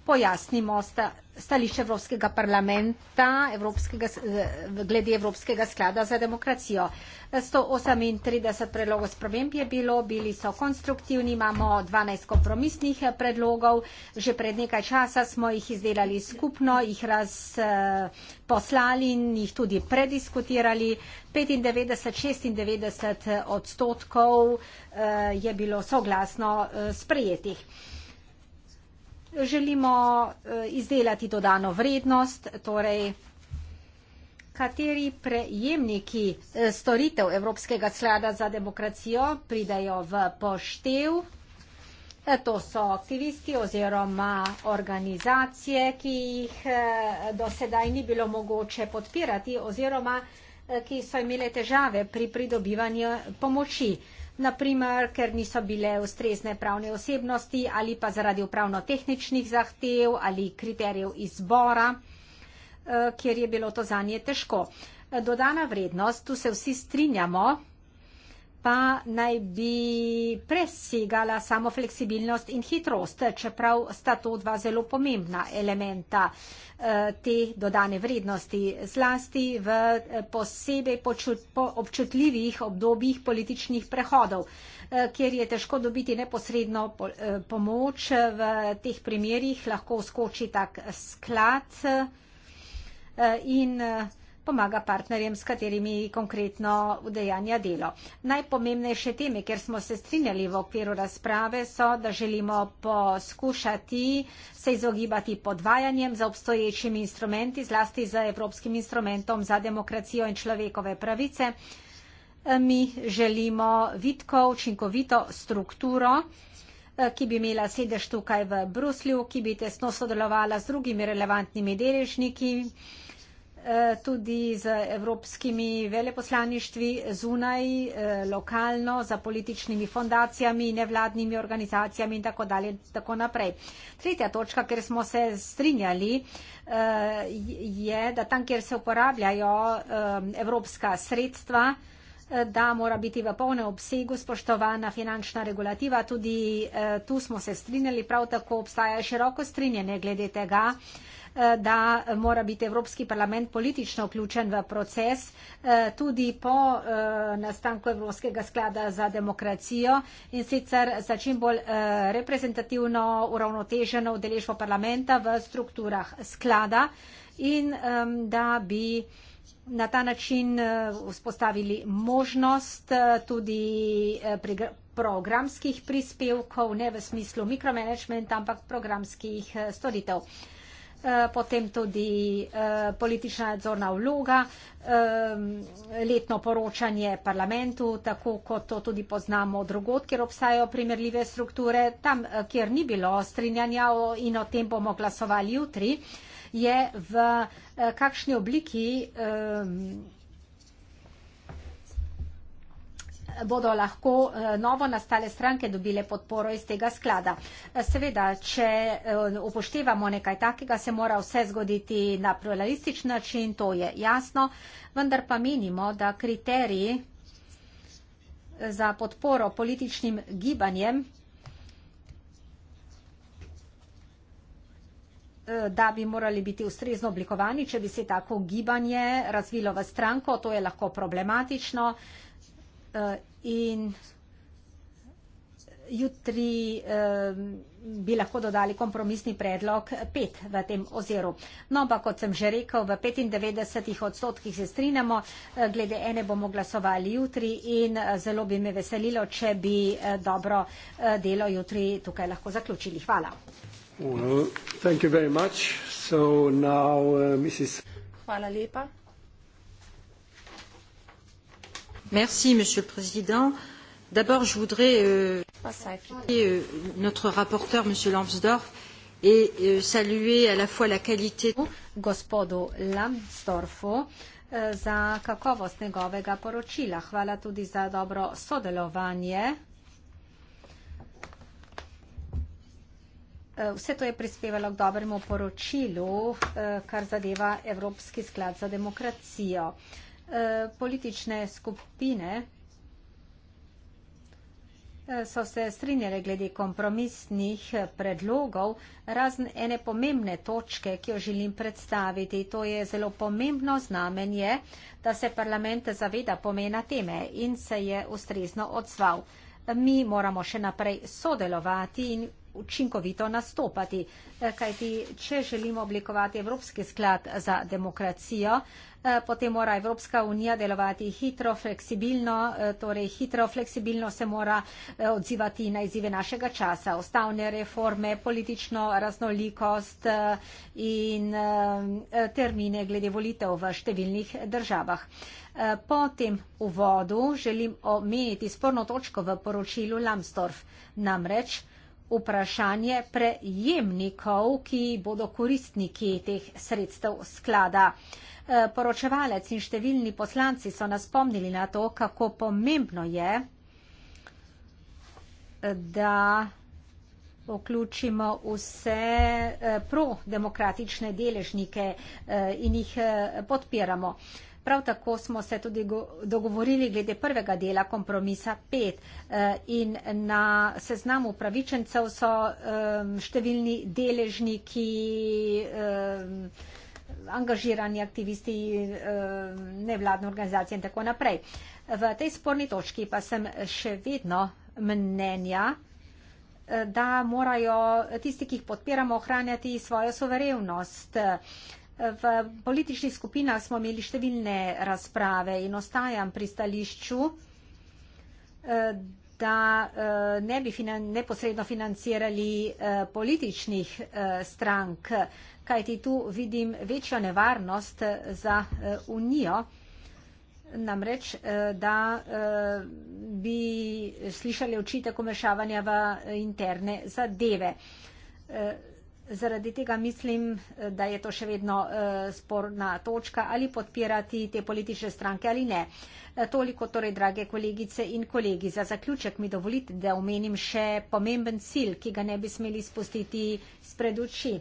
pojasnimo sta, stališče Evropskega parlamenta Evropskega, eh, glede Evropskega sklada za demokracijo. 138 predlogov sprememb je bilo, bili so konstruktivni, imamo 12 kompromisnih predlogov, že pred nekaj časa smo jih izdelali skupno, jih razposlali eh, in jih tudi prediskutirali. 95-96 odstotkov eh, je bilo soglasno sprejetih želimo eh, izdelati dodano vrednost, torej kateri prejemniki eh, storitev Evropskega sklada za demokracijo pridajo v poštev. Eh, to so aktivisti oziroma organizacije, ki jih do sedaj ni bilo mogoče podpirati oziroma ki so imele težave pri pridobivanju pomoči naprimer, ker niso bile ustrezne pravne osebnosti ali pa zaradi upravno-tehničnih zahtev ali kriterijev izbora, eh, kjer je bilo to zanje težko. Dodana vrednost, tu se vsi strinjamo, pa naj bi presegala samo fleksibilnost in hitrost, čeprav sta to dva zelo pomembna elementa eh, te dodane vrednosti, zlasti v eh, posebej počut, po občutljivih obdobjih političnih prehodov, eh, kjer je težko dobiti neposredno pomoč. V teh primerjih lahko skoči tak sklad in pomaga partnerjem, s katerimi konkretno udejanja delo. Najpomembnejše teme, kjer smo se strinjali v okviru razprave, so, da želimo poskušati se izogibati podvajanjem za obstoječimi instrumenti, zlasti za Evropskim instrumentom za demokracijo in človekove pravice. Mi želimo vitko, učinkovito strukturo ki bi imela sedež tukaj v Bruslju, ki bi tesno sodelovala z drugimi relevantnimi deležniki Eh, tudi z evropskimi veleposlaništvi zunaj, eh, lokalno, za političnimi fondacijami, nevladnimi organizacijami in tako dalje in tako naprej. Tretja točka, ker smo se strinjali, eh, je, da tam, kjer se uporabljajo evropska sredstva, da mora biti v polnem obsegu spoštovana finančna regulativa. Tudi tu smo se strinjali, prav tako obstaja široko strinjene glede tega, Eh, da mora biti Evropski parlament politično vključen v proces. Eh, tudi po eh, nastanku Evropskega sklada za demokracijo in sicer za čim bolj reprezentativno uravnoteženo udeležbo parlamenta v strukturah sklada in da bi na ta način vzpostavili možnost tudi programskih prispevkov, ne v smislu mikromanagementa, ampak programskih storitev. Eh, potem tudi eh, politična nadzorna vloga, eh, letno poročanje parlamentu, tako kot to tudi poznamo drugot, kjer obstajajo primerljive strukture, tam, kjer ni bilo strinjanja in o tem bomo glasovali jutri, je v kakšni obliki. Um, bodo lahko eh, novo nastale stranke dobile podporo iz tega sklada. Eh, seveda, če eh, upoštevamo nekaj takega, se mora vse zgoditi na pluralističen način, to je jasno, vendar pa menimo, da kriteriji za podporo političnim gibanjem, da bi morali biti ustrezno oblikovani, če bi se tako gibanje razvilo v stranko, to je lahko problematično. Eh, in jutri eh, bi lahko dodali kompromisni predlog pet v tem oziru. No, pa kot sem že rekel, v 95 odstotkih se strinjamo, eh, glede ene bomo glasovali jutri in zelo bi me veselilo, če bi dobro delo jutri tukaj lahko zaključili. Hvala. Well, thank you very much. So now, uh, Mrs. Hvala lepa. monsieur le président d'abord je voudrais remercier euh, euh, notre rapporteur m. lambsdorff et euh, saluer à la fois la qualité de son rapport et la qualité de son rapport merci aussi pour le bon collaboration. vse to je prispevalo k dobremu poročilu eh, kar zadeva evropski sklad za demokracijo. Eh, politične skupine eh, so se strinjale glede kompromisnih predlogov, razen ene pomembne točke, ki jo želim predstaviti. To je zelo pomembno znamenje, da se parlament zaveda pomena teme in se je ustrezno odzval. Mi moramo še naprej sodelovati in učinkovito nastopati. Eh, kajti, če želimo oblikovati Evropski sklad za demokracijo, eh, potem mora Evropska unija delovati hitro, fleksibilno, eh, torej hitro, fleksibilno se mora odzivati na izzive našega časa, ustavne reforme, politično raznolikost in termine glede volitev v številnih državah. Po tem uvodu želim omeniti sporno točko v poročilu Lambsdorff, namreč, vprašanje prejemnikov, ki bodo koristniki teh sredstev sklada. E, poročevalec in številni poslanci so nas spomnili na to, kako pomembno je, da vključimo vse e, prodemokratične deležnike e, in jih podpiramo. Prav tako smo se tudi dogovorili glede prvega dela kompromisa 5 eh, in na seznamu upravičencev so ehm, številni deležniki, ehm, angažirani aktivisti, ehm, nevladne organizacije in tako naprej. V tej sporni točki pa sem še vedno mnenja, eh, da morajo tisti, ki jih podpiramo, ohranjati svojo soverevnost. V političnih skupinah smo imeli številne razprave in ostajam pri stališču, eh, da eh, ne bi finan, neposredno financirali eh, političnih strank, kajti tu vidim večjo nevarnost za unijo. Namreč, da bi slišali očitek umešavanja v interne zadeve. Zaradi tega mislim, da je to še vedno eh, sporna točka, ali podpirati te politične stranke ali ne. Eh, toliko torej, drage kolegice in kolegi. Za zaključek mi dovolite, da omenim še pomemben cilj, ki ga ne bi smeli spustiti spred oči.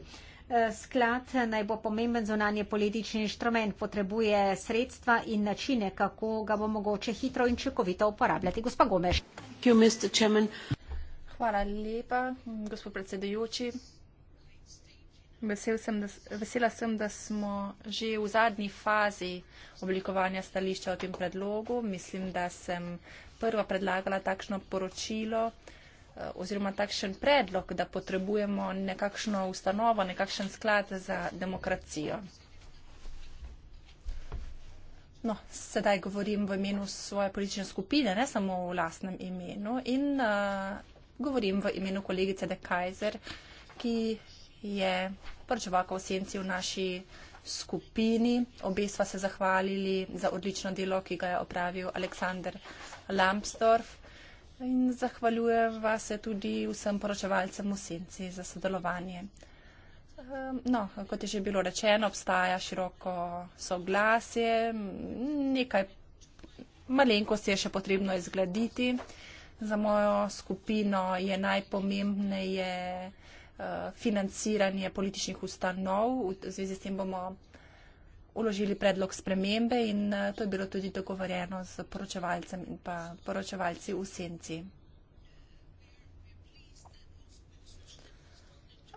Eh, sklad naj bo pomemben zunanje politični inštrument, potrebuje sredstva in načine, kako ga bo mogoče hitro in čekovito uporabljati. Gospa Gomeš. Hvala lepa, gospod predsedujoči. Vesel sem, da, vesela sem, da smo že v zadnji fazi oblikovanja stališča o tem predlogu. Mislim, da sem prva predlagala takšno poročilo eh, oziroma takšen predlog, da potrebujemo nekakšno ustanovo, nekakšen sklad za demokracijo. No, sedaj govorim v imenu svoje politične skupine, ne samo v lastnem imenu in uh, govorim v imenu kolegice De Kaiser, ki je prčvaka v senci v naši skupini. Obe sva se zahvalili za odlično delo, ki ga je opravil Aleksandr Lambsdorff. In zahvaljujem vas tudi vsem poročevalcem v senci za sodelovanje. Ehm, no, kot je že bilo rečeno, obstaja široko soglasje, nekaj malenkosti je še potrebno izgraditi. Za mojo skupino je najpomembnejše Eh, financiranje političnih ustanov. V zvezi s tem bomo uložili predlog spremembe in eh, to je bilo tudi dogovorjeno z poročevalcem in pa poročevalci v senci.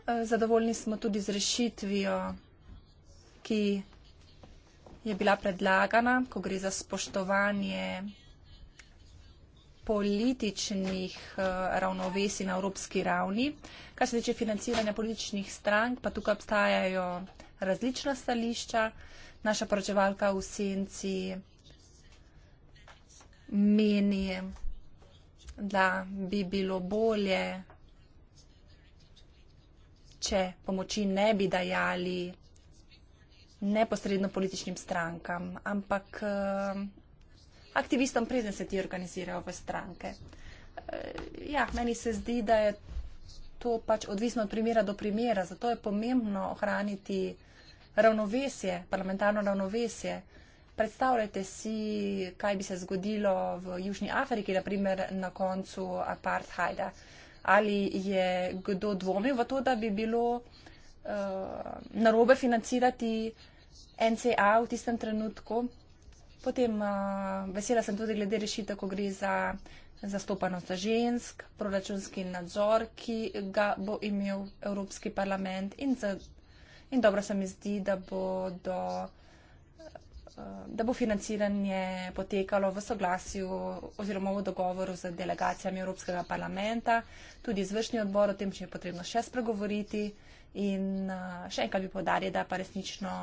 Eh, zadovoljni smo tudi z rešitvijo, ki je bila predlagana, ko gre za spoštovanje političnih uh, eh, ravnovesi na evropski ravni. Kar se tiče financiranja političnih strank, pa tukaj obstajajo različna stališča. Naša poročevalka v senci meni, da bi bilo bolje, če pomoči ne bi dajali neposredno političnim strankam, ampak uh, aktivistom, preden se ti organizirajo v stranke. Eh, ja, meni se zdi, da je to pač odvisno od primera do primera, zato je pomembno ohraniti ravnovesje, parlamentarno ravnovesje. Predstavljajte si, kaj bi se zgodilo v Južni Afriki, naprimer na koncu apartheida. Ali je kdo dvomil v to, da bi bilo uh, narobe financirati NCA v tistem trenutku? Potem uh, vesela sem tudi glede rešitev, ko gre za zastopanost žensk, proračunski nadzor, ki ga bo imel Evropski parlament in, za, in dobro se mi zdi, da bo, do, uh, da bo financiranje potekalo v soglasju oziroma v dogovoru z delegacijami Evropskega parlamenta, tudi izvršni odbor, o tem še je potrebno še spregovoriti in uh, še enkrat bi podarila, da pa resnično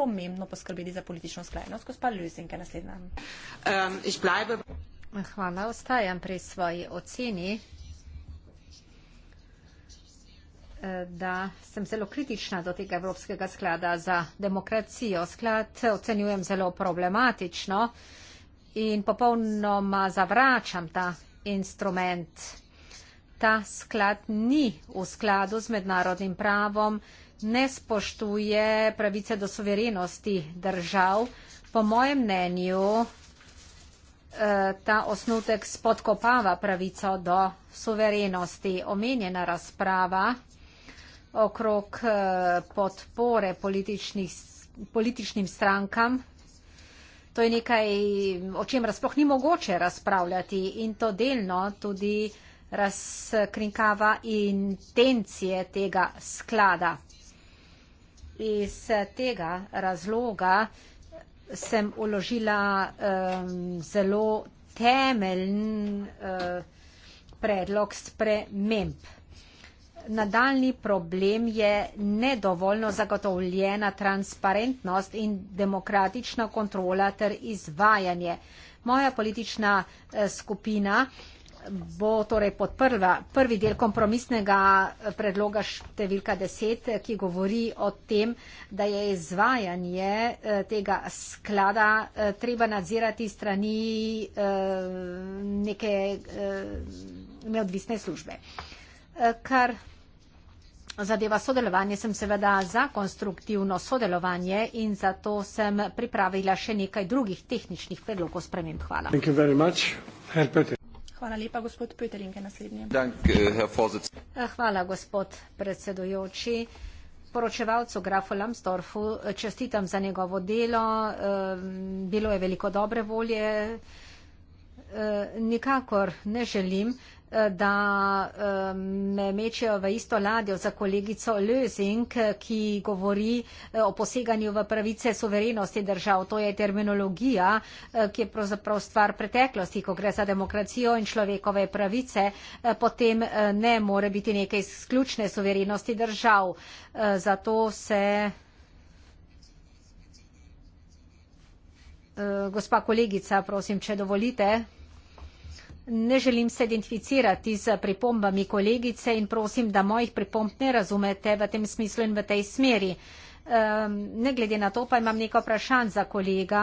pomembno poskrbeti za politično sklenost. Gospa Ljusenke, naslednja. Hvala, ostajam pri svoji oceni, eh, da sem zelo kritična do tega Evropskega sklada za demokracijo. Sklad ocenjujem zelo problematično in popolnoma zavračam ta instrument. Ta sklad ni v skladu z mednarodnim pravom ne spoštuje pravice do suverenosti držav. Po mojem mnenju eh, ta osnutek spodkopava pravico do suverenosti. Omenjena razprava okrog eh, podpore političnim strankam, to je nekaj, o čem razploh ni mogoče razpravljati in to delno tudi razkrinkava intencije tega sklada iz eh, tega razloga sem uložila um, zelo temeljn uh, eh, predlog sprememb. Nadaljni problem je nedovoljno zagotovljena transparentnost in demokratična kontrola ter izvajanje. Moja politična uh, skupina uh, bo torej podprla prvi del kompromisnega eh, predloga številka 10, eh, ki govori o tem, da je izvajanje eh, tega sklada treba nadzirati strani neke neodvisne službe. Kar zadeva sodelovanje, sem seveda za konstruktivno sodelovanje in zato sem pripravila še nekaj drugih tehničnih predlogov spremem. Hvala. Hvala lepa, gospod Pöterink je naslednji. Eh, eh, hvala, gospod predsedujoči. Poročevalcu grafu Lamstorfu eh, čestitam za njegovo delo. Bilo je veliko dobre volje. Nikakor ne želim, da ehm, me mečejo v isto ladjo za kolegico Lösing, ki govori eh, o poseganju v pravice suverenosti držav. To je terminologija, eh, ki je pravzaprav stvar preteklosti, ko gre za demokracijo in človekove pravice, eh, potem ne more biti neke izključne suverenosti držav. Zato se. Gospa kolegica, prosim, če dovolite ne želim se identificirati z pripombami kolegice in prosim, da mojih pripomb ne razumete v tem smislu in v tej smeri. Ehm, ne glede na to pa imam neko vprašanje za kolega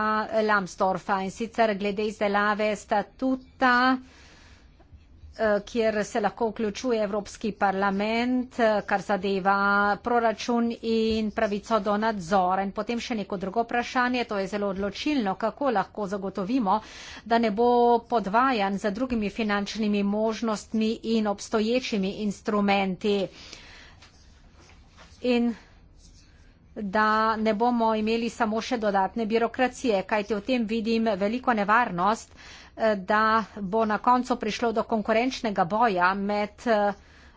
Lambsdorfa in sicer glede izdelave statuta. Eh, kjer se lahko vključuje Evropski parlament, eh, kar zadeva proračun in pravico do nadzora. In potem še neko drugo vprašanje, to je zelo odločilno, kako lahko zagotovimo, da ne bo podvajan za drugimi finančnimi možnostmi in obstoječimi instrumenti. In da ne bomo imeli samo še dodatne birokracije, kajti v tem vidim veliko nevarnost, da bo na koncu prišlo do konkurenčnega boja med eh,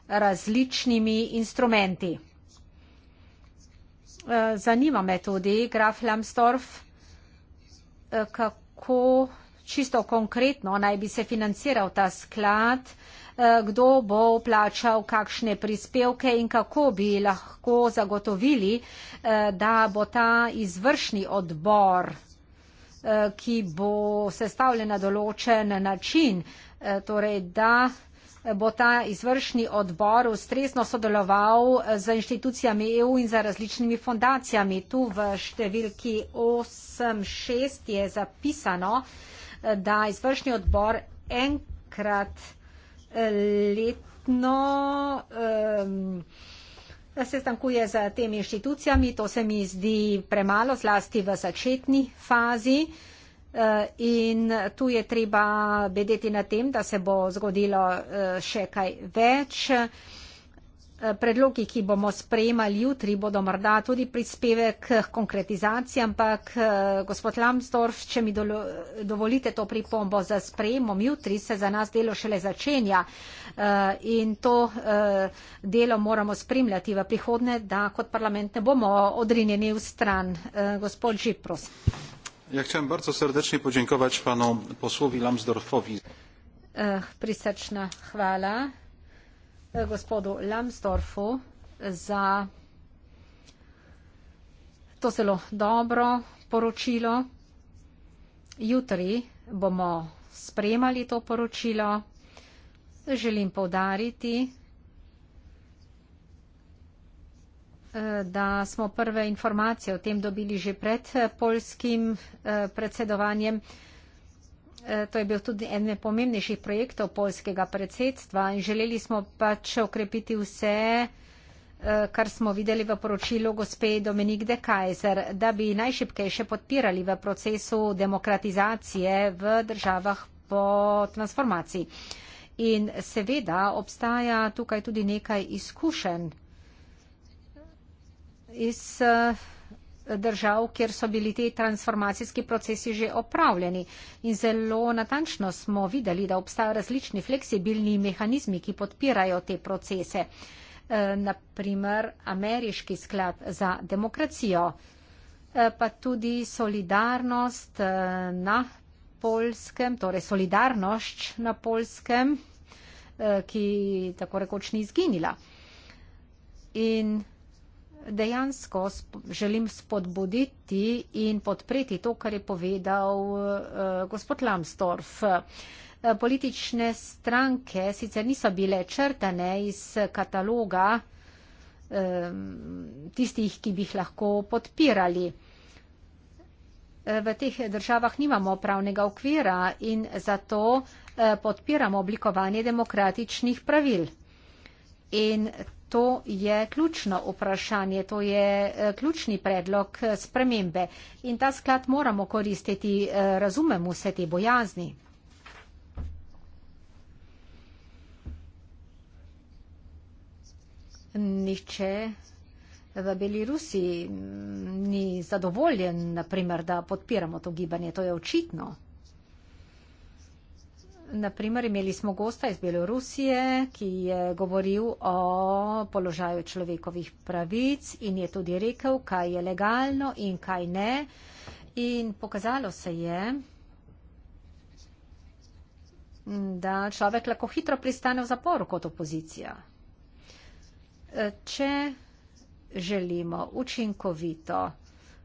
različnimi instrumenti. Eh, zanima me tudi, graf Lambsdorff, eh, kako čisto konkretno naj bi se financiral ta sklad, kdo bo plačal kakšne prispevke in kako bi lahko zagotovili, da bo ta izvršni odbor Eh, ki bo sestavljen na določen način, eh, torej da bo ta izvršni odbor ustrezno sodeloval z inštitucijami EU in za različnimi fondacijami. Tu v številki 8.6 je zapisano, eh, da izvršni odbor enkrat letno um, Sestankuje z temi inštitucijami, to se mi zdi premalo, zlasti v začetni fazi. E, in tu je treba bedeti na tem, da se bo zgodilo e, še kaj več predlogi, ki bomo sprejemali jutri, bodo morda tudi prispevek k konkretizaciji, ampak eh, gospod Lambsdorff, če mi dovolite to pripombo za sprejemom, jutri se za nas delo šele začenja eh, in to eh, delo moramo spremljati v prihodne, da kot parlament ne bomo odrinjeni v stran. Gospod Žipros. Ja chciałem bardzo serdecznie podziękować panu posłowi Lambsdorffowi. Prisaczna chwala. Eh, gospodu Lambsdorfu za to zelo dobro poročilo. Jutri bomo spremali to poročilo. Želim povdariti, eh, da smo prve informacije o tem dobili že pred eh, polskim predsedovanjem. E, to je bil tudi en pomembnejših projektov polskega predsedstva in želeli smo pač okrepiti vse, e, kar smo videli v poročilu gospe Dominik de Kaiser, da bi najšipkejše podpirali v procesu demokratizacije v državah po transformaciji. In seveda obstaja tukaj tudi nekaj izkušenj iz držav, kjer so bili ti transformacijski procesi že opravljeni. In zelo natančno smo videli, da obstajajo različni fleksibilni mehanizmi, ki podpirajo te procese. E, Naprimer, ameriški sklad za demokracijo, e, pa tudi solidarnost e, na polskem, torej solidarnost na polskem, ki tako rekoč ni izginila. In dejansko sp želim spodbuditi in podpreti to, kar je povedal uh, gospod Lambsdorff. Eh, politične stranke sicer niso bile črtane iz kataloga eh, tistih, ki bi jih lahko podpirali. V teh državah nimamo pravnega okvira in zato podpiramo oblikovanje demokratičnih pravil. In To je ključno vprašanje, to je eh, ključni predlog eh, spremembe in ta sklad moramo koristiti. Eh, razumem vse te bojazni. Nihče v Belorusiji mm, ni zadovoljen, naprimer, da podpiramo to gibanje, to je očitno. Naprimer, imeli smo gosta iz Belorusije, ki je govoril o položaju človekovih pravic in je tudi rekel, kaj je legalno in kaj ne. In pokazalo se je, da človek lahko hitro pristane v zaporu kot opozicija. Če želimo učinkovito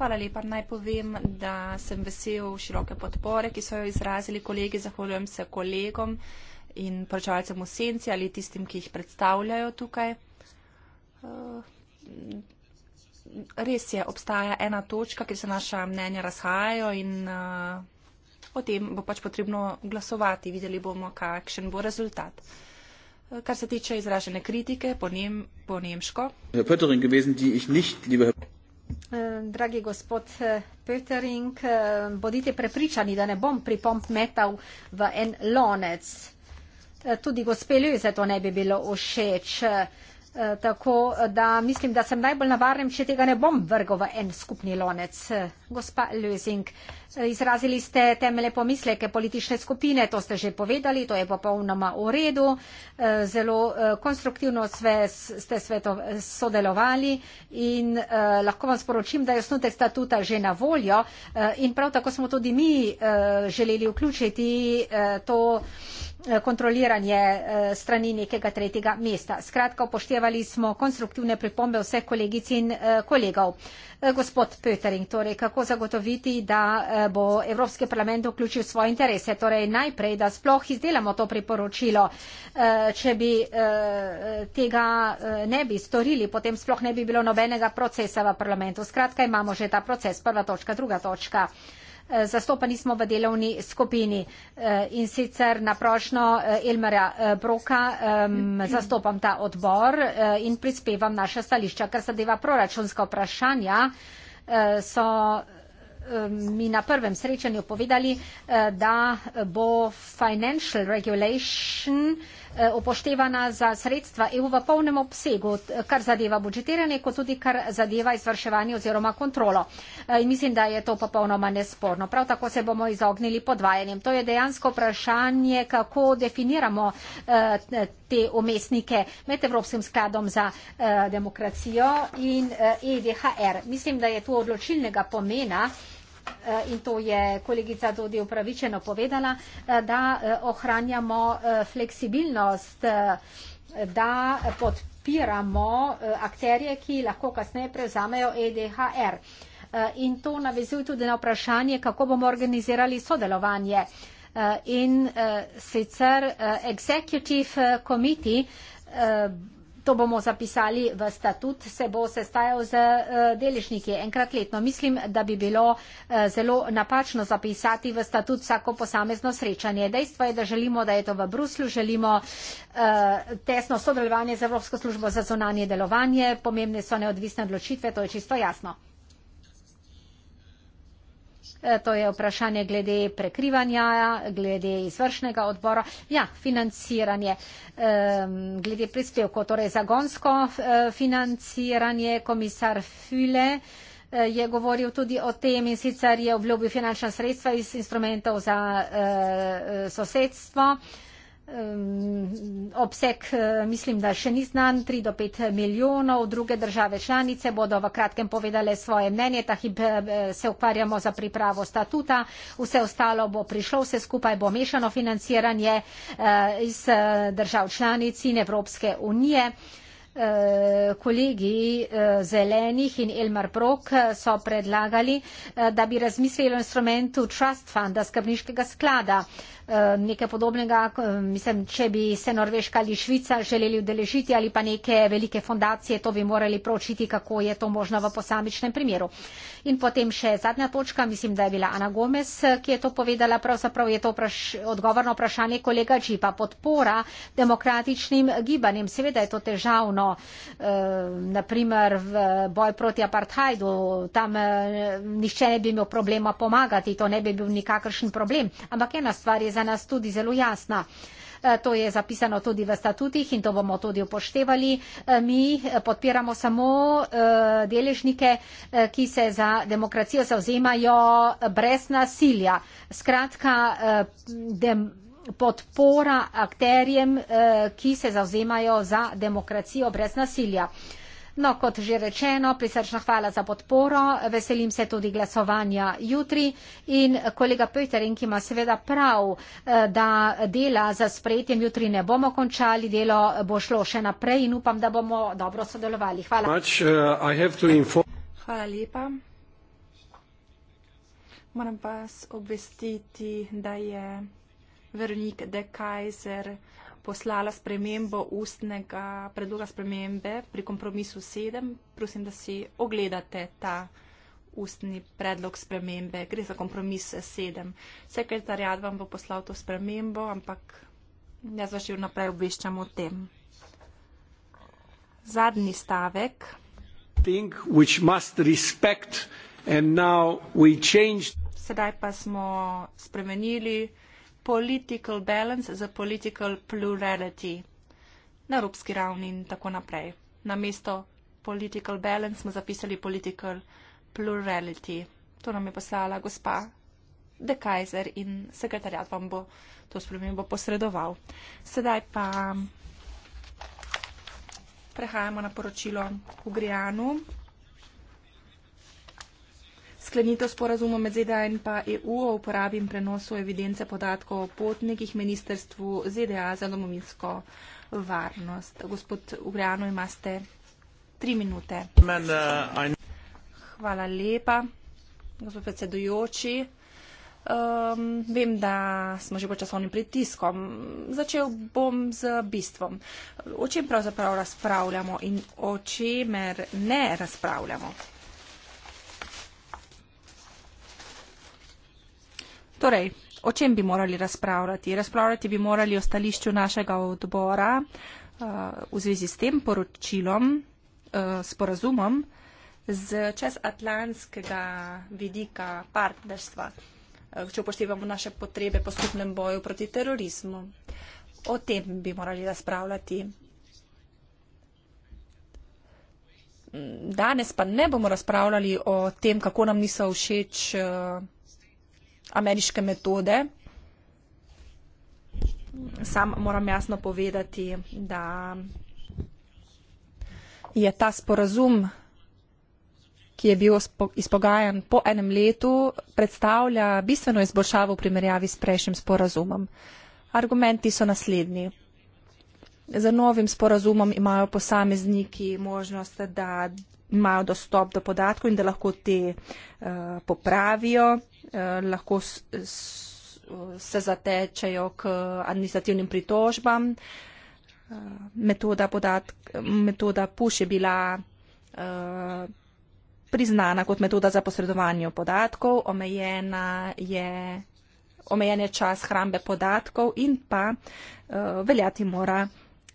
hvala lepa. Naj povem, da sem vesel široke podpore, ki so jo izrazili kolegi. Zahvaljujem se kolegom in pročevalcem v senci ali tistim, ki jih predstavljajo tukaj. Eh, res je, obstaja ena točka, kjer se naša mnenja razhajajo in eh, o tem bo pač potrebno glasovati. Videli bomo, kakšen bo rezultat. Eh, kar se tiče izražene kritike po, nem, po nemško. Ja, Eh, dragi gospod eh, Pötering, eh, bodite prepričani, da ne bom pripomp metal v en lonec. Tudi gospe Ljuze to ne bi bilo všeč. Eh, tako eh, da mislim, da sem najbolj navarnem, če tega ne bom vrgal v en skupni lonec. Eh, gospa Lösing, izrazili ste temele pomisleke politične skupine, to ste že povedali, to je popolnoma v redu, zelo konstruktivno sve, ste sveto sodelovali in lahko vam sporočim, da je osnutek statuta že na voljo in prav tako smo tudi mi želeli vključiti to Eh, kontroliranje eh, strani nekega tretjega mesta. Skratka, upoštevali smo konstruktivne pripombe vseh kolegic in eh, kolegov. Gospod Pötering, torej, kako zagotoviti, da bo Evropski parlament vključil svoje interese? Torej, najprej, da sploh izdelamo to priporočilo. Če bi tega ne bi storili, potem sploh ne bi bilo nobenega procesa v parlamentu. Skratka, imamo že ta proces. Prva točka, druga točka. Eh, zastopani smo v delovni skupini eh, in sicer na prošno eh, Elmara Broka zastopam ta odbor in prispevam naša stališča. Kar zadeva proračunska vprašanja, so mi na prvem srečanju povedali, da bo financial regulation Eh, upoštevana za sredstva EU v polnem obsegu, kar zadeva budžetiranje, kot tudi kar zadeva izvrševanje oziroma kontrolo. Eh, in mislim, da je to popolnoma nesporno. Prav tako se bomo izognili podvajanjem. To je dejansko vprašanje, kako definiramo eh, te umestnike med Evropskim skladom za demokracijo in EDHR. E mislim, da je tu odločilnega pomena Eh, in to je kolegica tudi upravičeno povedala, eh, da eh, ohranjamo fleksibilnost, da podpiramo akterje, ki lahko kasneje prevzamejo EDHR. In to navezuje tudi na vprašanje, kako bomo organizirali sodelovanje. In sicer Executive Committee To bomo zapisali v statut, se bo sestajal z eh, deležniki enkrat letno. Mislim, da bi bilo eh, zelo napačno zapisati v statut vsako posamezno srečanje. Dejstvo je, da želimo, da je to v Bruslu, želimo eh, tesno sodelovanje z Evropsko službo za zonanje delovanje, pomembne so neodvisne odločitve, to je čisto jasno. Eh, to je vprašanje glede prekrivanja, glede izvršnega odbora. Ja, financiranje, glede prispevkov, torej zagonsko eh, financiranje, komisar File eh, je govoril tudi o tem in sicer je obljubil finančna sredstva iz instrumentov za sosedstvo obseg e, mislim, da še ni znan, 3 do 5 milijonov. Druge države članice bodo v kratkem povedale svoje mnenje, tako e, se ukvarjamo za pripravo statuta. Vse ostalo bo prišlo, vse skupaj bo mešano financiranje e, iz držav članic in Evropske unije. Kolegi zelenih in Elmar Brok so predlagali, da bi razmislili o instrumentu Trust Fund, skrbniškega sklada. Eh, nekaj podobnega, eh, mislim, če bi se Norveška ali Švica želeli udeležiti ali pa neke velike fondacije, to bi morali pročiti, kako je to možno v posamičnem primeru. In potem še zadnja točka, mislim, da je bila Ana Gomez, ki je to povedala, pravzaprav je to praš, odgovorno vprašanje kolega Čipa. Podpora demokratičnim gibanjem, seveda je to težavno, eh, naprimer v boj proti apartheidu, tam nišče ne bi imel problema pomagati, to ne bi bil nikakršen problem. Ampak ena stvar je za za nas tudi zelo jasna. E, to je zapisano tudi v statutih in to bomo tudi upoštevali. E, mi e, podpiramo samo deležnike, ki se za demokracijo zauzemajo brez nasilja. Skratka, dem, podpora akterjem, ki se zauzemajo za demokracijo brez nasilja. No, kot že rečeno, prisrčna hvala za podporo. Veselim se tudi glasovanja jutri. In kolega Petering ima seveda prav, eh, da dela za sprejetjem jutri ne bomo končali. Delo bo šlo še naprej in upam, da bomo dobro sodelovali. Hvala. Eh, hvala lepa. Moram vas obvestiti, da je Vernik Dekajzer poslala spremembo ustnega predloga spremembe pri kompromisu 7. Prosim, da si ogledate ta ustni predlog spremembe. Gre za kompromis 7. Sekretarjat vam bo poslal to spremembo, ampak jaz vas že vnaprej obveščam o tem. Zadnji stavek. Thing, Sedaj pa smo spremenili political balance, za political plurality na evropski ravni in tako naprej. Na mesto political balance smo zapisali political plurality. To nam je poslala gospa De Kaiser in sekretarjat vam bo to spremembo posredoval. Sedaj pa prehajamo na poročilo v Grijanu sklenitev sporazuma med ZDA in pa EU o uporabi in prenosu evidence podatkov o potnikih ministerstvu ZDA za domovinsko varnost. Gospod Ugrano, imate tri minute. Hvala lepa, gospod predsedujoči. Um, vem, da smo že pod časovnim pritiskom. Začel bom z bistvom. O čem pravzaprav razpravljamo in o čemer ne razpravljamo? Torej, o čem bi morali razpravljati? Razpravljati bi morali o stališču našega odbora uh, v zvezi s tem poročilom, uh, eh, sporazumom z čezatlantskega vidika partnerstva, uh, če upoštevamo naše potrebe po skupnem boju proti terorizmu. O tem bi morali razpravljati. Danes pa ne bomo razpravljali o tem, kako nam niso všeč. Uh, ameriške metode. Sam moram jasno povedati, da je ta sporazum, ki je bil izpogajan po enem letu, predstavlja bistveno izboljšavo v primerjavi s prejšnjim sporazumom. Argumenti so naslednji. Za novim sporazumom imajo posamezniki možnost, da imajo dostop do podatkov in da lahko te eh, popravijo, eh, lahko se zatečejo k administrativnim pritožbam. Eh, metoda, podatk, metoda PUŠ je bila priznana kot metoda za posredovanje podatkov, omejena je omejen je čas hrambe podatkov in pa uh, veljati mora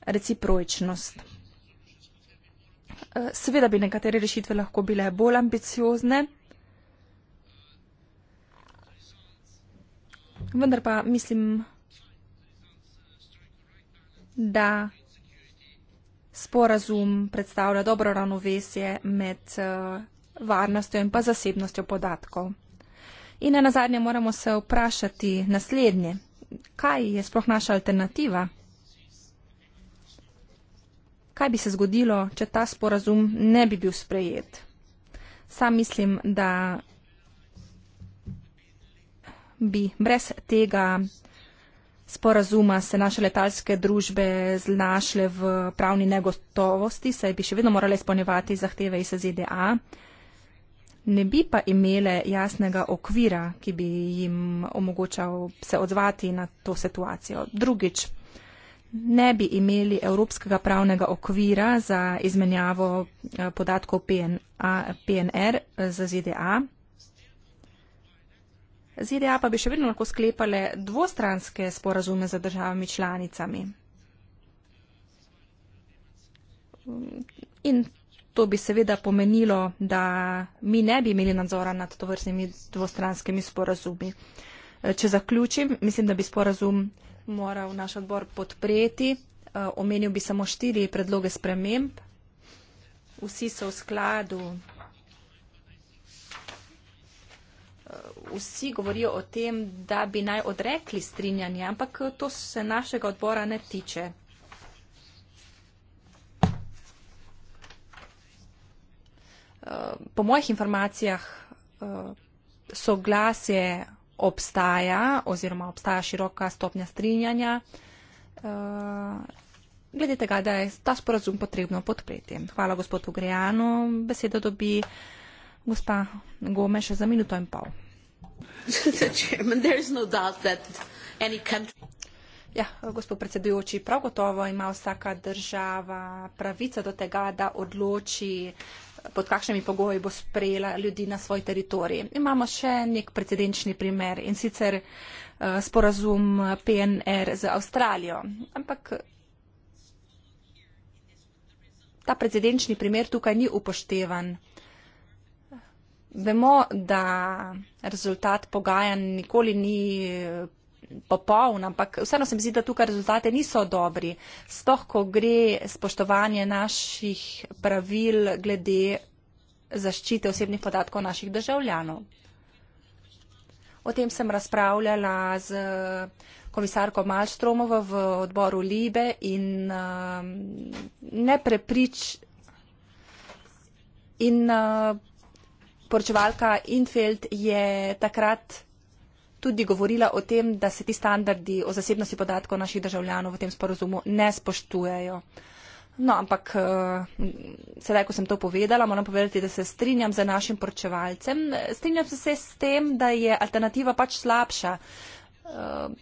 recipročnost. Seveda bi nekatere rešitve lahko bile bolj ambiciozne, vendar pa mislim, da sporazum predstavlja dobro ravnovesje med eh, varnostjo in pa zasebnostjo podatkov. In na nazadnje moramo se vprašati naslednje, kaj je sploh naša alternativa? kaj bi se zgodilo, če ta sporazum ne bi bil sprejet. Sam mislim, da bi brez tega sporazuma se naše letalske družbe znašle v pravni negotovosti, saj bi še vedno morale izpolnjevati zahteve iz ZDA. Ne bi pa imele jasnega okvira, ki bi jim omogočal se odzvati na to situacijo. Drugič, ne bi imeli evropskega pravnega okvira za izmenjavo eh, podatkov PNA, PNR eh, z ZDA. ZDA pa bi še vedno lahko sklepale dvostranske sporazume za državami članicami. In to bi seveda pomenilo, da mi ne bi imeli nadzora nad tovrstnimi dvostranskimi sporazumi. Eh, če zaključim, mislim, da bi sporazum moral naš odbor podpreti. Eh, omenil bi samo štiri predloge sprememb. Vsi so v skladu. Eh, vsi govorijo o tem, da bi naj odrekli strinjanje, ampak eh, to se našega odbora ne tiče. Po mojih informacijah soglasje obstaja oziroma obstaja široka stopnja strinjanja eh, glede tega, da je ta sporazum potrebno podpreti. Hvala gospodu Grejanu. Besedo dobi gospa Gomeš za minuto in pol. No ja, gospod predsedujoči, prav gotovo ima vsaka država pravico do tega, da odloči, pod kakšnimi pogoji bo sprejela ljudi na svoj teritorij. Imamo še nek precedenčni primer in sicer eh, sporazum PNR z Avstralijo. Ampak ta precedenčni primer tukaj ni upoštevan. Vemo, da rezultat pogajanj nikoli ni popoln, ampak vseeno se mi zdi, da tukaj rezultate niso dobri. Stoh, ko gre spoštovanje naših pravil glede zaščite osebnih podatkov naših državljanov. O tem sem razpravljala z komisarko Malstromovo v odboru Libe in uh, um, ne preprič in uh, poročevalka Infeld je takrat tudi govorila o tem, da se ti standardi o zasebnosti podatkov naših državljanov v tem sporozumu ne spoštujejo. No, ampak eh, sedaj, ko sem to povedala, moram povedati, da se strinjam z našim poročevalcem. Strinjam se s tem, da je alternativa pač slabša. Eh,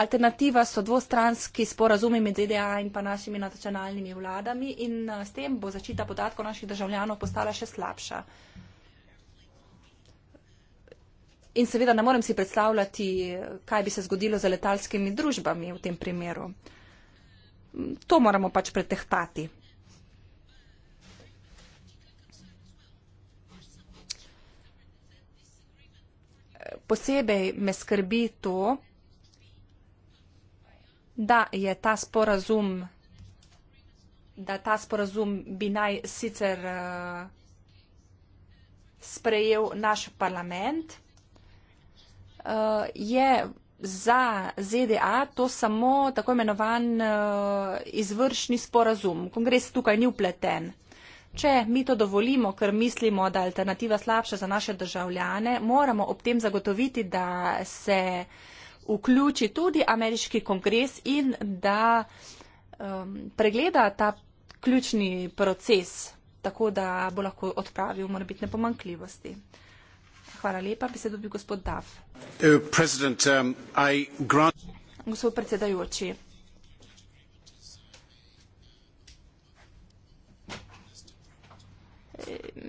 alternativa so dvostranski sporazumi med ZDA in pa našimi nacionalnimi vladami in eh, s tem bo zaščita podatkov naših državljanov postala še slabša. In seveda ne morem si predstavljati, kaj bi se zgodilo z letalskimi družbami v tem primeru. To moramo pač pretehtati. Posebej me skrbi to, da je ta sporazum, da ta sporazum bi naj sicer eh, sprejel naš parlament, uh, je za ZDA to samo tako imenovan uh, izvršni sporazum. Kongres tukaj ni upleten. Če mi to dovolimo, ker mislimo, da je alternativa slabša za naše državljane, moramo ob tem zagotoviti, da se vključi tudi ameriški kongres in da um, pregleda ta ključni proces, tako da bo lahko odpravil morebitne pomankljivosti. Hvala lepa. Besedo bi gospod Daf. Uh, um, gospod predsedajoči.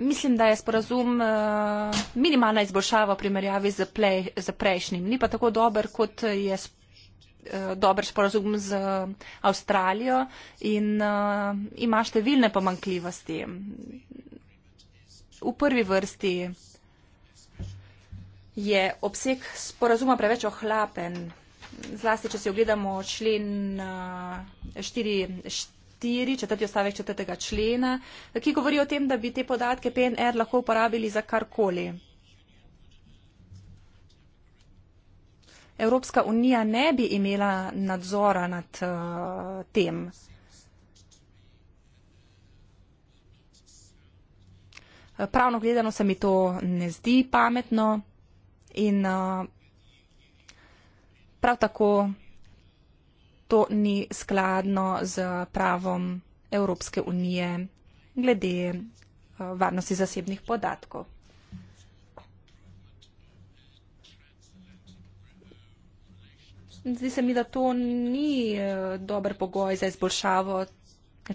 Mislim, da je sporazum uh, minimalna izboljšava v primerjavi z, plej, z prejšnjim. Ni pa tako dober, kot je uh, dober sporazum z Avstralijo in ima številne pomankljivosti. V prvi vrsti je obseg sporazuma preveč ohlapen. Zlasti, če si ogledamo člen 4, 4, 4. stavek 4. člena, ki govori o tem, da bi te podatke PNR lahko uporabili za karkoli. Evropska unija ne bi imela nadzora nad uh, tem. Pravno gledano se mi to ne zdi pametno. In uh, prav tako to ni skladno z pravom Evropske unije glede uh, varnosti zasebnih podatkov. Zdi se mi, da to ni uh, dober pogoj za izboljšavo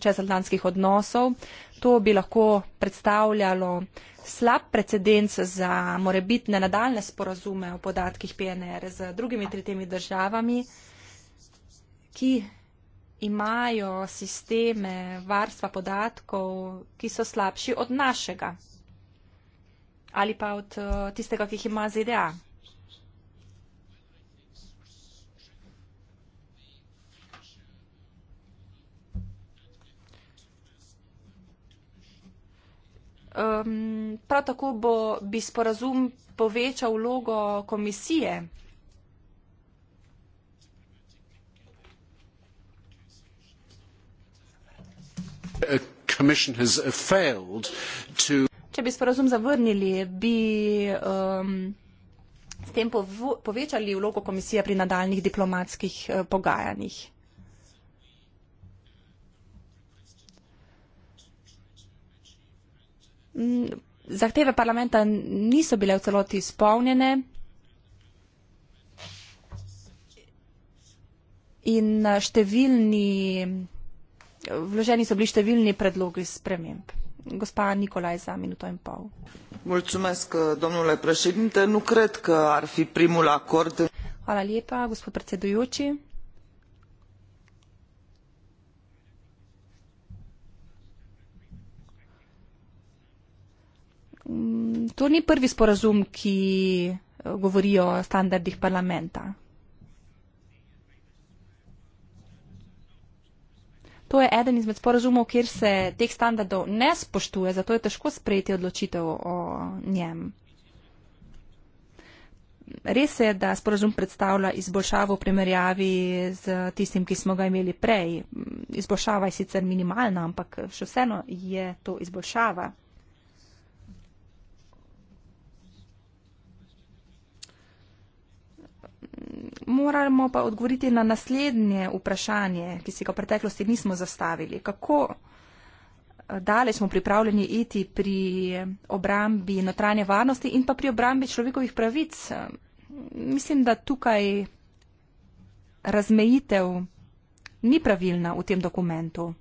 čezatlantskih odnosov. To bi lahko predstavljalo slab precedens za morebitne nadaljne sporazume o podatkih PNR z drugimi tretjimi državami, ki imajo sisteme varstva podatkov, ki so slabši od našega ali pa od eh, tistega, ki jih ima ZDA. Um, prav tako bo, bi sporazum povečal vlogo komisije. Uh, Če bi sporazum zavrnili, bi um, s tem povečali vlogo komisije pri nadaljnih diplomatskih uh, pogajanjih. zahteve parlamenta niso bile v celoti izpolnjene in eh, številni, vloženi so bili številni predlogi sprememb. Gospa Nikolaj za minuto in pol. Mulțumesc, domnule președinte, nu cred că ar fi primul acord. Hvala lepa, gospod predsedujoči. Mm, to ni prvi sporazum, ki eh, govori o standardih parlamenta. To je eden izmed sporazumov, kjer se teh standardov ne spoštuje, zato je težko sprejeti odločitev o njem. Res je, da sporazum predstavlja izboljšavo v primerjavi z tistim, ki smo ga imeli prej. Izboljšava je sicer minimalna, ampak še vseeno je to izboljšava. moramo pa odgovoriti na naslednje vprašanje, ki si ga v preteklosti nismo zastavili. Kako eh, daleč smo pripravljeni iti pri eh, obrambi notranje varnosti in pa pri obrambi človekovih pravic? Eh, mislim, da tukaj razmejitev ni pravilna v tem dokumentu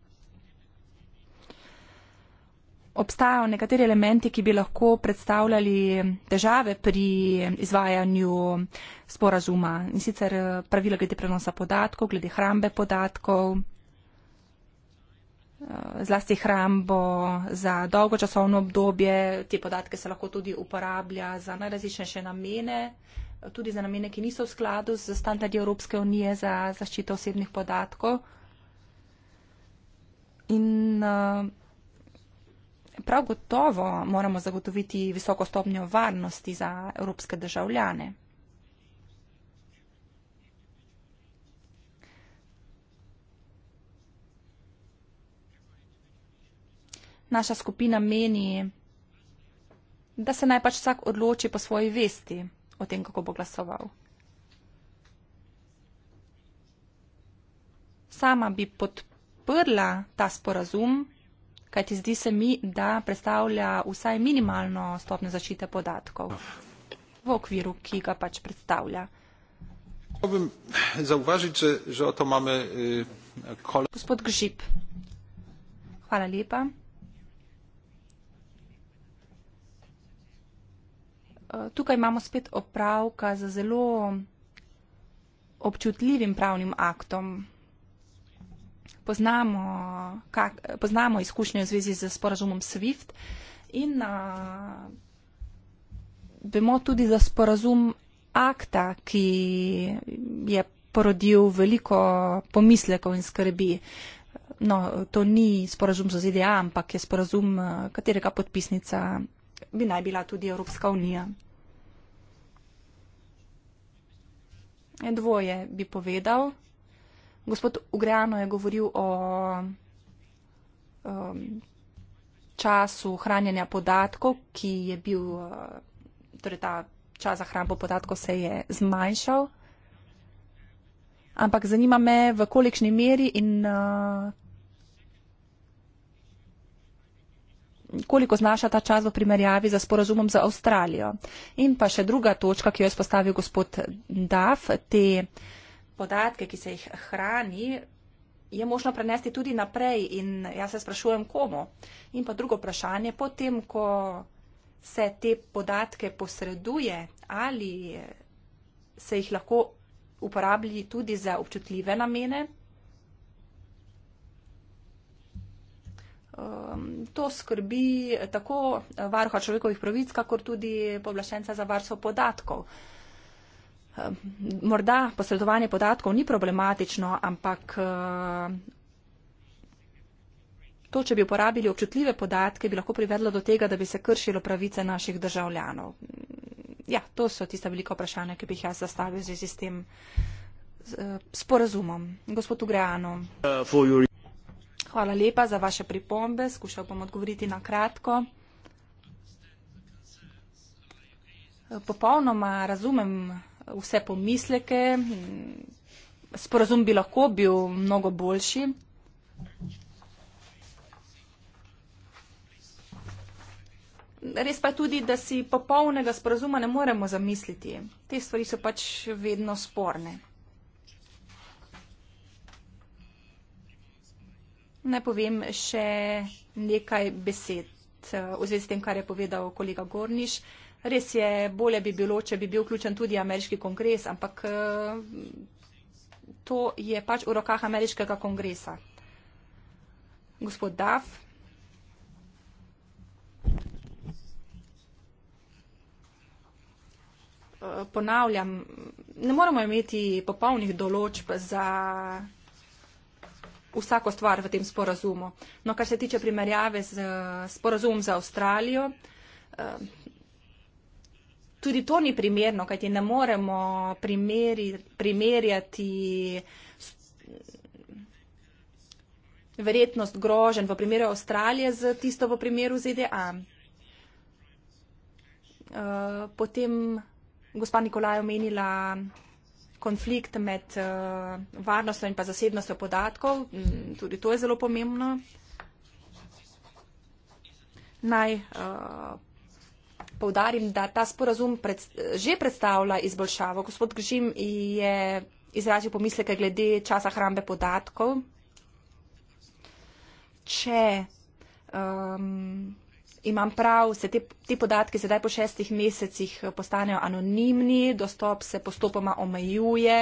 obstajajo nekateri elementi, ki bi lahko predstavljali težave pri izvajanju sporazuma in sicer eh, pravila glede prenosa podatkov, glede hrambe podatkov, eh, zlasti hrambo za dolgočasovno obdobje. Te podatke se lahko tudi uporablja za najrazličnejše namene, tudi za namene, ki niso v skladu z standardi Evropske unije za zaščito osebnih podatkov. In uh, prav gotovo moramo zagotoviti visoko stopnjo varnosti za evropske državljane. Naša skupina meni, da se naj pač vsak odloči po svoji vesti o tem, kako bo glasoval. Sama bi podprla ta sporazum kajti zdi se mi, da predstavlja vsaj minimalno stopno zaščite podatkov v okviru, ki ga pač predstavlja. Hvalim zauvažiti, že, že o to imamo eh, kolega. Gospod Gžip, hvala lepa. E, tukaj imamo spet opravka z zelo občutljivim pravnim aktom poznamo, kak, poznamo izkušnje v zvezi z sporazumom SWIFT in a, vemo tudi za sporazum akta, ki je porodil veliko pomislekov in skrbi. No, to ni sporazum za ZDA, ampak je sporazum, katerega podpisnica bi naj bila tudi Evropska unija. Dvoje bi povedal gospod Ugrejano je govoril o um, času hranjenja podatkov, ki je bil, uh, torej ta čas za hranbo podatkov se je zmanjšal. Ampak zanima me, v kolikšni meri in uh, koliko znaša ta čas v primerjavi za sporozumom za Avstralijo. In pa še druga točka, ki jo je spostavil gospod Daf, te uh, podatke, ki se jih hrani, je možno prenesti tudi naprej in jaz se sprašujem, komu. In pa drugo vprašanje, potem, ko se te podatke posreduje, ali se jih lahko uporablji tudi za občutljive namene. Um, to skrbi tako varuha človekovih pravic, kakor tudi povlašenca za varstvo podatkov. Eh, morda posredovanje podatkov ni problematično, ampak eh, to, če bi uporabili občutljive podatke, bi lahko privedlo do tega, da bi se kršilo pravice naših državljanov. Ja, to so tista velika vprašanja, ki bi jih jaz zastavil z tem eh, sporazumom. Gospod Ugrejano. Hvala lepa za vaše pripombe. Skušal bom odgovoriti na kratko. Popolnoma razumem vse pomisleke. Sporazum bi lahko bil mnogo boljši. Res pa je tudi, da si popolnega sporazuma ne moremo zamisliti. Te stvari so pač vedno sporne. Naj povem še nekaj besed eh, v zvezi s tem, kar je povedal kolega Gorniš. Uh, Res je, bolje bi bilo, če bi bil vključen tudi ameriški kongres, ampak eh, to je pač v rokah ameriškega kongresa. Gospod Daf. Eh, ponavljam, ne moramo imeti popolnih določb za vsako stvar v tem sporazumu. No, kar se tiče primerjave z eh, sporazumom za Avstralijo, tudi to ni primerno, kajti ne moremo primeri, primerjati verjetnost grožen v primeru Avstralije z tisto v primeru ZDA. Eh, potem gospa Nikolaj omenila konflikt med eh, varnostjo in pa zasebnostjo podatkov. Mm, tudi to je zelo pomembno. Naj uh, povdarim, da ta sporazum pred, že predstavlja izboljšavo. Gospod Gržim je izrazil pomisleke glede časa hrambe podatkov. Če um, imam prav, se te, te podatke sedaj po šestih mesecih postanejo anonimni, dostop se postopoma omejuje,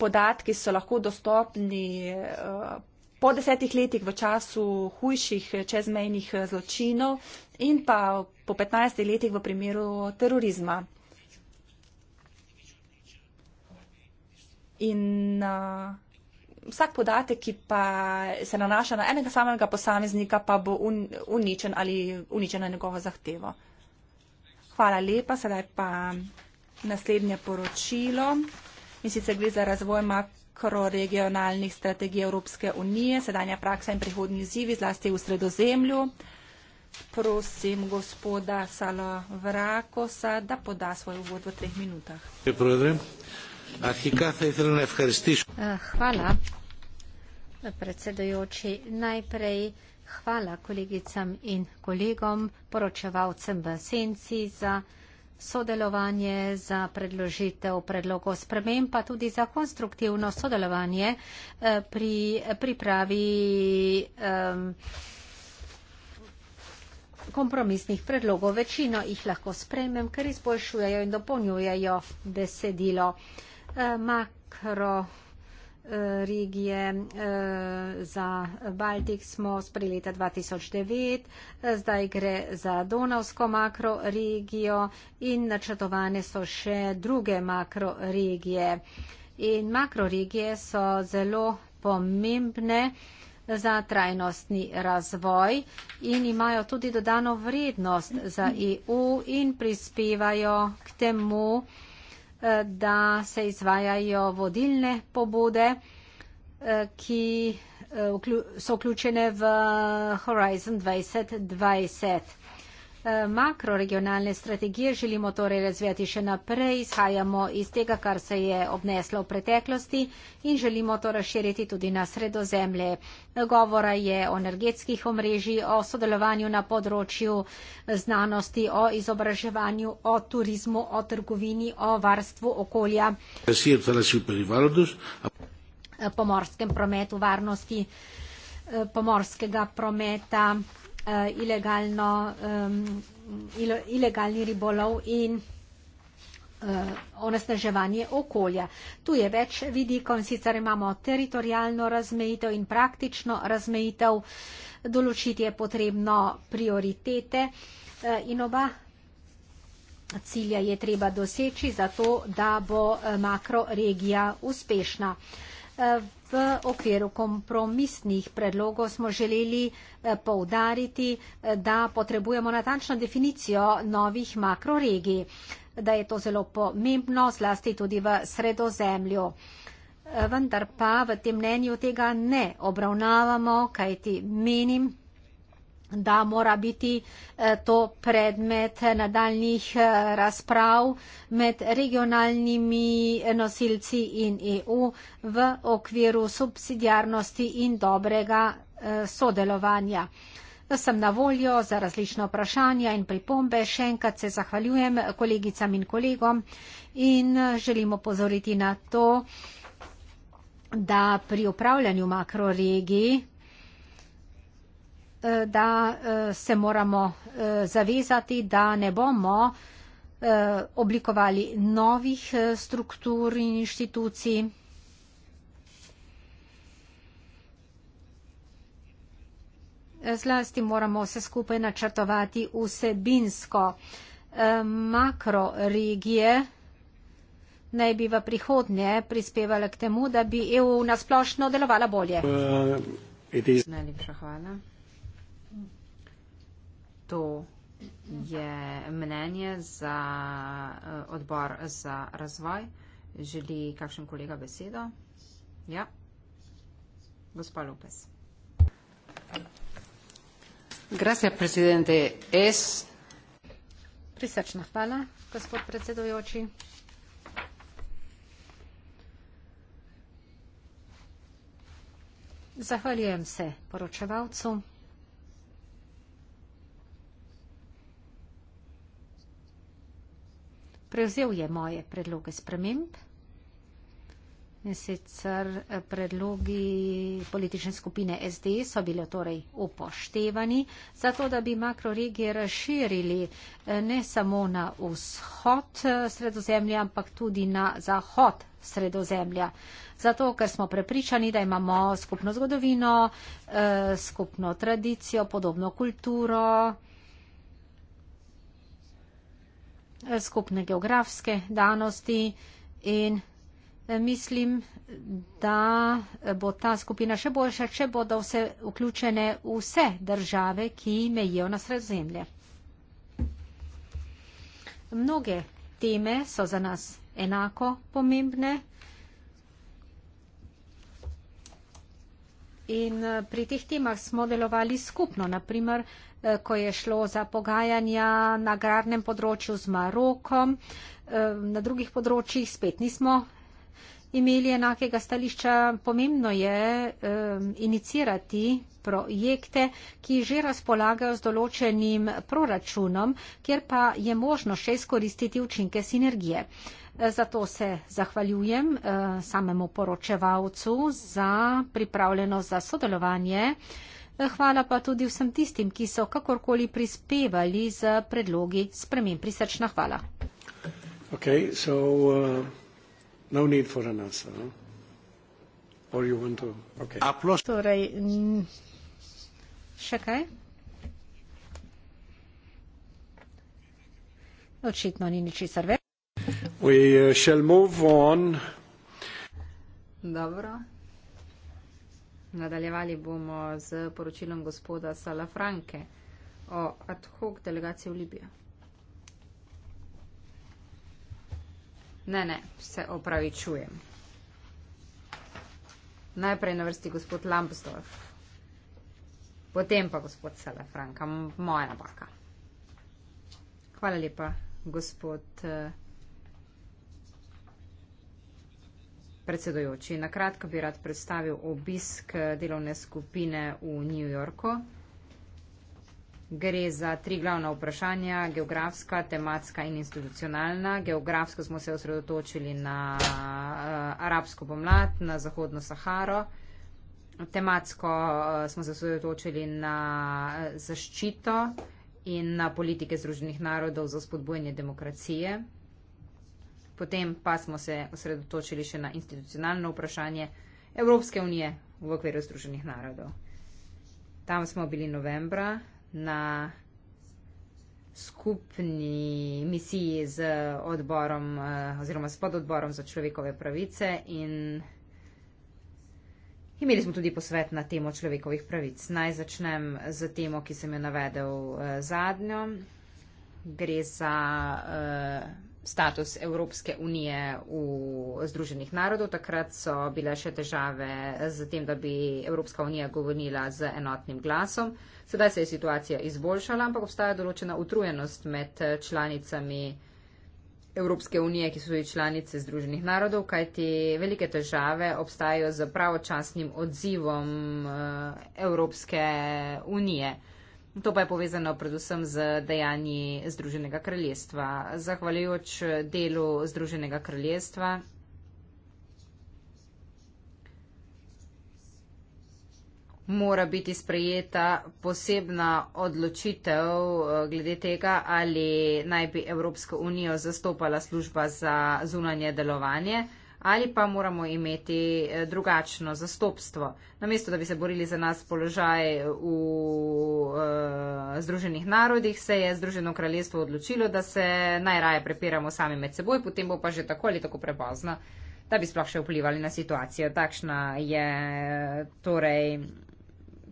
podatki so lahko dostopni. Uh, po desetih letih v času hujših čezmejnih eh, zločinov in pa po 15 letih v primeru terorizma. In uh, vsak podatek, ki pa se nanaša na enega samega posameznika, pa bo un, uničen ali uničena njegova zahteva. Hvala lepa. Sedaj pa naslednje poročilo. In sicer gre za razvoj mak makroregionalnih strategij Evropske unije, sedanja praksa in prihodnji zivi, zlasti v sredozemlju. Prosim gospoda Salo Vrakosa, da poda svoj uvod v treh minutah. Eh, hvala, predsedojoči. Najprej hvala kolegicam in kolegom, poročevalcem v senci za sodelovanje, za predložitev predlogov sprememb, pa tudi za konstruktivno sodelovanje eh, pri pripravi kompromisnih predlogov. Večino jih lahko sprejmem, ker izboljšujejo in dopolnjujejo besedilo eh, makro regije eh, za Baltik smo sprejeli leta 2009, zdaj gre za Donavsko makro regijo in načrtovane so še druge makro regije. In makro regije so zelo pomembne za trajnostni razvoj in imajo tudi dodano vrednost za EU in prispevajo k temu, da se izvajajo vodilne pobude, eh, ki eh, so vključene v Horizon 2020. Eh, makroregionalne strategije želimo torej razvijati še naprej, izhajamo iz tega, kar se je obneslo v preteklosti in želimo to razširiti tudi na sredozemlje. Govora je o energetskih omrežji, o sodelovanju na področju znanosti, o izobraževanju, o turizmu, o trgovini, o varstvu okolja. Eh, Pomorskem prometu, varnosti eh, pomorskega prometa Eh, ilegalno, um, ilegalni ribolov in eh, onesnaževanje okolja. Tu je več vidikov in sicer imamo teritorijalno razmejitev in praktično razmejitev. Določiti je potrebno prioritete eh, in oba cilja je treba doseči za to, da bo makroregija uspešna. Uh, V okviru kompromisnih predlogov smo želeli eh, poudariti, eh, da potrebujemo natančno definicijo novih makroregij, da je to zelo pomembno, zlasti tudi v sredozemlju. Eh, vendar pa v tem mnenju tega ne obravnavamo, kajti menim, da mora biti eh, to predmet eh, nadaljnih eh, razprav med regionalnimi nosilci in EU v okviru subsidiarnosti in dobrega sodelovanja. Sem na voljo za različne vprašanja in pripombe. Še enkrat se zahvaljujem kolegicam in kolegom in želim opozoriti na to, da pri upravljanju makroregiji Eh, da eh, se moramo eh, zavezati, da ne bomo oblikovali novih struktur in inštitucij. Zlasti moramo vse skupaj načrtovati vsebinsko. Makroregije naj bi v prihodnje prispevale k temu, da bi EU nasplošno delovala bolje. Uh, Najlepša hvala to je mnenje za uh, odbor za razvoj. Želi kakšen kolega besedo? Ja, gospa Lopes. Gracias, presidente. Es... Prisrčna hvala, gospod predsedujoči. Zahvaljujem se poročevalcu. prevzel je moje predloge sprememb. In sicer eh, predlogi politične skupine SD so bile torej upoštevani, zato da bi makroregije razširili eh, ne samo na vzhod eh, sredozemlja, ampak tudi na zahod sredozemlja. Zato, ker smo prepričani, da imamo skupno zgodovino, skupno tradicijo, podobno kulturo. skupne geografske danosti in eh, mislim, da bo ta skupina še boljša, če bodo vse vključene vse države, ki mejijo na sredozemlje. Mnoge teme so za nas enako pomembne. In eh, pri teh temah smo delovali skupno, naprimer, eh, ko je šlo za pogajanja na agrarnem področju z Marokom, eh, na drugih področjih spet nismo imeli enakega stališča. Pomembno je inicirati projekte, ki že razpolagajo z določenim proračunom, kjer pa je možno še izkoristiti učinke sinergije. Zato se zahvaljujem eh, samemu poročevalcu za pripravljenost za sodelovanje. Hvala pa tudi vsem tistim, ki so kakorkoli prispevali z predlogi spremem. Prisrčna hvala. Okay, so, uh, no need for an answer. No? Or you want to... Okay. Aplos. Torej, še kaj? Očitno ni ničesar več. We euh, shall move on. Dobro. Nadaljevali bomo z poročilom gospoda Salafranke o ad hoc delegaciji v Libijo. Ne, ne, se opravičujem. Najprej na vrsti gospod Lambsdorff, potem pa gospod Salafranka, moja napaka. Hvala lepa, gospod. Uh, Predsedujoči, na kratko bi rad predstavil obisk delovne skupine v New Yorku. Gre za tri glavna vprašanja, geografska, tematska in institucionalna. Geografsko smo se osredotočili na uh, arabsko pomlad, na Zahodno Saharo. Tematsko uh, smo se osredotočili na uh, zaščito in na politike Združenih narodov za spodbojanje demokracije. Potem pa smo se osredotočili še na institucionalno vprašanje Evropske unije v okviru Združenih narodov. Tam smo bili novembra na skupni misiji z odborom eh, oziroma s pododborom za človekove pravice in imeli smo tudi posvet na temo človekovih pravic. Naj začnem z temo, ki sem jo navedel eh, zadnjo. Gre za uh, status Evropske unije v Združenih narodov. Takrat so bile še težave z tem, da bi Evropska unija govorila z enotnim glasom. Sedaj se je situacija izboljšala, ampak obstaja določena utrujenost med članicami Evropske unije, ki so tudi članice Združenih narodov, kajti velike težave obstajajo z pravočasnim odzivom eh, Evropske unije. To pa je povezano predvsem z dejanji Združenega kraljestva. Zahvaljujoč delu Združenega kraljestva mora biti sprejeta posebna odločitev eh, glede tega, ali naj bi Evropsko unijo zastopala služba za zunanje delovanje ali pa moramo imeti eh, drugačno zastopstvo. Namesto, da bi se borili za nas položaj v uh, Združenih narodih, se je Združeno kraljestvo odločilo, da se najraje prepiramo sami med seboj, potem bo pa že tako ali tako prepozno, da bi sploh še vplivali na situacijo. Takšna je torej.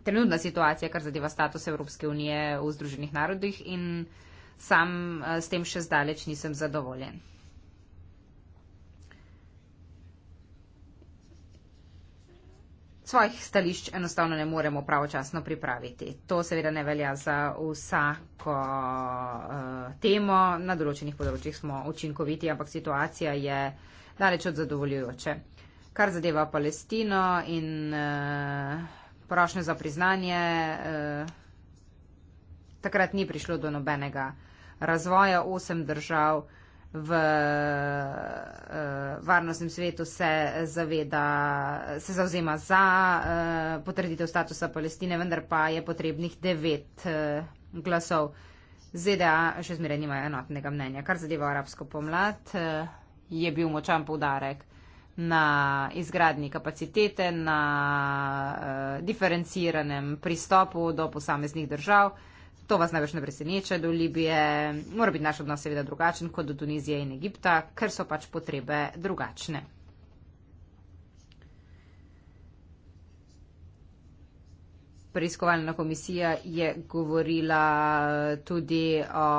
Trenutna situacija, kar zadeva status Evropske unije v Združenih narodih in sam eh, s tem še zdaleč nisem zadovoljen. svojih stališč enostavno ne moremo pravočasno pripraviti. To seveda ne velja za vsako uh, temo, na določenih področjih smo učinkoviti, ampak situacija je daleč od zadovoljujoče. Kar zadeva Palestino in uh, prošnjo za priznanje, uh, takrat ni prišlo do nobenega razvoja osem držav. Uh, v uh, varnostnem svetu se zaveda, se zauzema za uh, eh, potreditev statusa Palestine, vendar pa je potrebnih devet uh, glasov. ZDA še zmeraj nimajo enotnega mnenja. Kar zadeva arabsko pomlad, uh, je bil močan poudarek na izgradni kapacitete, na uh, diferenciranem pristopu do posameznih držav. Uh, To vas največ ne preseneča do Libije, mora biti naš odnos seveda drugačen kot do Tunizije in Egipta, ker so pač potrebe drugačne. Preiskovalna komisija je govorila tudi o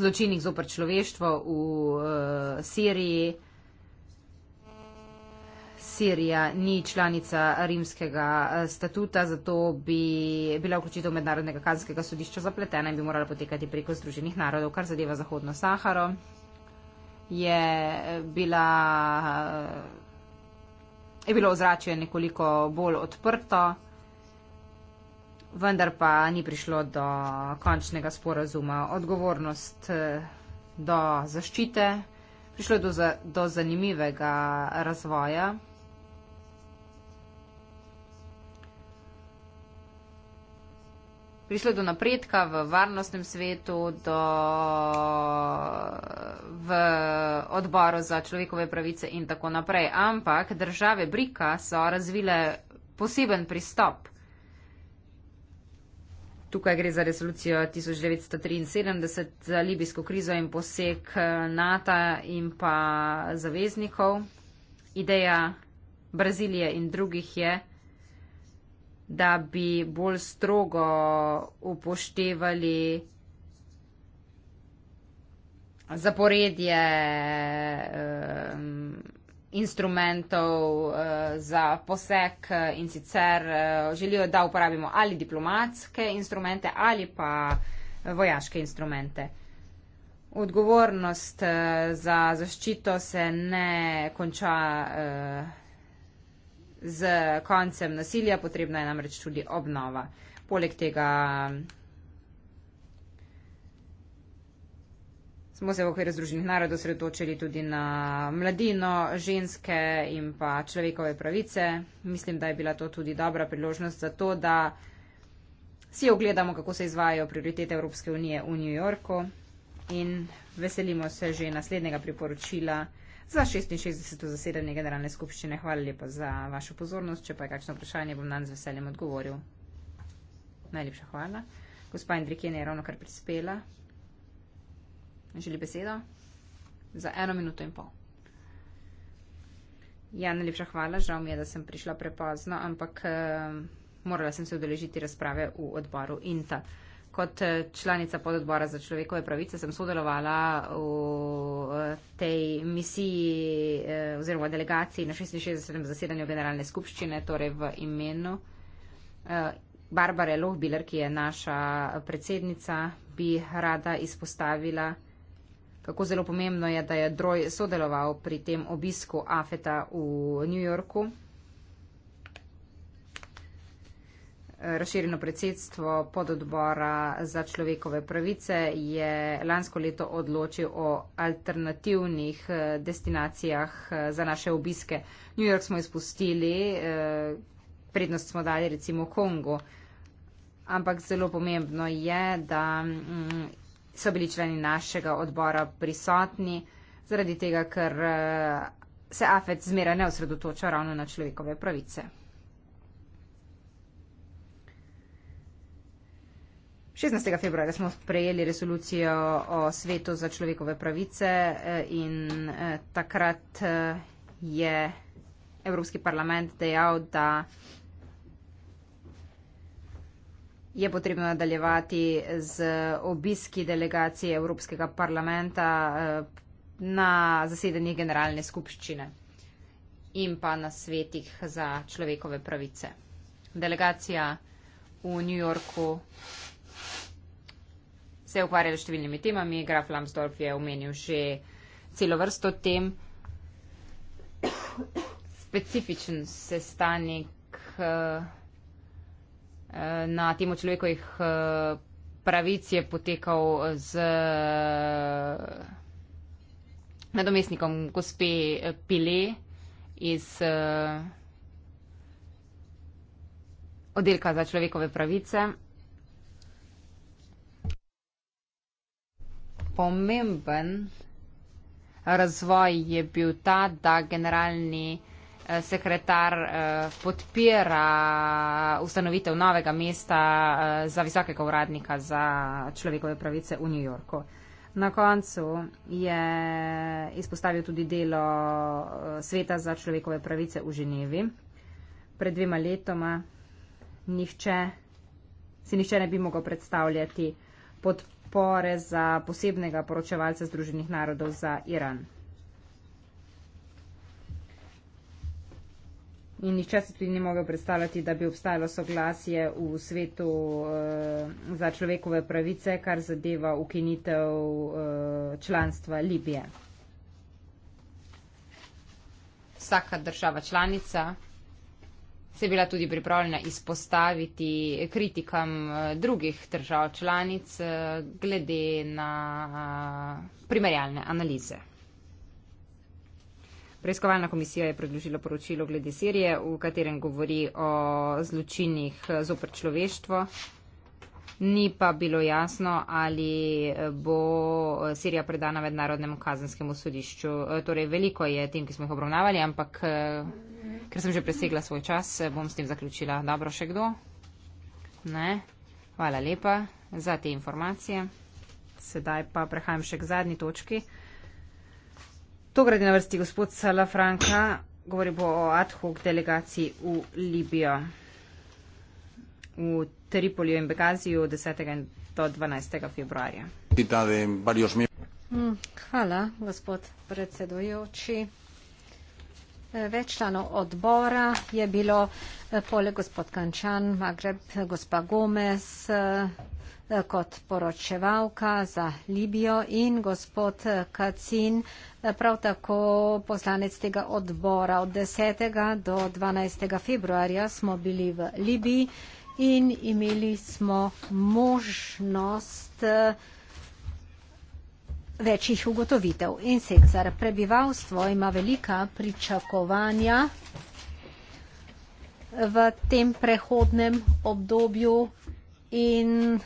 zločinih zopr človeštvo v e, Siriji. Sirija ni članica rimskega eh, statuta, zato bi bila vključitev mednarodnega kazenskega sodišča zapletena in bi morala potekati preko Združenih narodov, kar zadeva Zahodno Saharo. Je, eh, bila, eh, je bilo ozračje nekoliko bolj odprto, vendar pa ni prišlo do končnega sporazuma. Odgovornost do zaščite, prišlo je do, za, do zanimivega razvoja. prišlo do napredka v varnostnem svetu, do, v odboru za človekove pravice in tako naprej. Ampak države Brika so razvile poseben pristop. Tukaj gre za resolucijo 1973 za libijsko krizo in poseg NATO in pa zaveznikov. Ideja Brazilije in drugih je, da bi bolj strogo upoštevali zaporedje um, instrumentov uh, za posek eh, in sicer uh, želijo, da uporabimo ali diplomatske instrumente ali pa vojaške instrumente. Odgovornost uh, za zaščito se ne konča uh, z koncem nasilja, potrebna je namreč tudi obnova. Poleg tega smo se v okviru Združenih narodov osredotočili tudi na mladino, ženske in pa človekove pravice. Mislim, da je bila to tudi dobra priložnost za to, da si ogledamo, kako se izvajajo prioritete Evropske unije v New Yorku in veselimo se že naslednjega priporočila za 66. zasedanje generalne skupščine. Hvala lepa za vašo pozornost. Če pa je kakšno vprašanje, bom nam z veseljem odgovoril. Najlepša hvala. Gospa Indrikina je ravno kar prispela. Želi besedo? Za eno minuto in pol. Ja, najlepša hvala. Žal mi je, da sem prišla prepozno, ampak eh, morala sem se odeležiti razprave v odboru INTA. Eh, Kot eh, članica pododbora za človekove pravice sem sodelovala v eh, tej misiji eh, oziroma delegaciji na 66. zasedanju generalne skupščine, torej v imenu Barbare Lohbiler, ki je naša predsednica, bi rada izpostavila, kako zelo pomembno je, da je Droj sodeloval pri tem obisku Afeta v New Yorku. Razširjeno predsedstvo pododbora za človekove pravice je lansko leto odločil o alternativnih eh, destinacijah eh, za naše obiske. New York smo izpustili, eh, prednost smo dali recimo Kongu, ampak zelo pomembno je, da mm, so bili člani našega odbora prisotni, zaradi tega, ker se AFED zmera ne osredotoča ravno na človekove pravice. 16. februarja smo sprejeli resolucijo o svetu za človekove pravice eh, in eh, takrat eh, je Evropski parlament dejal, da je potrebno nadaljevati z obiski delegacije Evropskega parlamenta na zasedanjih generalne skupščine in pa na svetih za človekove pravice. Delegacija v New Yorku se je ukvarjal s številnimi temami, graf Lambsdorff je omenil že celo vrsto tem. Specifičen sestanek uh, na temo človekovih uh, pravic je potekal z uh, nadomestnikom gospe Pile iz uh, oddelka za človekove pravice. pomemben razvoj je bil ta, da generalni eh, sekretar eh, podpira ustanovitev novega mesta eh, za visokega uradnika za človekove pravice v New Yorku. Na koncu je izpostavil tudi delo Sveta za človekove pravice v Ženevi. Pred dvema letoma nihče, si nihče ne bi mogel predstavljati pod podpore za posebnega poročevalca Združenih narodov za Iran. In nihče se tudi ni mogel predstavljati, da bi obstajalo soglasje v svetu e, za človekove pravice, kar zadeva ukinitev e, članstva Libije. Vsaka država članica se je bila tudi pripravljena izpostaviti kritikam eh, drugih držav članic eh, glede na eh, primerjalne analize. Preiskovalna komisija je predložila poročilo glede serije, v katerem govori o zločinih zopr človeštvo. Ni pa bilo jasno, ali eh, bo eh, Sirija predana mednarodnemu kazenskemu sodišču. Eh, torej, veliko je tem, ki smo jih obravnavali, ampak ker sem že presegla svoj čas, bom s tem zaključila. Dobro, še kdo? Ne. Hvala lepa za te informacije. Sedaj pa prehajam še k zadnji točki. Tokrat je na vrsti gospod Salafranka, govori bo o ad hoc delegaciji v Libijo v Tripoliju in Begaziju 10. do 12. februarja. Hmm, hvala, gospod predsedujoči. Eh, več članov odbora je bilo, eh, poleg gospod Kančan, Magreb, eh, gospa Gomez kot poročevalka za Libijo in gospod Kacin, prav tako poslanec tega odbora od 10. do 12. februarja smo bili v Libiji in imeli smo možnost eh, večjih ugotovitev. In sicer prebivalstvo ima velika pričakovanja v tem prehodnem obdobju in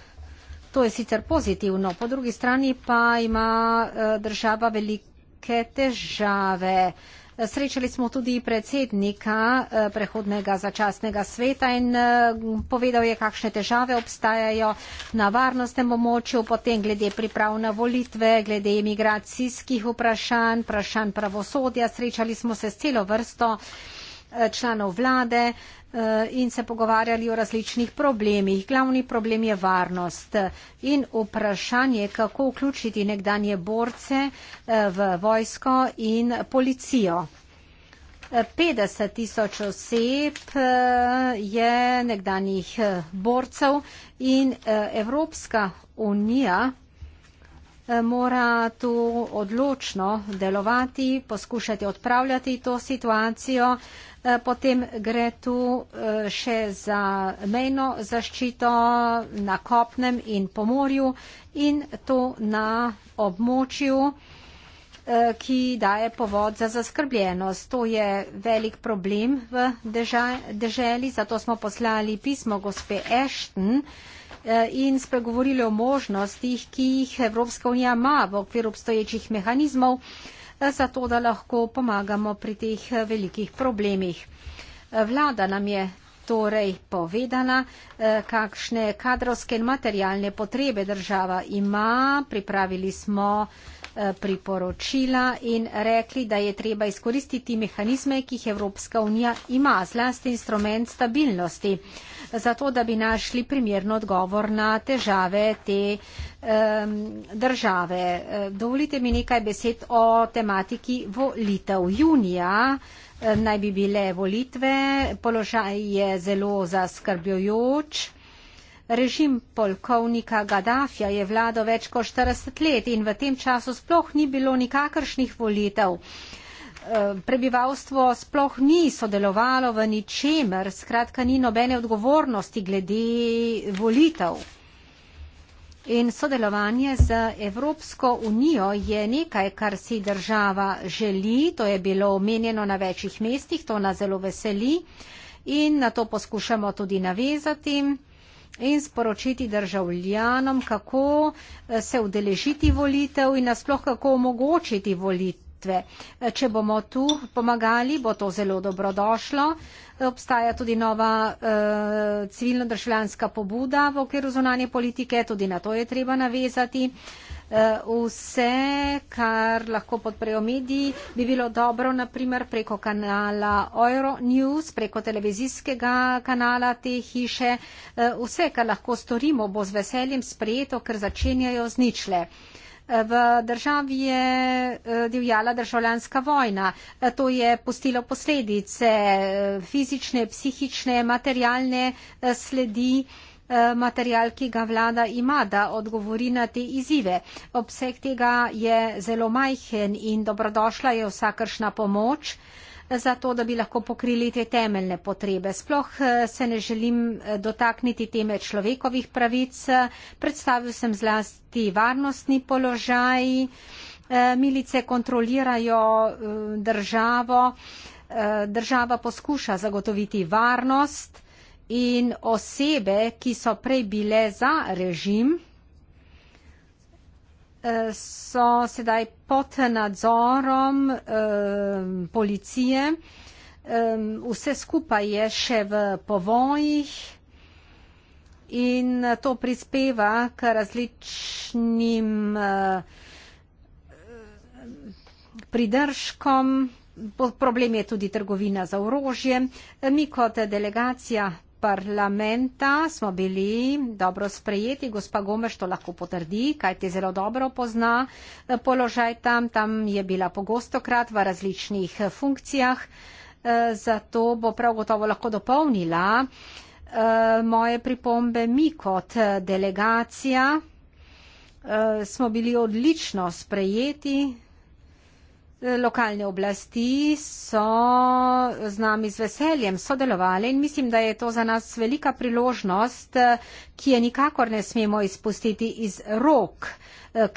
to je sicer pozitivno. Po drugi strani pa ima eh, država velike težave. Srečali smo tudi predsednika eh, prehodnega začasnega sveta in eh, povedal je, kakšne težave obstajajo na varnostnem območju, potem glede priprav na volitve, glede imigracijskih vprašanj, vprašanj pravosodja. Srečali smo se s celo vrsto Eh, članov vlade eh, in se pogovarjali o različnih problemih. Glavni problem je varnost in vprašanje, kako vključiti nekdanje borce eh, v vojsko in policijo. 50 tisoč oseb je nekdanjih borcev in Evropska unija mora tu odločno delovati, poskušati odpravljati to situacijo. Eh, potem gre tu eh, še za mejno zaščito na kopnem in pomorju in to na območju, eh, ki daje povod za zaskrbljenost. To je velik problem v deželi, zato smo poslali pismo gospe Ešten, Eh, in spregovorili o možnostih, ki jih Evropska unija ima v okviru obstoječih mehanizmov, eh, zato da lahko pomagamo pri teh eh, velikih problemih. Vlada nam je torej povedala, kakšne kadrovske in materialne potrebe država ima. Pripravili smo Eh, priporočila in rekli, da je treba izkoristiti mehanizme, ki jih Evropska unija ima, zlasti instrument stabilnosti, zato da bi našli primerno odgovor na težave te države. Eh, dovolite mi nekaj besed o tematiki volitev. Junija eh, naj bi bile volitve, položaj je zelo zaskrbljujoč. Režim polkovnika Gaddafija je vladal več kot 40 let in v tem času sploh ni bilo nikakršnih volitev. Eh, prebivalstvo sploh ni sodelovalo v ničemer, skratka ni nobene odgovornosti glede volitev. In sodelovanje z Evropsko unijo je nekaj, kar si država želi, to je bilo omenjeno na večjih mestih, to nas zelo veseli in na to poskušamo tudi navezati in sporočiti državljanom, kako eh, se udeležiti volitev in nasploh kako omogočiti volitev. Eh, če bomo tu pomagali, bo to zelo dobrodošlo. Eh, obstaja tudi nova eh, civilno-državljanska pobuda v okviru zunanje politike, tudi na to je treba navezati. Eh, Eh, vse, kar lahko podprejo mediji, bi bilo dobro, naprimer, preko kanala Euronews, preko televizijskega kanala te hiše. Eh, vse, kar lahko storimo, bo z veseljem sprejeto, ker začenjajo z ničle. Eh, v državi je divjala državljanska vojna. To je pustilo posledice fizične, psihične, materialne sledi. Eh, material, ki ga vlada ima, da odgovori na te izzive. Obseg tega je zelo majhen in dobrodošla je vsakršna pomoč eh, za to, da bi lahko pokrili te temeljne potrebe. Sploh eh, se ne želim dotakniti teme človekovih pravic. Predstavil sem zlasti varnostni položaj. Milice kontrolirajo državo. Država poskuša zagotoviti varnost in osebe, ki so prej bile za režim, eh, so sedaj pod nadzorom um, policije. Um, vse skupaj je še v povojih in to prispeva k različnim uh, pridržkom. Problem je tudi trgovina za orožje. Mi kot delegacija parlamenta smo bili dobro sprejeti, gospa Gomeš to lahko potrdi, kajti zelo dobro pozna eh, položaj tam, tam je bila pogostokrat v različnih eh, funkcijah, eh, zato bo prav gotovo lahko dopolnila moje pripombe. Mi kot delegacija smo bili odlično sprejeti, Lokalne oblasti so z nami z veseljem sodelovali in mislim, da je to za nas velika priložnost, ki je nikakor ne smemo izpustiti iz rok,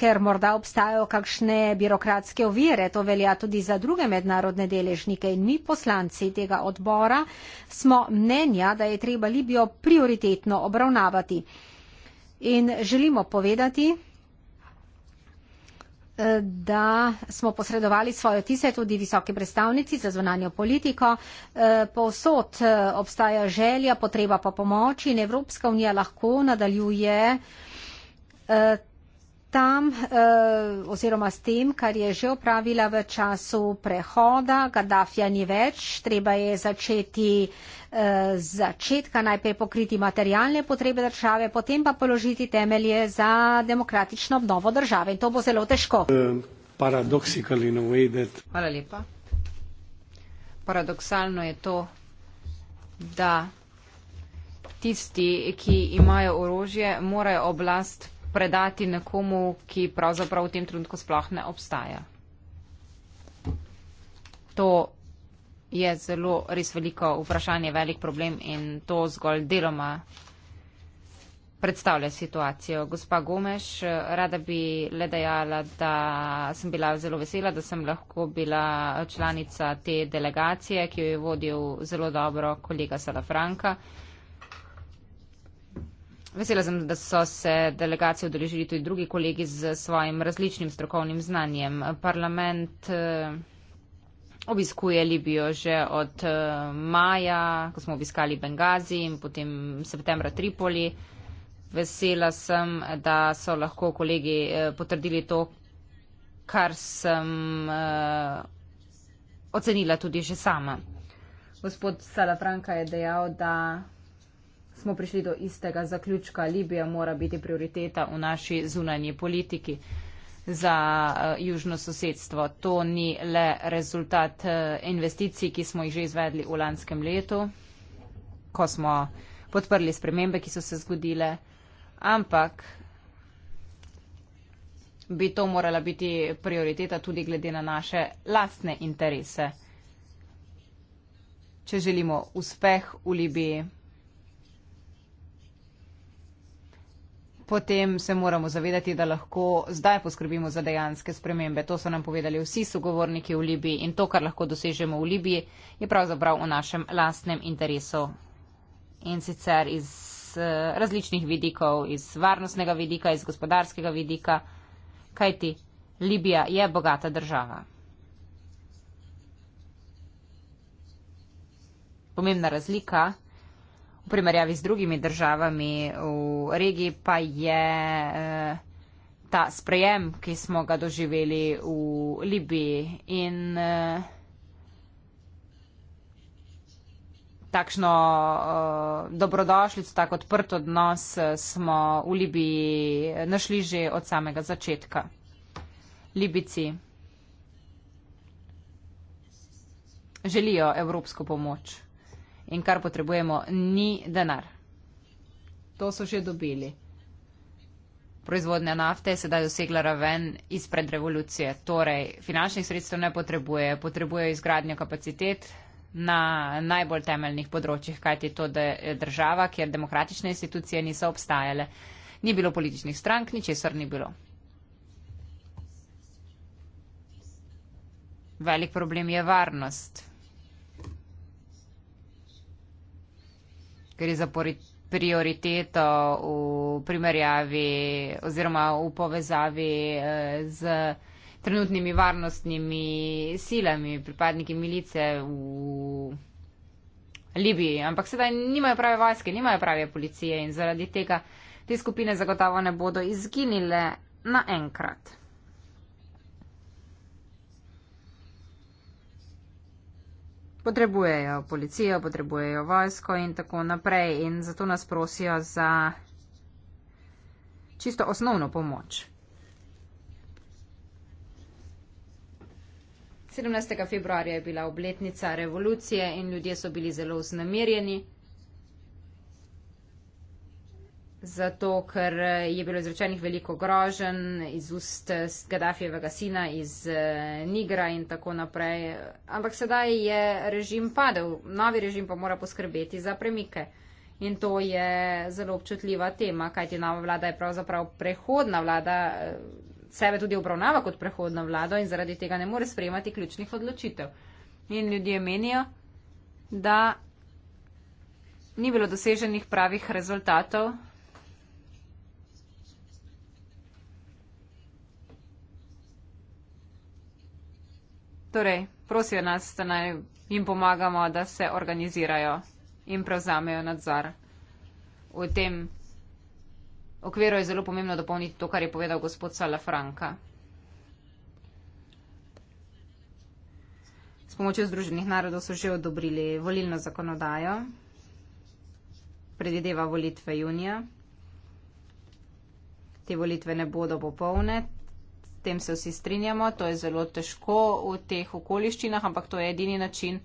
ker morda obstajajo kakšne birokratske ovire. To velja tudi za druge mednarodne deležnike in mi poslanci tega odbora smo mnenja, da je treba Libijo prioritetno obravnavati. In želimo povedati, da smo posredovali svoje tise tudi visoke predstavnici za zvonanjo politiko. E, povsod e, obstaja želja, potreba po pomoči in Evropska unija lahko nadaljuje e, tam eh, oziroma s tem, kar je že opravila v času prehoda, Gaddafija ni več, treba je začeti eh, začetka najprej pokriti materialne potrebe države, potem pa položiti temelje za demokratično obnovo države. In to bo zelo težko. Eh, Hvala lepa. Paradoksalno je to, da tisti, ki imajo orožje, morajo oblast predati nekomu, ki pravzaprav v tem trenutku sploh ne obstaja. To je zelo res veliko vprašanje, velik problem in to zgolj deloma predstavlja situacijo. Gospa Gomeš, rada bi le dejala, da sem bila zelo vesela, da sem lahko bila članica te delegacije, ki jo je vodil zelo dobro kolega Salafranka. Vesela sem, da so se delegacije odrežili tudi drugi kolegi z svojim različnim strokovnim znanjem. Parlament eh, obiskuje Libijo že od eh, maja, ko smo obiskali Bengazi in potem septembra Tripoli. Vesela sem, da so lahko kolegi eh, potrdili to, kar sem ocenila tudi že sama. Gospod Salafranka je dejal, da smo prišli do istega zaključka. Libija mora biti prioriteta v naši zunanji politiki za eh, južno sosedstvo. To ni le rezultat eh, investicij, ki smo jih že izvedli v lanskem letu, ko smo podprli spremembe, ki so se zgodile, ampak bi to morala biti prioriteta tudi glede na naše lastne interese, če želimo uspeh v Libiji. potem se moramo zavedati, da lahko zdaj poskrbimo za dejanske spremembe. To so nam povedali vsi sogovorniki v Libiji in to, kar lahko dosežemo v Libiji, je pravzaprav v našem lastnem interesu. In sicer iz eh, različnih vidikov, iz varnostnega vidika, iz gospodarskega vidika, kajti Libija je bogata država. Pomembna razlika v primerjavi z drugimi državami v regiji pa je eh, ta sprejem, ki smo ga doživeli v Libiji in eh, takšno eh, dobrodošljico, tak odprt odnos smo v Libiji našli že od samega začetka. Libici želijo evropsko pomoč in kar potrebujemo, ni denar. To so že dobili. Proizvodnja nafte je sedaj dosegla raven izpred revolucije, torej finančnih sredstev ne potrebuje, potrebuje izgradnjo kapacitet na najbolj temeljnih področjih, kajti to, da je država, kjer demokratične institucije niso obstajale, ni bilo političnih strank, ničesar ni bilo. Velik problem je varnost. ker je za prioriteto v primerjavi oziroma v povezavi eh, z trenutnimi varnostnimi silami, pripadniki milice v Libiji. Ampak sedaj nimajo prave vojske, nimajo prave policije in zaradi tega te skupine zagotovo ne bodo izginile naenkrat. potrebujejo policijo, potrebujejo vojsko in tako naprej in zato nas prosijo za čisto osnovno pomoč. 17. februarja je bila obletnica revolucije in ljudje so bili zelo znamirjeni. zato ker eh, je bilo izrečenih veliko grožen iz ust eh, Gaddafijevega sina iz eh, Nigra in tako naprej. Ampak sedaj je režim padel, novi režim pa mora poskrbeti za premike. In to je zelo občutljiva tema, kajti nova vlada je pravzaprav prehodna vlada, sebe tudi obravnava kot prehodno vlado in zaradi tega ne more sprejemati ključnih odločitev. In ljudje menijo, da ni bilo doseženih pravih rezultatov, Torej, prosijo nas, da naj jim pomagamo, da se organizirajo in prevzamejo nadzor. V tem okviru je zelo pomembno dopolniti to, kar je povedal gospod Salafranka. S pomočjo Združenih narodov so že odobrili volilno zakonodajo, predideva volitve junija. Te volitve ne bodo popolne, tem se vsi strinjamo, to je zelo težko v teh okoliščinah, ampak to je edini način,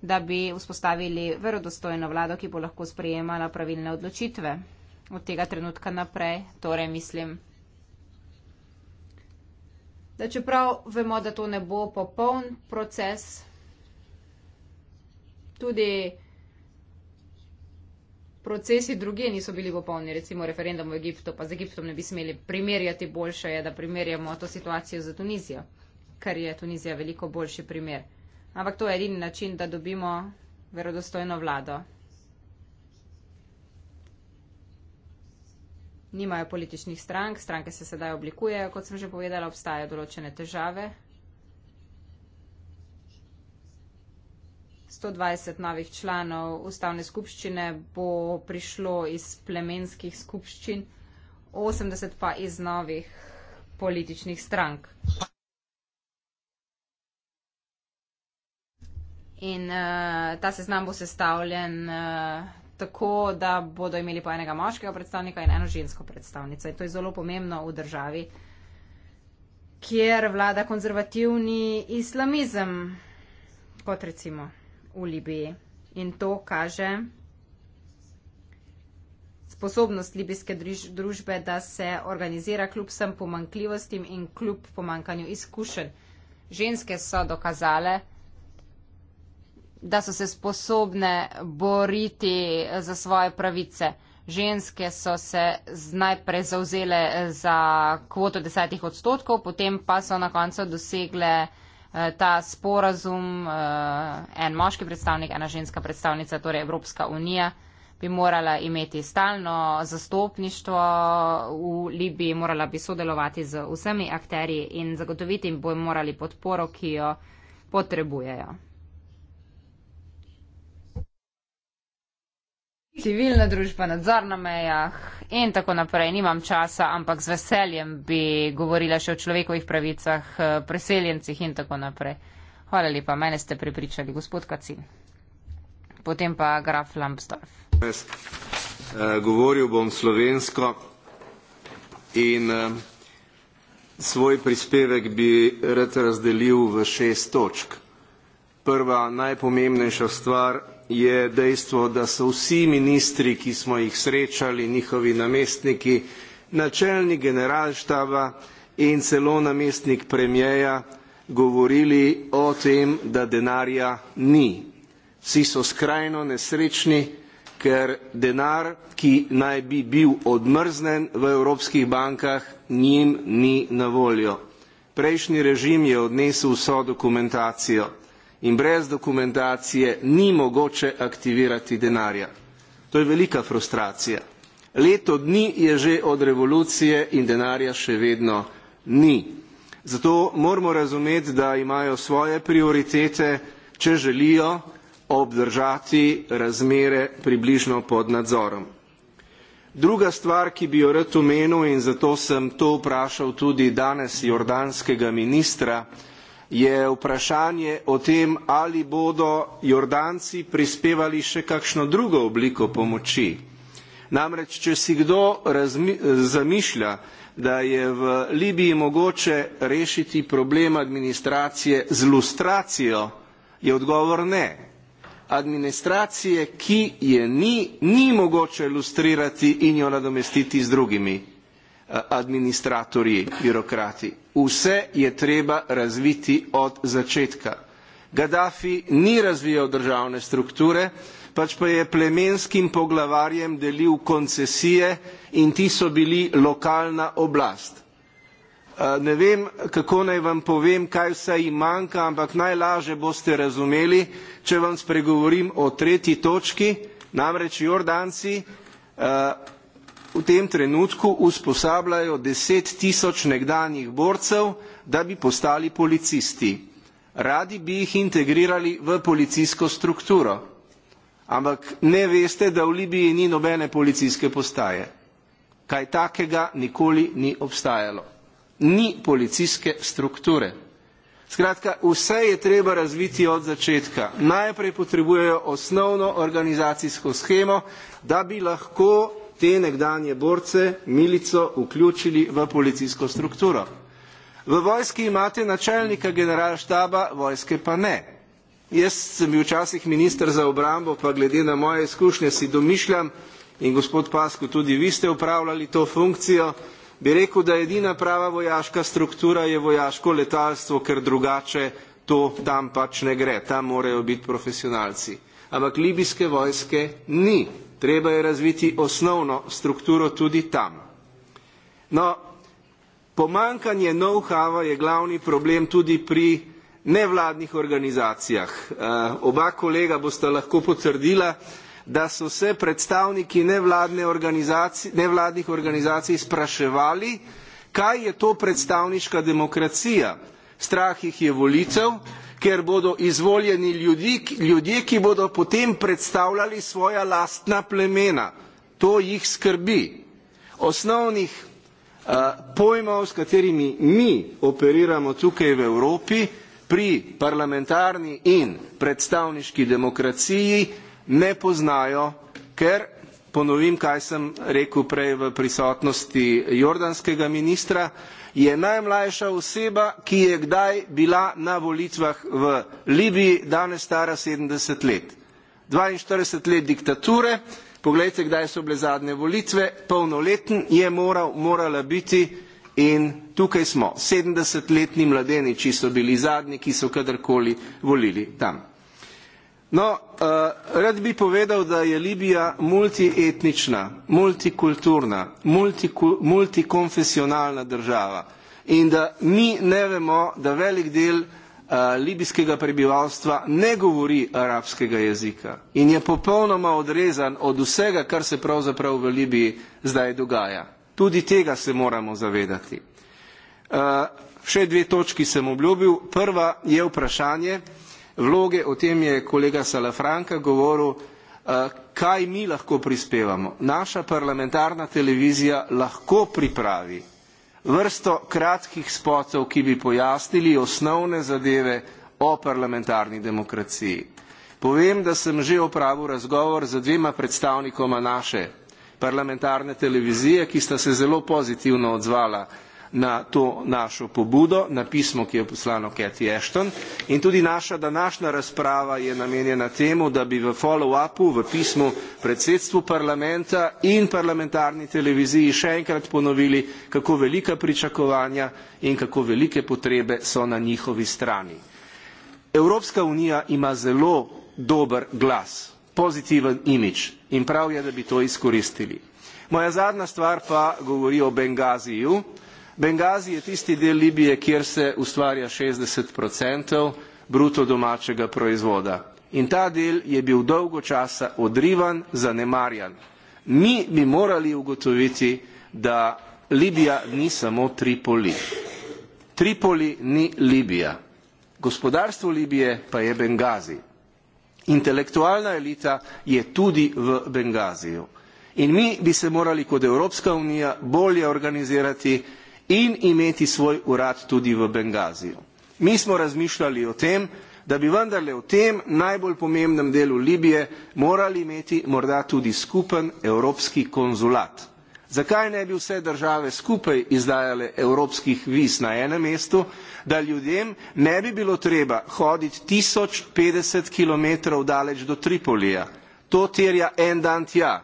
da bi vzpostavili verodostojno vlado, ki bo lahko sprejemala pravilne odločitve od tega trenutka naprej. Torej, mislim, da čeprav vemo, da to ne bo popoln proces, tudi procesi druge niso bili popolni, recimo referendum v Egiptu, pa z Egiptom ne bi smeli primerjati boljše, je, da primerjamo to situacijo z Tunizijo, ker je Tunizija veliko boljši primer. Ampak to je edini način, da dobimo verodostojno vlado. Nimajo političnih strank, stranke se sedaj oblikujejo, kot sem že povedala, obstajajo določene težave, 120 novih članov ustavne skupščine bo prišlo iz plemenskih skupščin, 80 pa iz novih političnih strank. In uh, ta seznam bo sestavljen uh, tako, da bodo imeli po enega moškega predstavnika in eno žensko predstavnico. In to je zelo pomembno v državi, kjer vlada konzervativni islamizem, kot recimo v Libiji. In to kaže sposobnost libijske družbe, da se organizira kljub vsem pomankljivostim in kljub pomankanju izkušenj. Ženske so dokazale, da so se sposobne boriti za svoje pravice. Ženske so se najprej zauzele za kvoto desetih odstotkov, potem pa so na koncu dosegle eh, ta sporazum, eh, en moški predstavnik, ena ženska predstavnica, torej Evropska unija, bi morala imeti stalno zastopništvo v Libiji, morala bi sodelovati z vsemi akterji in zagotoviti jim bi morali podporo, ki jo potrebujejo. civilna družba, nadzor na mejah in tako naprej. Nimam časa, ampak z veseljem bi govorila še o človekovih pravicah, eh, preseljencih in tako naprej. Hvala lepa, mene ste pripričali, gospod Kacin. Potem pa graf Lambsdorff. Jaz uh, govoril bom slovensko in uh, svoj prispevek bi rad razdelil v šest točk. Prva najpomembnejša stvar je dejstvo, da so vsi ministri, ki smo jih srečali, njihovi namestniki, načelnik generalštaba in celo namestnik premijeja govorili o tem, da denarja ni. Vsi so skrajno nesrečni, ker denar, ki naj bi bil odmrznen v evropskih bankah, njim ni na voljo. Prejšnji režim je odnesel vso dokumentacijo in brez dokumentacije ni mogoče aktivirati denarja. To je velika frustracija. Leto dni je že od revolucije in denarja še vedno ni. Zato moramo razumeti, da imajo svoje prioritete, če želijo obdržati razmere približno pod nadzorom. Druga stvar, ki bi jo rad omenil in zato sem to vprašal tudi danes jordanskega ministra, je vprašanje o tem ali bodo jordanci prispevali še kakšno drugo obliko pomoči namreč če si kdo zamišlja da je v libiji mogoče rešiti problem administracije z lustracijo je odgovor ne administracije ki je ni ni mogoče lustrirati in jo nadomestiti z drugimi Eh, administratorji, birokrati. Vse je treba razviti od začetka. Gaddafi ni razvijal državne strukture, pač pa je plemenskim poglavarjem delil koncesije in ti so bili lokalna oblast. Eh, ne vem, kako naj vam povem, kaj vse jim manjka, ampak najlažje boste razumeli, če vam spregovorim o tretji točki, namreč Jordanci eh, v tem trenutku usposabljajo deset tisoč nekdanjih borcev, da bi postali policisti. Radi bi jih integrirali v policijsko strukturo, ampak ne veste, da v Libiji ni nobene policijske postaje. Kaj takega nikoli ni obstajalo. Ni policijske strukture. Skratka, vse je treba razviti od začetka. Najprej potrebujejo osnovno organizacijsko schemo, da bi lahko te nekdanje borce milico vključili v policijsko strukturo. V vojski imate načelnika generalštaba, vojske pa ne. Jaz sem bil včasih minister za obrambo, pa glede na moje izkušnje si domišljam in gospod Pasko, tudi vi ste upravljali to funkcijo, bi rekel, da edina prava vojaška struktura je vojaško letalstvo, ker drugače to tam pač ne gre, tam morajo biti profesionalci. Ampak libijske vojske ni treba je razviti osnovno strukturo tudi tam. No, pomankanje know-howa je glavni problem tudi pri nevladnih organizacijah. Eh, oba kolega boste lahko potrdila, da so se predstavniki nevladne organizacij, nevladnih organizacij spraševali, kaj je to predstavniška demokracija. Strah jih je volitev, ker bodo izvoljeni ljudi, ljudje, ki bodo potem predstavljali svoja lastna plemena. To jih skrbi. Osnovnih eh, pojmov, s katerimi mi operiramo tukaj v Evropi, pri parlamentarni in predstavniški demokraciji ne poznajo, ker ponovim, kaj sem rekel prej v prisotnosti jordanskega ministra, je najmlajša oseba, ki je kdaj bila na volitvah v Libiji, danes stara 70 let. 42 let diktature, pogledajte, kdaj so bile zadnje volitve, polnoleten je moral, morala biti in tukaj smo, 70-letni mladeniči so bili zadnji, ki so kadarkoli volili tam. No, eh, rad bi povedal, da je Libija multietnična, multikulturna, multikonfesionalna država in da mi ne vemo, da velik del eh, libijskega prebivalstva ne govori arabskega jezika in je popolnoma odrezan od vsega, kar se pravzaprav v Libiji zdaj dogaja. Tudi tega se moramo zavedati. Eh, še dve točki sem obljubil. Prva je vprašanje, vloge, o tem je kolega Salafranka govoril, eh, kaj mi lahko prispevamo. Naša parlamentarna televizija lahko pripravi vrsto kratkih spotov, ki bi pojasnili osnovne zadeve o parlamentarni demokraciji. Povem, da sem že opravil razgovor z dvema predstavnikoma naše parlamentarne televizije, ki sta se zelo pozitivno odzvala na to našo pobudo, na pismo, ki je poslano Cathy Ashton. In tudi naša današnja razprava je namenjena temu, da bi v follow-upu, v pismu predsedstvu parlamenta in parlamentarni televiziji še enkrat ponovili, kako velika pričakovanja in kako velike potrebe so na njihovi strani. Evropska unija ima zelo dober glas, pozitiven imič in prav je, da bi to izkoristili. Moja zadnja stvar pa govori o Bengaziju, Bengazi je tisti del Libije, kjer se ustvarja 60 bruto domačega proizvoda. In ta del je bil dolgo časa odrivan, zanemarjan. Mi bi morali ugotoviti, da Libija ni samo Tripoli. Tripoli ni Libija. Gospodarstvo Libije pa je Bengazi. Intelektualna elita je tudi v Bengaziju. In mi bi se morali kot Evropska unija bolje organizirati, in imeti svoj urad tudi v Bengaziju. Mi smo razmišljali o tem, da bi vendarle v tem najbolj pomembnem delu Libije morali imeti morda tudi skupen evropski konzulat. Zakaj ne bi vse države skupaj izdajale evropskih viz na enem mestu, da ljudem ne bi bilo treba hoditi tisoč petdeset km daleč do Tripolija. To terja en dan tja,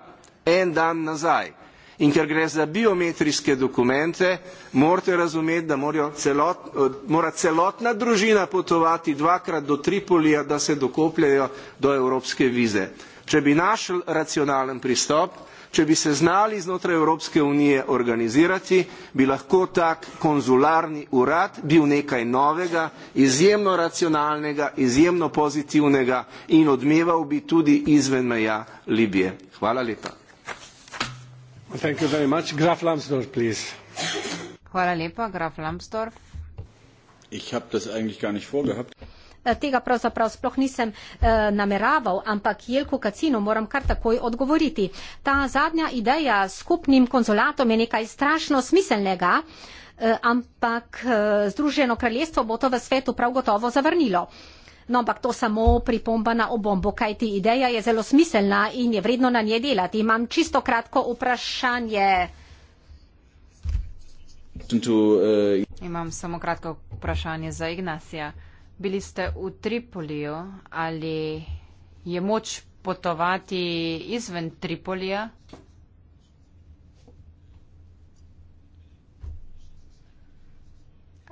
en dan nazaj. In ker gre za biometrijske dokumente, morate razumeti, da celot, mora celotna družina potovati dvakrat do Tripolija, da se dokopljajo do evropske vize. Če bi našel racionalen pristop, če bi se znali znotraj Evropske unije organizirati, bi lahko tak konzularni urad bil nekaj novega, izjemno racionalnega, izjemno pozitivnega in odmeval bi tudi izven meja Libije. Hvala lepa. Hvala lepa, graf Lambsdorff. Ich habe das eigentlich gar nicht vorgehabt. E, tega pravzaprav sploh nisem eh, nameraval, ampak Jelko Kacino moram kar takoj odgovoriti. Ta zadnja ideja s skupnim konzulatom je nekaj strašno smiselnega, eh, ampak eh, Združeno kraljestvo bo to v svetu prav gotovo zavrnilo. Eh, No, ampak to samo pripomba na obombo, kaj ti ideja je zelo smiselna in je vredno na nje delati. Imam čisto kratko vprašanje. Eh, Imam samo kratko vprašanje za Ignacija. Bili ste v Tripoliju ali je moč potovati izven Tripolija?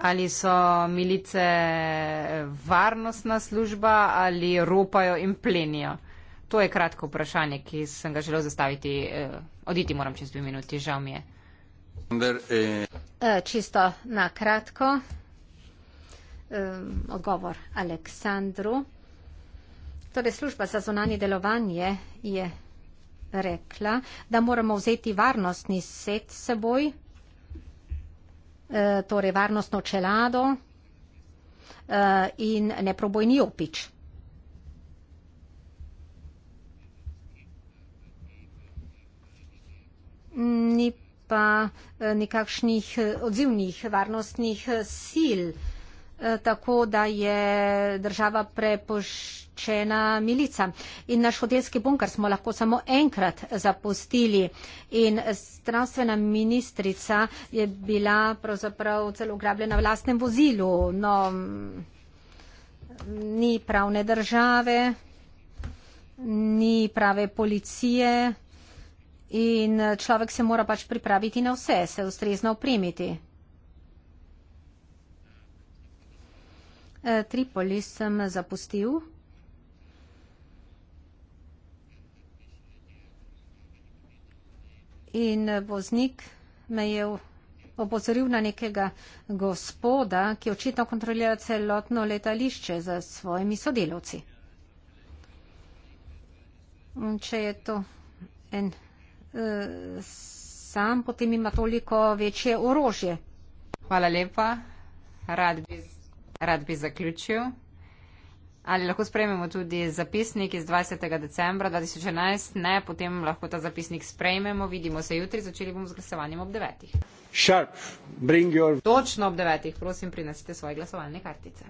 Ali so milice varnostna služba ali ropajo in plenijo? To je kratko vprašanje, ki sem ga želel zastaviti. Eh, oditi moram čez dve minuti, žal mi je. Eh. Eh, čisto na kratko. Odgovor Aleksandru. Torej, služba za zonanje delovanje je rekla, da moramo vzeti varnostni set seboj, Eh, torej varnostno čelado eh, in neprobojni jopič. Ni pa eh, nikakšnih odzivnih varnostnih sil. Eh, tako da je država prepoščena milicam. In naš hotelski bunker smo lahko samo enkrat zapustili. In zdravstvena ministrica je bila pravzaprav celo ugrabljena v lastnem vozilu. No, ni pravne države, ni prave policije in človek se mora pač pripraviti na vse, se ustrezno opremiti. Eh, Tripoli sem zapustil. In eh, voznik me je opozoril na nekega gospoda, ki očitno kontrolira celotno letališče za svojimi sodelavci. Če je to en uh, sam, potem ima toliko večje orožje. Hvala lepa. Rad bi rad bi zaključil. Ali lahko sprejmemo tudi zapisnik iz 20. decembra 2011? Ne, potem lahko ta zapisnik sprejmemo. Vidimo se jutri, začeli bomo z glasovanjem ob 9. Sharp, your... Točno ob 9. prosim, prinesite svoje glasovalne kartice.